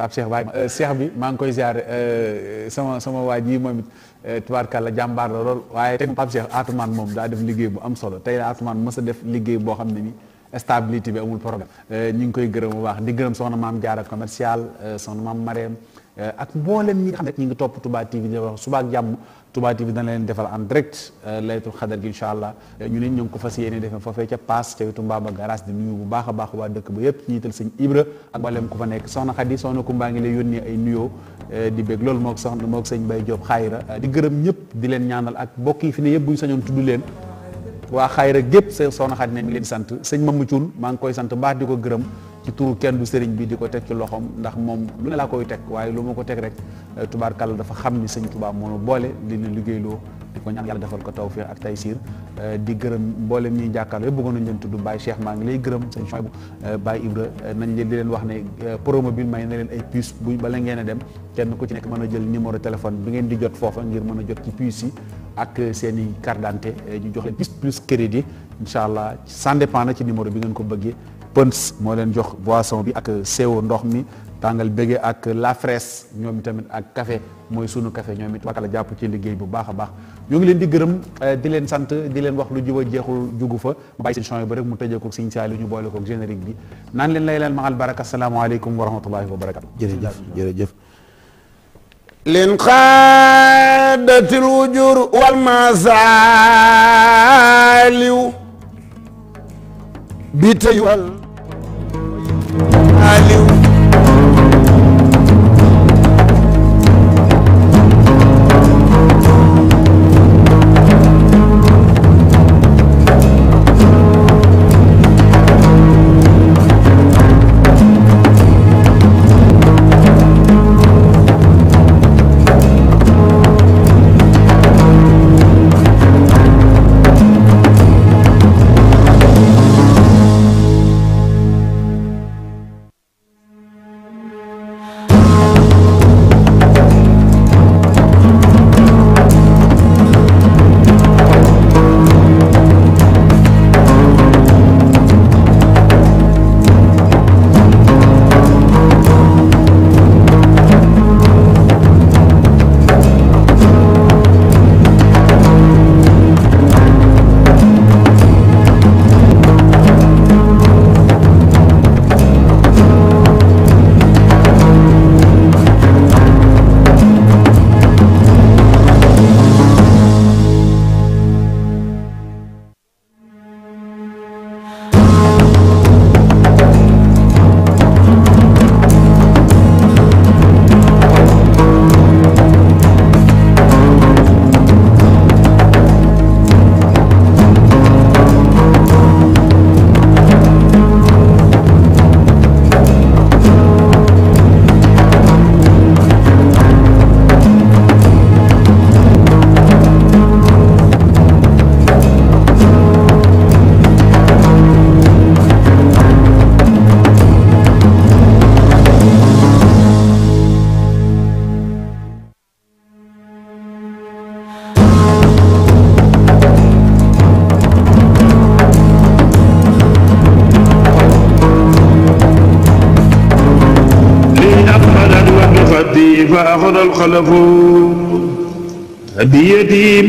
Pape Cheikh waay euh, bi maa ngi koy ziar euh, sama sama waa ji moom it euh, tubaarkàlla jàmbaar la lool waaye tey Pape Cheikh moom daa def liggéey bu am solo tey la Atoumane mës def liggéey boo xam ne ni stabilité bi amul problème ñu ngi koy gërëm bu waax di gërëm soxna maam Diarra commercial soxna maam Marème Euh, ak mboolem ñi nga ngi topp Touba TV di wax suba ak jàmm Touba TV dana leen defal en direct euh, laytul xadar gi incha allah euh, ñu ne ñu ngi ko fas yéene defee foofee ca paas ca wetu Mbamba garage di nuyu bu baax a baax waa dëkk ba yëpp ñiital sëñ Ibra ak mboolem ku fa nekk soxna Xadi soxna Kumba ngi lay yónnee ay nuyoo di bég loolu mook soxna mook sëñ Bay Joob xaayira di gërëm ñëpp di leen ñaanal ak mbokk yi fi ne yëpp buñu sañoon tudd leen waa xaayira gépp soxna Xadi ne ngi leen sant sëñ Mamu Cuun maa ngi koy sant baax di ko gërëm tour kenn du sëriñ bi di ko teg ci loxoom ndax moom lu ne laa koy teg waaye lu ma ko teg rek tubaar euh, tubaarkàlla dafa xam ni sëñ Tuubaa moo boole dina liggéeyloo di ko ñaan yàlla defal ko tawfiq ak taysiir euh, di gërëm mboolem ñuy jàkkaarloo yëpp bëggoon nañ leen tudd Baye Cheikh maa ngi lay gërëm sëñ Chouaïbou euh, Baye Ibra nañ leen di leen wax ne promobile may ne leen ay puces bu bala ngeen a dem kenn ku ci nekk mën a jël numéro téléphone bi ngeen di jot foofa ngir mën a jot ci puces yi ak seen i carte d'identité ñu crédit incha allah sans dépendre ci numéro bi ngeen ko bëggee Pëns moo leen jox boisson bi ak CO ndox mi tàngal bége ak la fraise ñoom tamit ak kafe mooy sunu kafe ñoom it wakala jàpp ci liggéey bu baax a baax ñu ngi leen di gërëm eh, di leen sant di leen wax lu jiw a jeexul jugu fa ma bàyyi seen champs ba rek mu tëjee ko Sëñ Saaliu ñu boole koog générique bi naan leen lay leen maxal baraka salaamaaleykum wa rahmatullahi wa barakatu jërëjëf jërëjëf lin xaadatil wujur wal masaaliw bi tey wal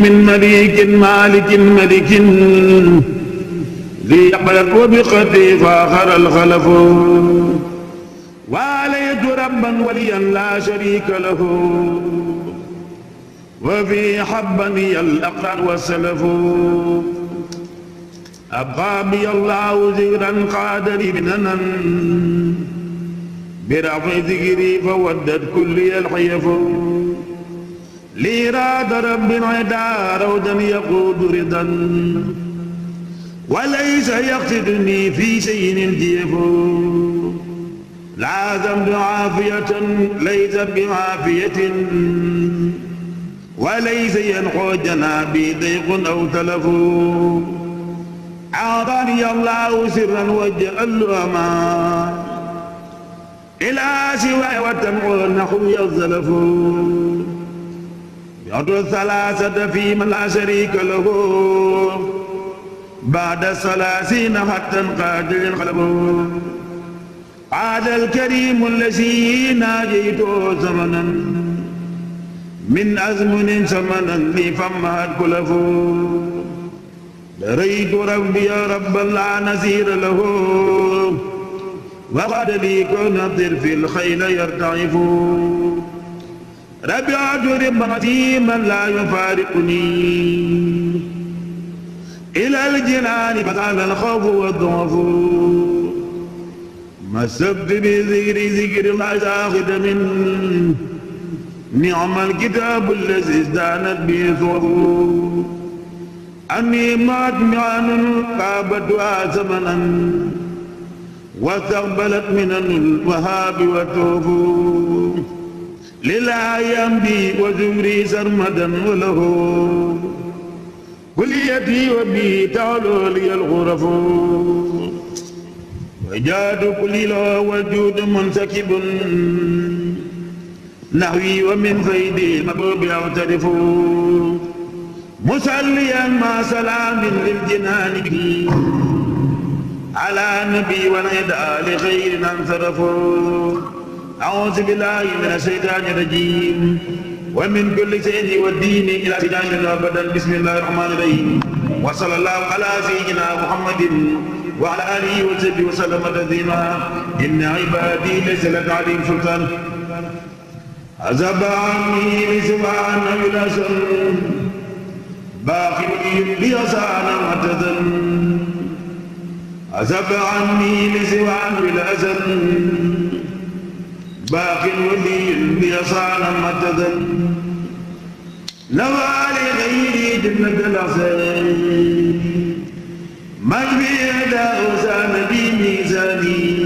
من مليك مالك ملك ذي خلق وبخطي فاخر الخلف واليت ربا وليا لا شريك له وفي حبني الأقران والسلف أبقى بي الله ذكرا قادري بننا برفع ذكري فودت كلي الحيف لإراد رب عدا رودا يقود رضا وليس يقصدني في شيء الجيف لازم بعافية ليس بعافية وليس ينحو جنابي ضيق أو تلف أعطاني الله سرا وجعل أما إلى سوى وتمعو نحو يظلفون يعطوا الثلاثة فيما لا شريك له بعد الثلاثين حتى قادر انقلبوا عاد الكريم الذي ناجيته زمنا من أزمن زمنا لي فمهد كلفه دريت ربي ربا لا نزير له وقد لي كن في الخيل يرتعفوا ربعت ربعتي من لا يفارقني إلى الجنان فقال الخوف والضعف ما السبت بذكر ذكر العزاخد من نعم الكتاب الذي ازدانت به ثوره أني مات معان قابتها ثمنا واستقبلت من الوهاب والتوفور لله يمضي وزمري سرمدا وله كليتي وبي تعلو لي الغرف وجاد كل له وجود منسكب نحوي ومن فيدي مبوب يعترف مصليا مع سلام للجنان به على نبي والهدى لخير انصرفوا أعوذ بالله من الشيطان الرجيم ومن كل شيء والدين إلى سجان أبدا بسم الله الرحمن الرحيم وصلى الله على سيدنا محمد وعلى آله وصحبه وسلم تسليما إن عبادي ليس لك عليهم سلطان عذب عني بسبحان بلا شر باخر ليصان معتدا عذب عني بسبحان بلا شر باق ولي بيصان مددا نوى لغيري جنة الحسن من بيده سان بميزاني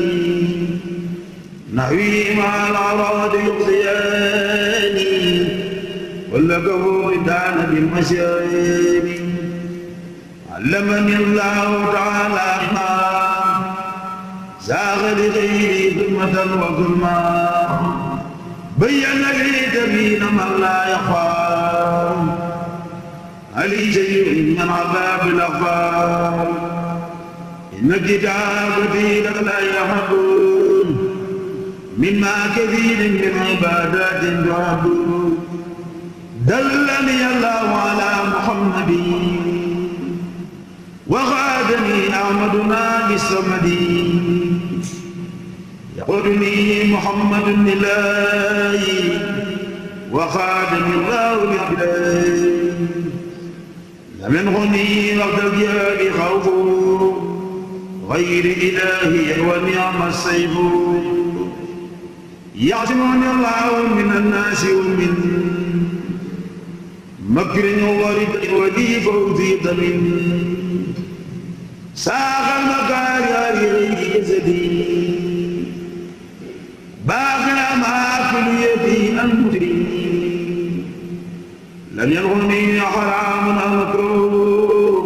نحوي مع العراض يقضياني ولقه ردان بالمشاري علمني الله تعالى زاغ لغيري ظلمة وظلما بين لي تبين من لا يخاف علي شيء من عذاب الأخبار إن كتابتي لا يهدون مما كثير من عبادات تعبدون دلني الله على محمد وغادني أحمد ما بالصمد قدمي محمد الإلهي وخادم الله بالبلاي لمن غني وقت الجهل خوف غير إلهي ونعم السيف يعصمني الله من الناس ومن مكر وورد ولي فوزي ضمن ساق المكارم غير جسدي باقنا ما كليتي المسلمين لم يلغني حرام أو مكروه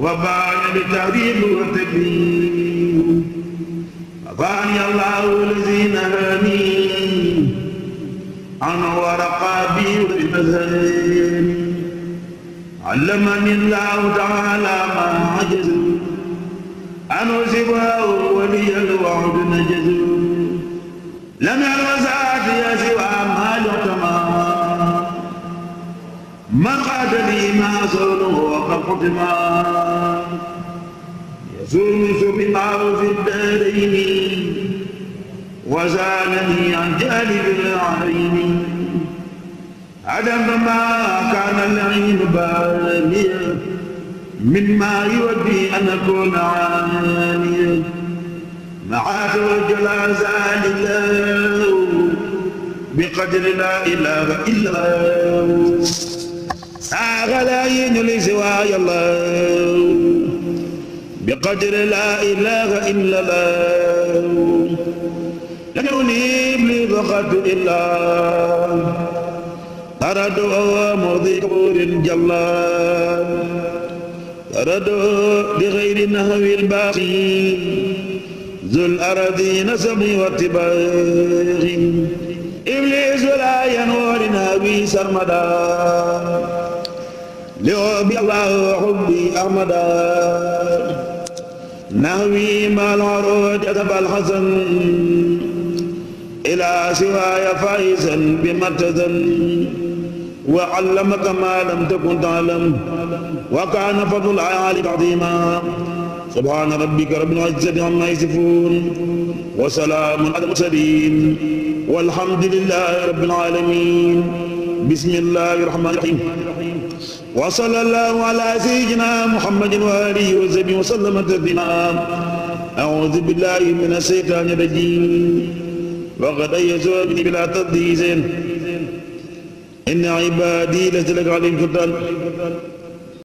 وبان بالتعذيب والتكذيب وفاني الله الذين آمين أنور قابي وبمذهبي علمني الله تعالى ما عجزوا أن أصيبه ولي الوعد نجزوا لم يلوزا في سوى ما يعتمى من قاد لي ما صونه وقد ختما يسوس بما في الدارين وزالني عن جانب العين عدم ما كان العين باليا من ما يودي ان اكون عانيا معاد وجل زال الله بقدر لا إله إلا هو ساغ العين لسواي الله بقدر لا إله إلا الله لم ينيب لي فقد إلا أردوا مذكور جلا أردوا بغير نهو الباقي ذو الأرض نسبي واتباعي إبليس ولا ينور نبي سرمدا لحبي الله حبي أحمدا نهوي مع العروج أتبع الحسن إلى سواي فائزا بمرتزا وعلمك ما لم تكن تعلم وكان فضل العالي عظيما سبحان ربك رب العزة عما يصفون وسلام على المرسلين والحمد لله رب العالمين بسم الله الرحمن الرحيم وصلى الله على سيدنا محمد وآله وصحبه وسلم تسليما أعوذ بالله من الشيطان الرجيم وقد أيزوني بلا تضييز إن عبادي ليس لك عليهم سلطان